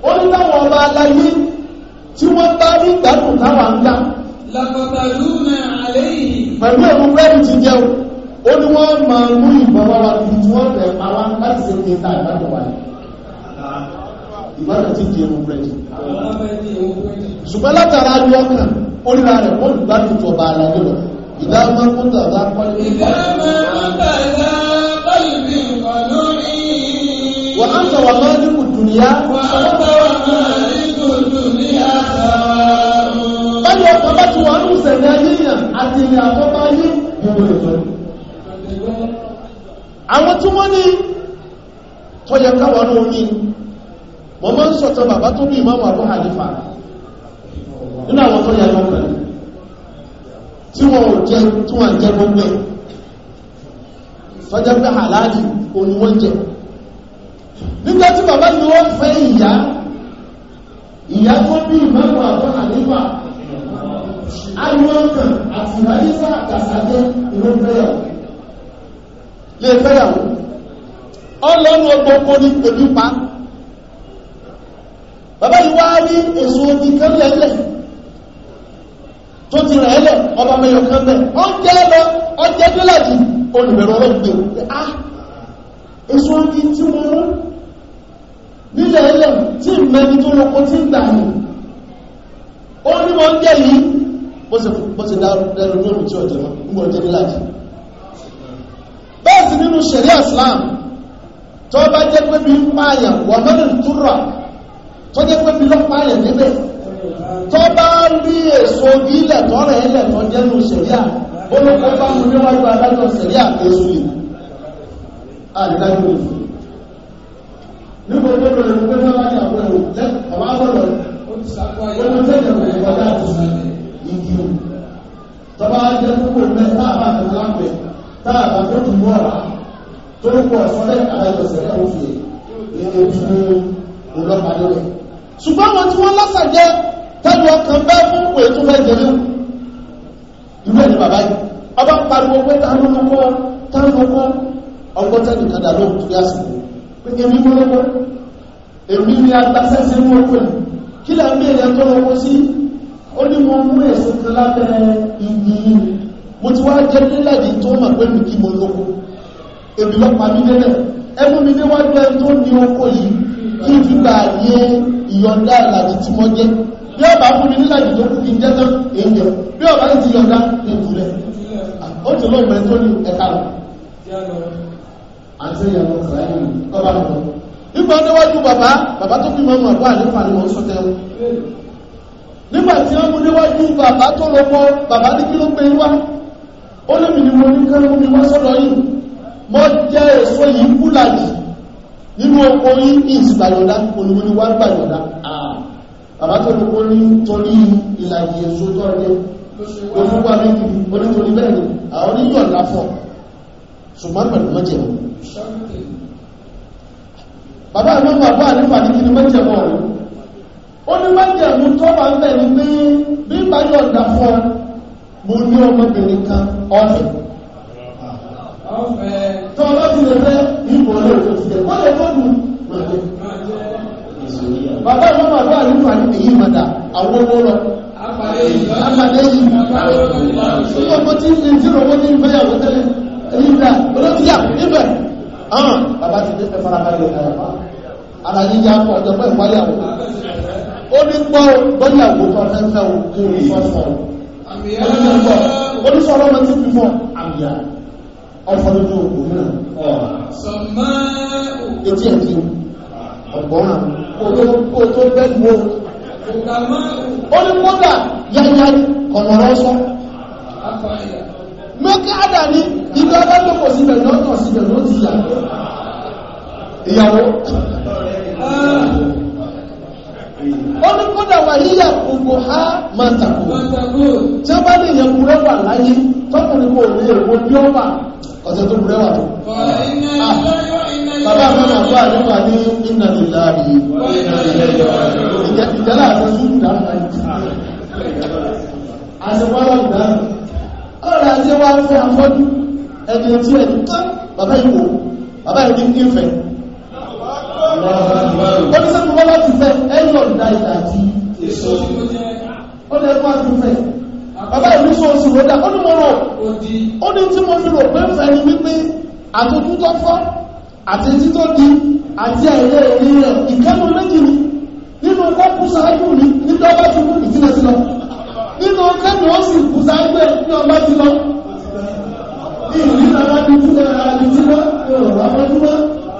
ó ní táwọn ọba aláyé tí wọ́n bá ní ìgbádùn táwa ń dá pẹ̀lú ẹ̀mú bẹ́ẹ̀rù ti jẹun ó ní wọ́n máa mú ìbọn wá wa kìí tí wọ́n bẹ̀rẹ̀ pa wá láti ṣe kéta ìbádọ̀ wáyé ìbádọ̀ ti di ẹ̀mú bẹ́ẹ̀rù ṣùgbọ́n látara ní ọkàn oríra rẹ̀ wọ́n gbádùn tó ọba àlàyé lọ ìdá máa ń kúta ọ̀dá pọ́lì wọ́n á sọ̀rọ̀ máa dínkù dùnìyá wọ́n á sọ̀rọ̀ máa ti wà ní ìṣẹ̀lẹ̀ ayé yẹn àti ilẹ̀ àkọ́bá ayé gbogbo ìfẹ́ àwọn tí wọ́n ní tọ́yẹ káwọn omi wọ́n máa ń sọ̀tọ̀ bàbá tó bí ìmáàmù Abu Hanifa nínú àwọn tọ́yẹ lọ́pẹ̀lú tí wọ́n ò jẹ tí wọ́n jẹ gbogbo ẹ̀ sọ́jẹ́ pé àláàlì òní wọ́n jẹ nígbà tí bàbá ni wọ́n fẹ́ ìyá ìyá tó bí ìmáàmù Abu Hanifa ariwọ́nkàn àti ìráyífà àtàsàdé fẹ́yà lè fẹ́yà ọlọ́run ọgbọ́n kó ní pẹ̀lú pa bàbá yìí wá rí èso omi kan lẹ́lẹ̀ tó ti rẹ̀ lẹ̀ ọba mẹ́yọ kan bẹ̀ lọ dúlàjì ah, èso omi tí nílẹ̀ tí mẹ́ni tó tí ń dà ní ó ní jẹ́ yìí bó ti dẹrù ní òmìtí ọ̀jẹ̀ mọ́ nígbà ọjọ́ níláàjì bẹ́ẹ̀ sì nínú ṣẹ̀ríà Islam tó bá jẹ́ pé bí ń pààyàn wà mẹ́rin túrà tó jẹ́ pé bí lọ pààyàn níbẹ̀ tó bá rí èso bí ilẹ̀ tó rẹ̀ ilẹ̀ tó jẹ́ nínú ṣẹ̀ríà olùkọ́ bá mú níwájú adájọ́ ṣẹ̀ríà èso yìí àdájọ́ yìí nígbà tó lọ rẹ̀ pé wọ́n bá ní àbúrò rẹ̀ ọ̀bá bọ̀rọ̀ rẹ̀ ó ti sàkọ́ ayé dúdú tọ́ba jẹ́ púpọ̀ mẹ́ táàbà tó lápẹ̀ táàbà tó tún mọ́ ọ̀rá tó ń pọ̀ sọ́lẹ̀ àdájọsẹ̀ náà ó fi èrè fún ọlọ́pàá lórí ṣùgbọ́n wọn tí wọ́n lásàjẹ́ tẹ́lú ọkàn bẹ́ fún òye tó fẹ́ jẹ́ lẹ́wọ̀n ìwé ni bàbá yìí ọba pariwo pé táwọn ọkọ táwọn ọkọ ọgbọ́tẹ́lì kadà lóhùn tó yá sí pé èmi gbọ́dọ̀ èmi ni agbásẹ́sẹ́ mú ọkọ yìí kí lẹ́ẹ̀mí ẹ̀yẹ tó lọ́wọ́ sí ó ní wọ́n mú ẹ̀sùn kan lábẹ́ ihe yìí mo ti wá jẹ́ nílẹ̀dì tó mọ̀ pé kí mo lóko èmi lọ́pàá mi délẹ̀ ẹmú mi dé wájú ẹni tó ní oko yìí kí n fi gbà yé tí jẹ́ bí ọba fún mi tó kú kí n ti nígbà tí wọ́n mú níwájú bàbá tó lọ́pọ̀ bàbá ní kí ló pé wá ó lè mìí mo ní kẹ́rù mi wá sọ́dọ̀ yìí mọ́ jẹ́ èso yìí kúlàjì nínú oko yìí ìsìgbàyọ̀dá olùmú ni wá gbàyọ̀dá bàbá tó lọ́pọ̀ ní torí ìlàjì èso tó rẹ lójú wá ní kiri onítorí bẹ́ẹ̀ ni àwọn oníyọ̀ láfọ̀ ṣùgbọ́n pẹ̀lú mọ́jẹ̀mọ́ bàbá àgbẹ̀ bàbá ànífà ní kiri mọ́jẹ̀mọ́ rẹ̀ onu ní májẹ̀mú tó bá ń bẹ̀rù pé bí báyọ̀ ọ̀dà fọ́ mo ní ọmọbìnrin kan ọ̀sẹ̀ tó ọlọ́ lè fẹ́ ìbò lè fò sílẹ̀ wọ́n lè fọ́ nù bàbá ìwọ́n bàbá àlùfà ní èyí mọ̀dà àwọn owó lọ apàdé yìí nígbà mo ti ń tẹ́lẹ̀ èyí níbẹ̀ bàbá ti dé fẹ́ ó ní gbọ́ bọ́yàwó tó afẹ́fẹ́ òkú ìfọ́fọ́ oníṣọ́rọ́ ọmọ tí fífọ́ àmìyà ọfọdúdú òkú náà etí ẹ̀kí ọ̀gbọ́n ó tó bẹ́gbó ó ní kódà yáyá kọ̀nọ̀rọ̀ sọ mẹ́kàdà ní ibi ọlọ́dọ̀kọ̀ síbẹ̀ lọ́tọ̀ síbẹ̀ ló ti yà ìyàwó ó ní kódà wà yíyà gbogbo ha máa tàkó tí a bá lè yẹ kúrẹ́wà láyé tọ́kùnrin kò ní èwo bí ó wà ọ̀sẹ̀ tó kúrẹ́wà tó. Ah, bàbá mi máa bá àdúrà ní iná lè láàrin ìjẹ́lá àti sùúrù dáná àṣepọ́lọ́ ìdáná ọ̀rọ̀ àti wá fún afọ́jú tí ẹ̀ tán bàbá ìwò bàbá ìdí ń fẹ́ ó ní sẹ́kùn bọ́lá ti fẹ́ ẹ̀yìn ọ̀dà ìdá àti èso ó ní ẹ̀kọ́ àti fẹ́ bàbá ìlú sọ oṣù ló dá ó ní mo rò ó ní tí mo fi rò pé fẹ́ ni wípé àtúntú tó fọ́ àti títọ́ di àti àìlẹ́ èrí rẹ̀ ìkẹ́nu méjì ni nínú kọ́kú sáájú ni nígbà ọba ti kú ìdílé sí lọ nínú kẹ́nu ó sì kú sáájú ẹ̀ ní ọba ti lọ ìlú ìlànà ti kú ẹ̀rọ àdìtí wá ẹ̀rọ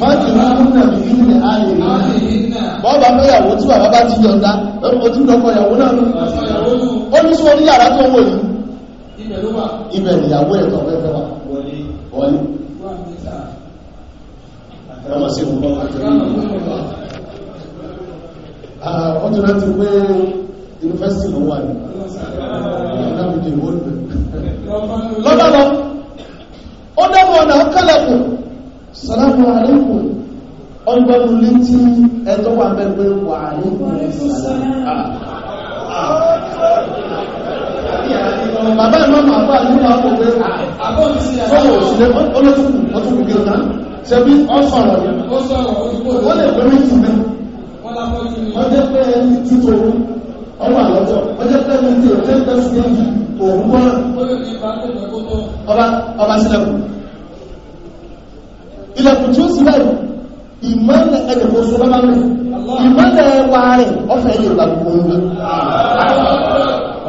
bọ́ọ̀bá mẹ́yàwó tí bàbá bá ti yọ̀nda lọ́rùn mo ti dọ́kọ̀ ìyàwó náà ló ó ní sọ orí yàrá tó wò yìí ibẹ̀ ìyàwó ẹ̀ tọ̀ fẹ́fẹ́ wa wọlé ọmọ wọ́n ti pé yunifásitì ló wà ní ìwọ́n lọ́dọ̀ lọ ó salamu alaikum ọgbọ́nu létí ẹjọ́ wà mẹ́gbẹ́ wà alaikum ah, ah. bàbá ìmọ̀ máa bá ní wà kò pé sọ́wọ́ òṣìlẹ̀ ọlọ́tùkù ọtùkù gẹ̀rọ náà ṣẹbí ọ̀sọ̀rọ̀ wọ́n lè pẹ̀lú ìtìmẹ́ wọ́n jẹ́ pé ẹni títò ọwọ́ àlọ́jọ́ wọ́n jẹ́ pé ẹni tí ó tẹ́ ilẹ̀kùn tí ó sì láì ìmọ́lẹ̀ ẹgbẹ̀kùn sí lọ́mọ́ rẹ̀ ìmọ́lẹ̀ ẹwà rẹ̀ ọ̀fẹ́ ilẹ̀ ìgbàgbogbo rẹ̀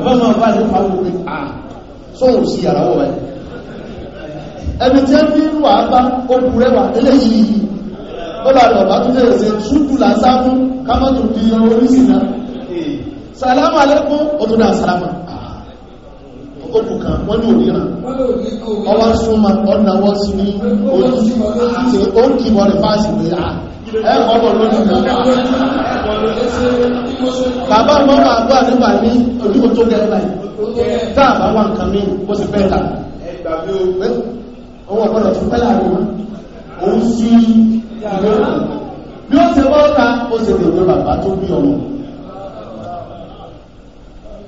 ọ̀fẹ́ ọ̀fẹ́ àti ìfàwọ̀ rẹ̀ sọ́wọ́ sí yàrá wọ̀ rẹ̀ ẹni tí ó fi ń wà bá okùn rẹ̀ wà eléyìí bọ́lá lọ̀bá tó lè ṣe ṣúdù lásán fún kámọ́tò di orísìí náà sàlámù alẹ́kùn ó tún dá sàlámù kódù kan wọ́n ní òníran ọwá súnmọ́ ọ̀nàwọ́ sí ní ojú àti oúnkìbọ̀ rẹ̀ fásì pé à ẹ̀kọ́bọ̀ lónìí kan bàbá mọ́bà àgbà nígbà ní ojú tó gẹ̀ẹ́ láì táà bá wà nǹkan mí ó sì fẹ́ ta owó ọ̀pọ̀lọ̀ tó pẹ́lá rí wọn òun sí ìwé bí ó ti wọ́n ta ó sì lè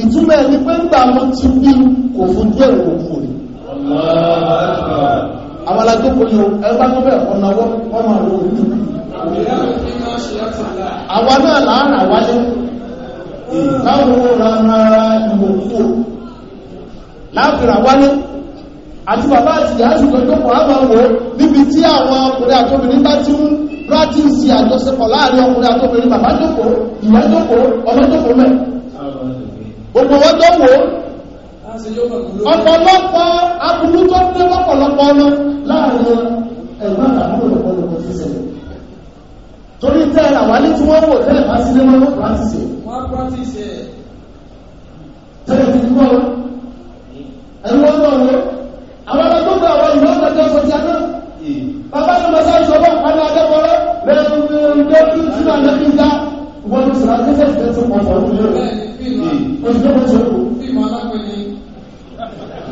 ìtumọ̀ ẹni pé ńgbà ti bí kò fojú ẹ̀rọ òfò rí àwọn alágbókò ní ẹgbà tó bẹ̀rẹ̀ Awa ọwọ́ wọn náà láàrín àwáyé táwọn owó rárá ìwò àwáyé àti bàbá àti ìyá àti ìgbẹ́jọ́pọ̀ àbáwọ̀ níbi tí àwọn ọkùnrin bá ti ń practice àjọṣepọ̀ láàrín ọkùnrin bàbá gbogbo wọn tó wò ọ̀pọ̀lọpọ̀ aburú tó ní lọ́pọ̀lọpọ̀ ọ̀nà láàrin ẹ̀gbọ́n àtàkùn lọ́pọ̀lọpọ̀ ti ṣẹlẹ̀ torí tẹ́ẹ̀rẹ̀ àwálé tí wọ́n wò tẹ́lẹ̀ bá sílé wọn ló pàtìsẹ̀ wọ́n pàtìsẹ̀ tẹ́lẹ̀ ti gbọ́ ẹ̀rọ ọlọ́run àwọn ọmọ tó gba àwọn ìlú ọ̀gá tó sọ ti àná bàbá tó mọ sáré sọ bọ́ ọ̀pá ní adẹ́kọ̀ọ́rọ́ lẹ́nu ìjọ wọ́n ní sọ̀rọ̀ ní sẹ́sì tẹ́sí wọn sọ̀rọ̀ ní yóò rẹ̀ oṣù tó wọ́n sọ̀rọ̀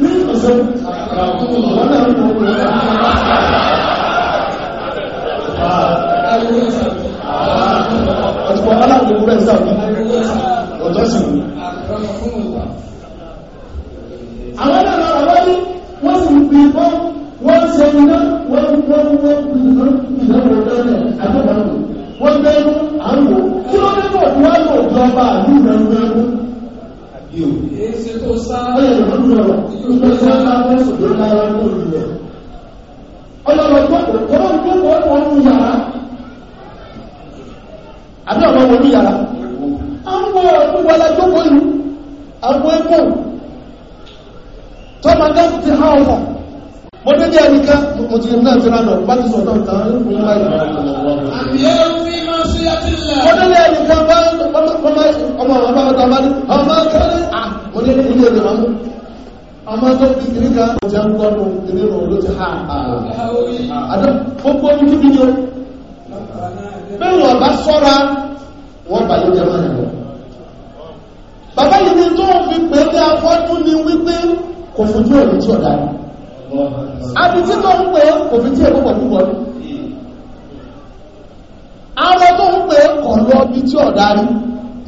ní ọ̀sẹ̀ wọn náà ń bọ̀ wọn náà ọ̀sùn aláwọ̀ wúrẹ̀ sáwọ̀ ọjọ́ sì wù. àwọn náà lọ wọ́n ní wọ́n sì fi bọ́ wọ́n ṣe iná wọ́n wọ́n wọ́n ìdánwò dáná àbẹ̀wò wọ́n gbẹ́rú àrùwò tí lọ, bá sọ̀dọ̀ lára òní gbọ́dọ̀ yàrá. Àbí ní yàrá? mo dédé ẹnìkan mo ti náà ti ránà bá ti sọ̀tọ̀ kan ní báyìí. àmì ẹrù bí máa ṣe bá ọmọ àwọn bàbá ta ọmọ mo ní ilé ọmọ tó ti kiri mo ha àdó gbogbo ni o bá bá yóò máa lọ. bàbá yìí ni tó fi pè é afọ́jú ni wípé kò fojú àti tí tó ń pè é kò fi tí èkó pọ̀ púpọ̀ ní àwọn tó ń pè é kọ̀ lọ bí tí ọ̀dá rí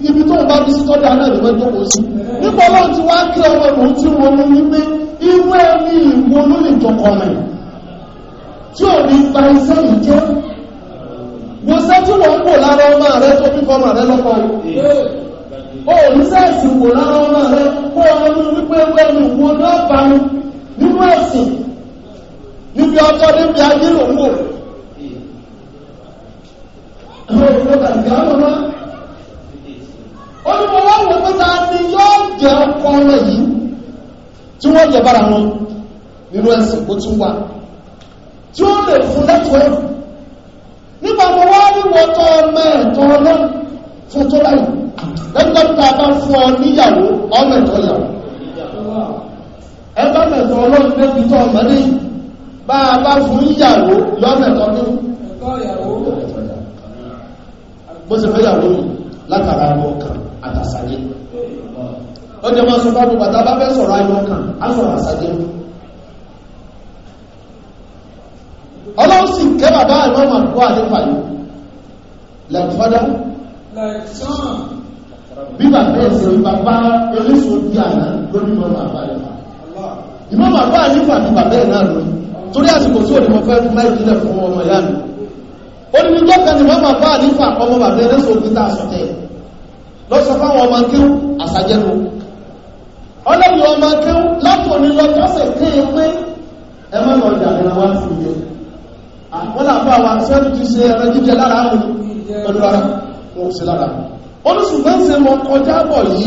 ibi tó ń bá bí sí tọ́dá náà lè mẹ́jọ kò sí nípa ọlọ́run ti wá kí ọmọ ìwọ̀n tí wọ́n mú wípé irú ẹni ìwọ ló lè jọkọ̀ mẹ́ tí ò ní gba iṣẹ́ yìí jẹ́ gbọ́sẹ́ tí wọ́n ń wò lára ọmọ rẹ tó bí fọmọ rẹ lọ́kọ̀ o ní sẹ́ẹ̀sì wò lára ọmọ rẹ kó ọmọ wípé wẹ́nu wo náà bá nínú ẹ̀sìn níbi ọjọ́ níbi ayé lòun wò àwọn òṣèré kàlùkì àwọn ọmọ olùkọ́ wọn wò pé ta ni yóò jẹ ọkọ rẹ yìí tí wọ́n jẹ bára wọn nínú ẹ̀sìn kó tún wà tí ó lè fún lẹ́tọ̀ọ́ ẹ̀rù nígbà mo wá ní wọ́tọ́ ọmọ ẹ̀tọ́ ọlọ́run fún tó láyé lẹ́gbọ́n tá a bá fún ọ níyàwó ọmọ ẹ̀tọ́ ìyàwó ẹgbẹ́ mẹ́tọ́ ọlọ́run débi tó ọmọ ní bá a bá fún ìyàwó lọ́mẹ̀tọ́ ní bó ṣe fẹ́yàwó látara àwọn ọkàn àtàsàyé ó jẹ́ máa sọ bá gbogbo àtàbá fẹ́ sọ̀rọ̀ ayọ̀ ọkàn á sọ̀rọ̀ àsàyé ọlọ́run sì kẹ́ bàbá àìmọ́ mà kú àlefa yìí lẹ́kùfọ́dá bí bàbá ẹ̀sẹ̀ bàbá eléṣòó di àná lórí mọ́ bàbá ẹ̀fà ìmọ̀ bàbá nípa àti bàbá ẹ̀ náà lórí torí àsìkò tí òní mo fẹ́ fún láì sílẹ̀ fún ọmọ ìyá mi ó ní níjọ́ kan ìmọ̀ bàbá nípa ọmọ bàbá ẹ̀ lẹ́sọ̀ òkúta àsọ̀tẹ̀ lọ́sọ fáwọn ọmọ kéwù àsàjẹ́nu ọlọ́run ọmọ kéwù látòní lọ tọ́sẹ̀ kéye pé ẹ má lọ jà ẹran wá sí ilé àwọn làbọ̀ àwọn aṣẹ́nu ti ṣe ẹran jíjẹ lára àwọn olùrà wọn ò sí lára olùsùnfẹ́ ń ṣe mọ kọjá bọ̀ yìí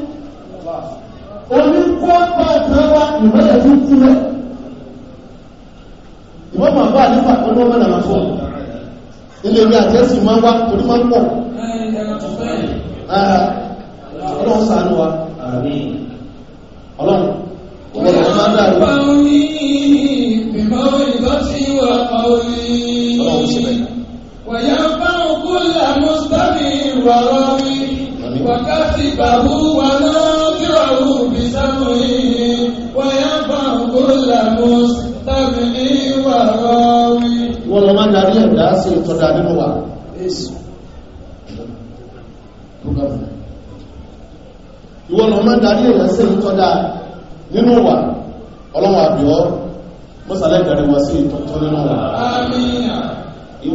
oníkó bá tán wá ìmọ̀lẹ̀ tó kú lẹ̀ ìwọ́n máa bá nípa pẹ̀lú ọmọ nàlá fún un ilé orí àtẹ́sì máa wá torí máa pọ̀ ọlọ́run ṣàánú wa ọlọ́run ọlọ́run máa ń dàrú ọlọ́run ṣe bẹ̀rẹ̀ wọ̀nyá bá òkú làmúsítàmì ìwà rọ́ọ̀mì àmì. wákàtí bàbú wa náà tí ọ̀rùn bí sáfù yìí wáyà bá òkúrò làmú tàbí ìwà rọrí. wọ́n lọ máa ń darí ẹ̀dá sí ìtọ́jà nínú wa. ìwọ́n lọ máa ń darí ẹ̀dá sí ìtọ́jà nínú wa ọlọ́wọ́ àbíọ́ mọ́sálẹ́ ìdarí wa sí ìtọ́jà nínú wa. àmín.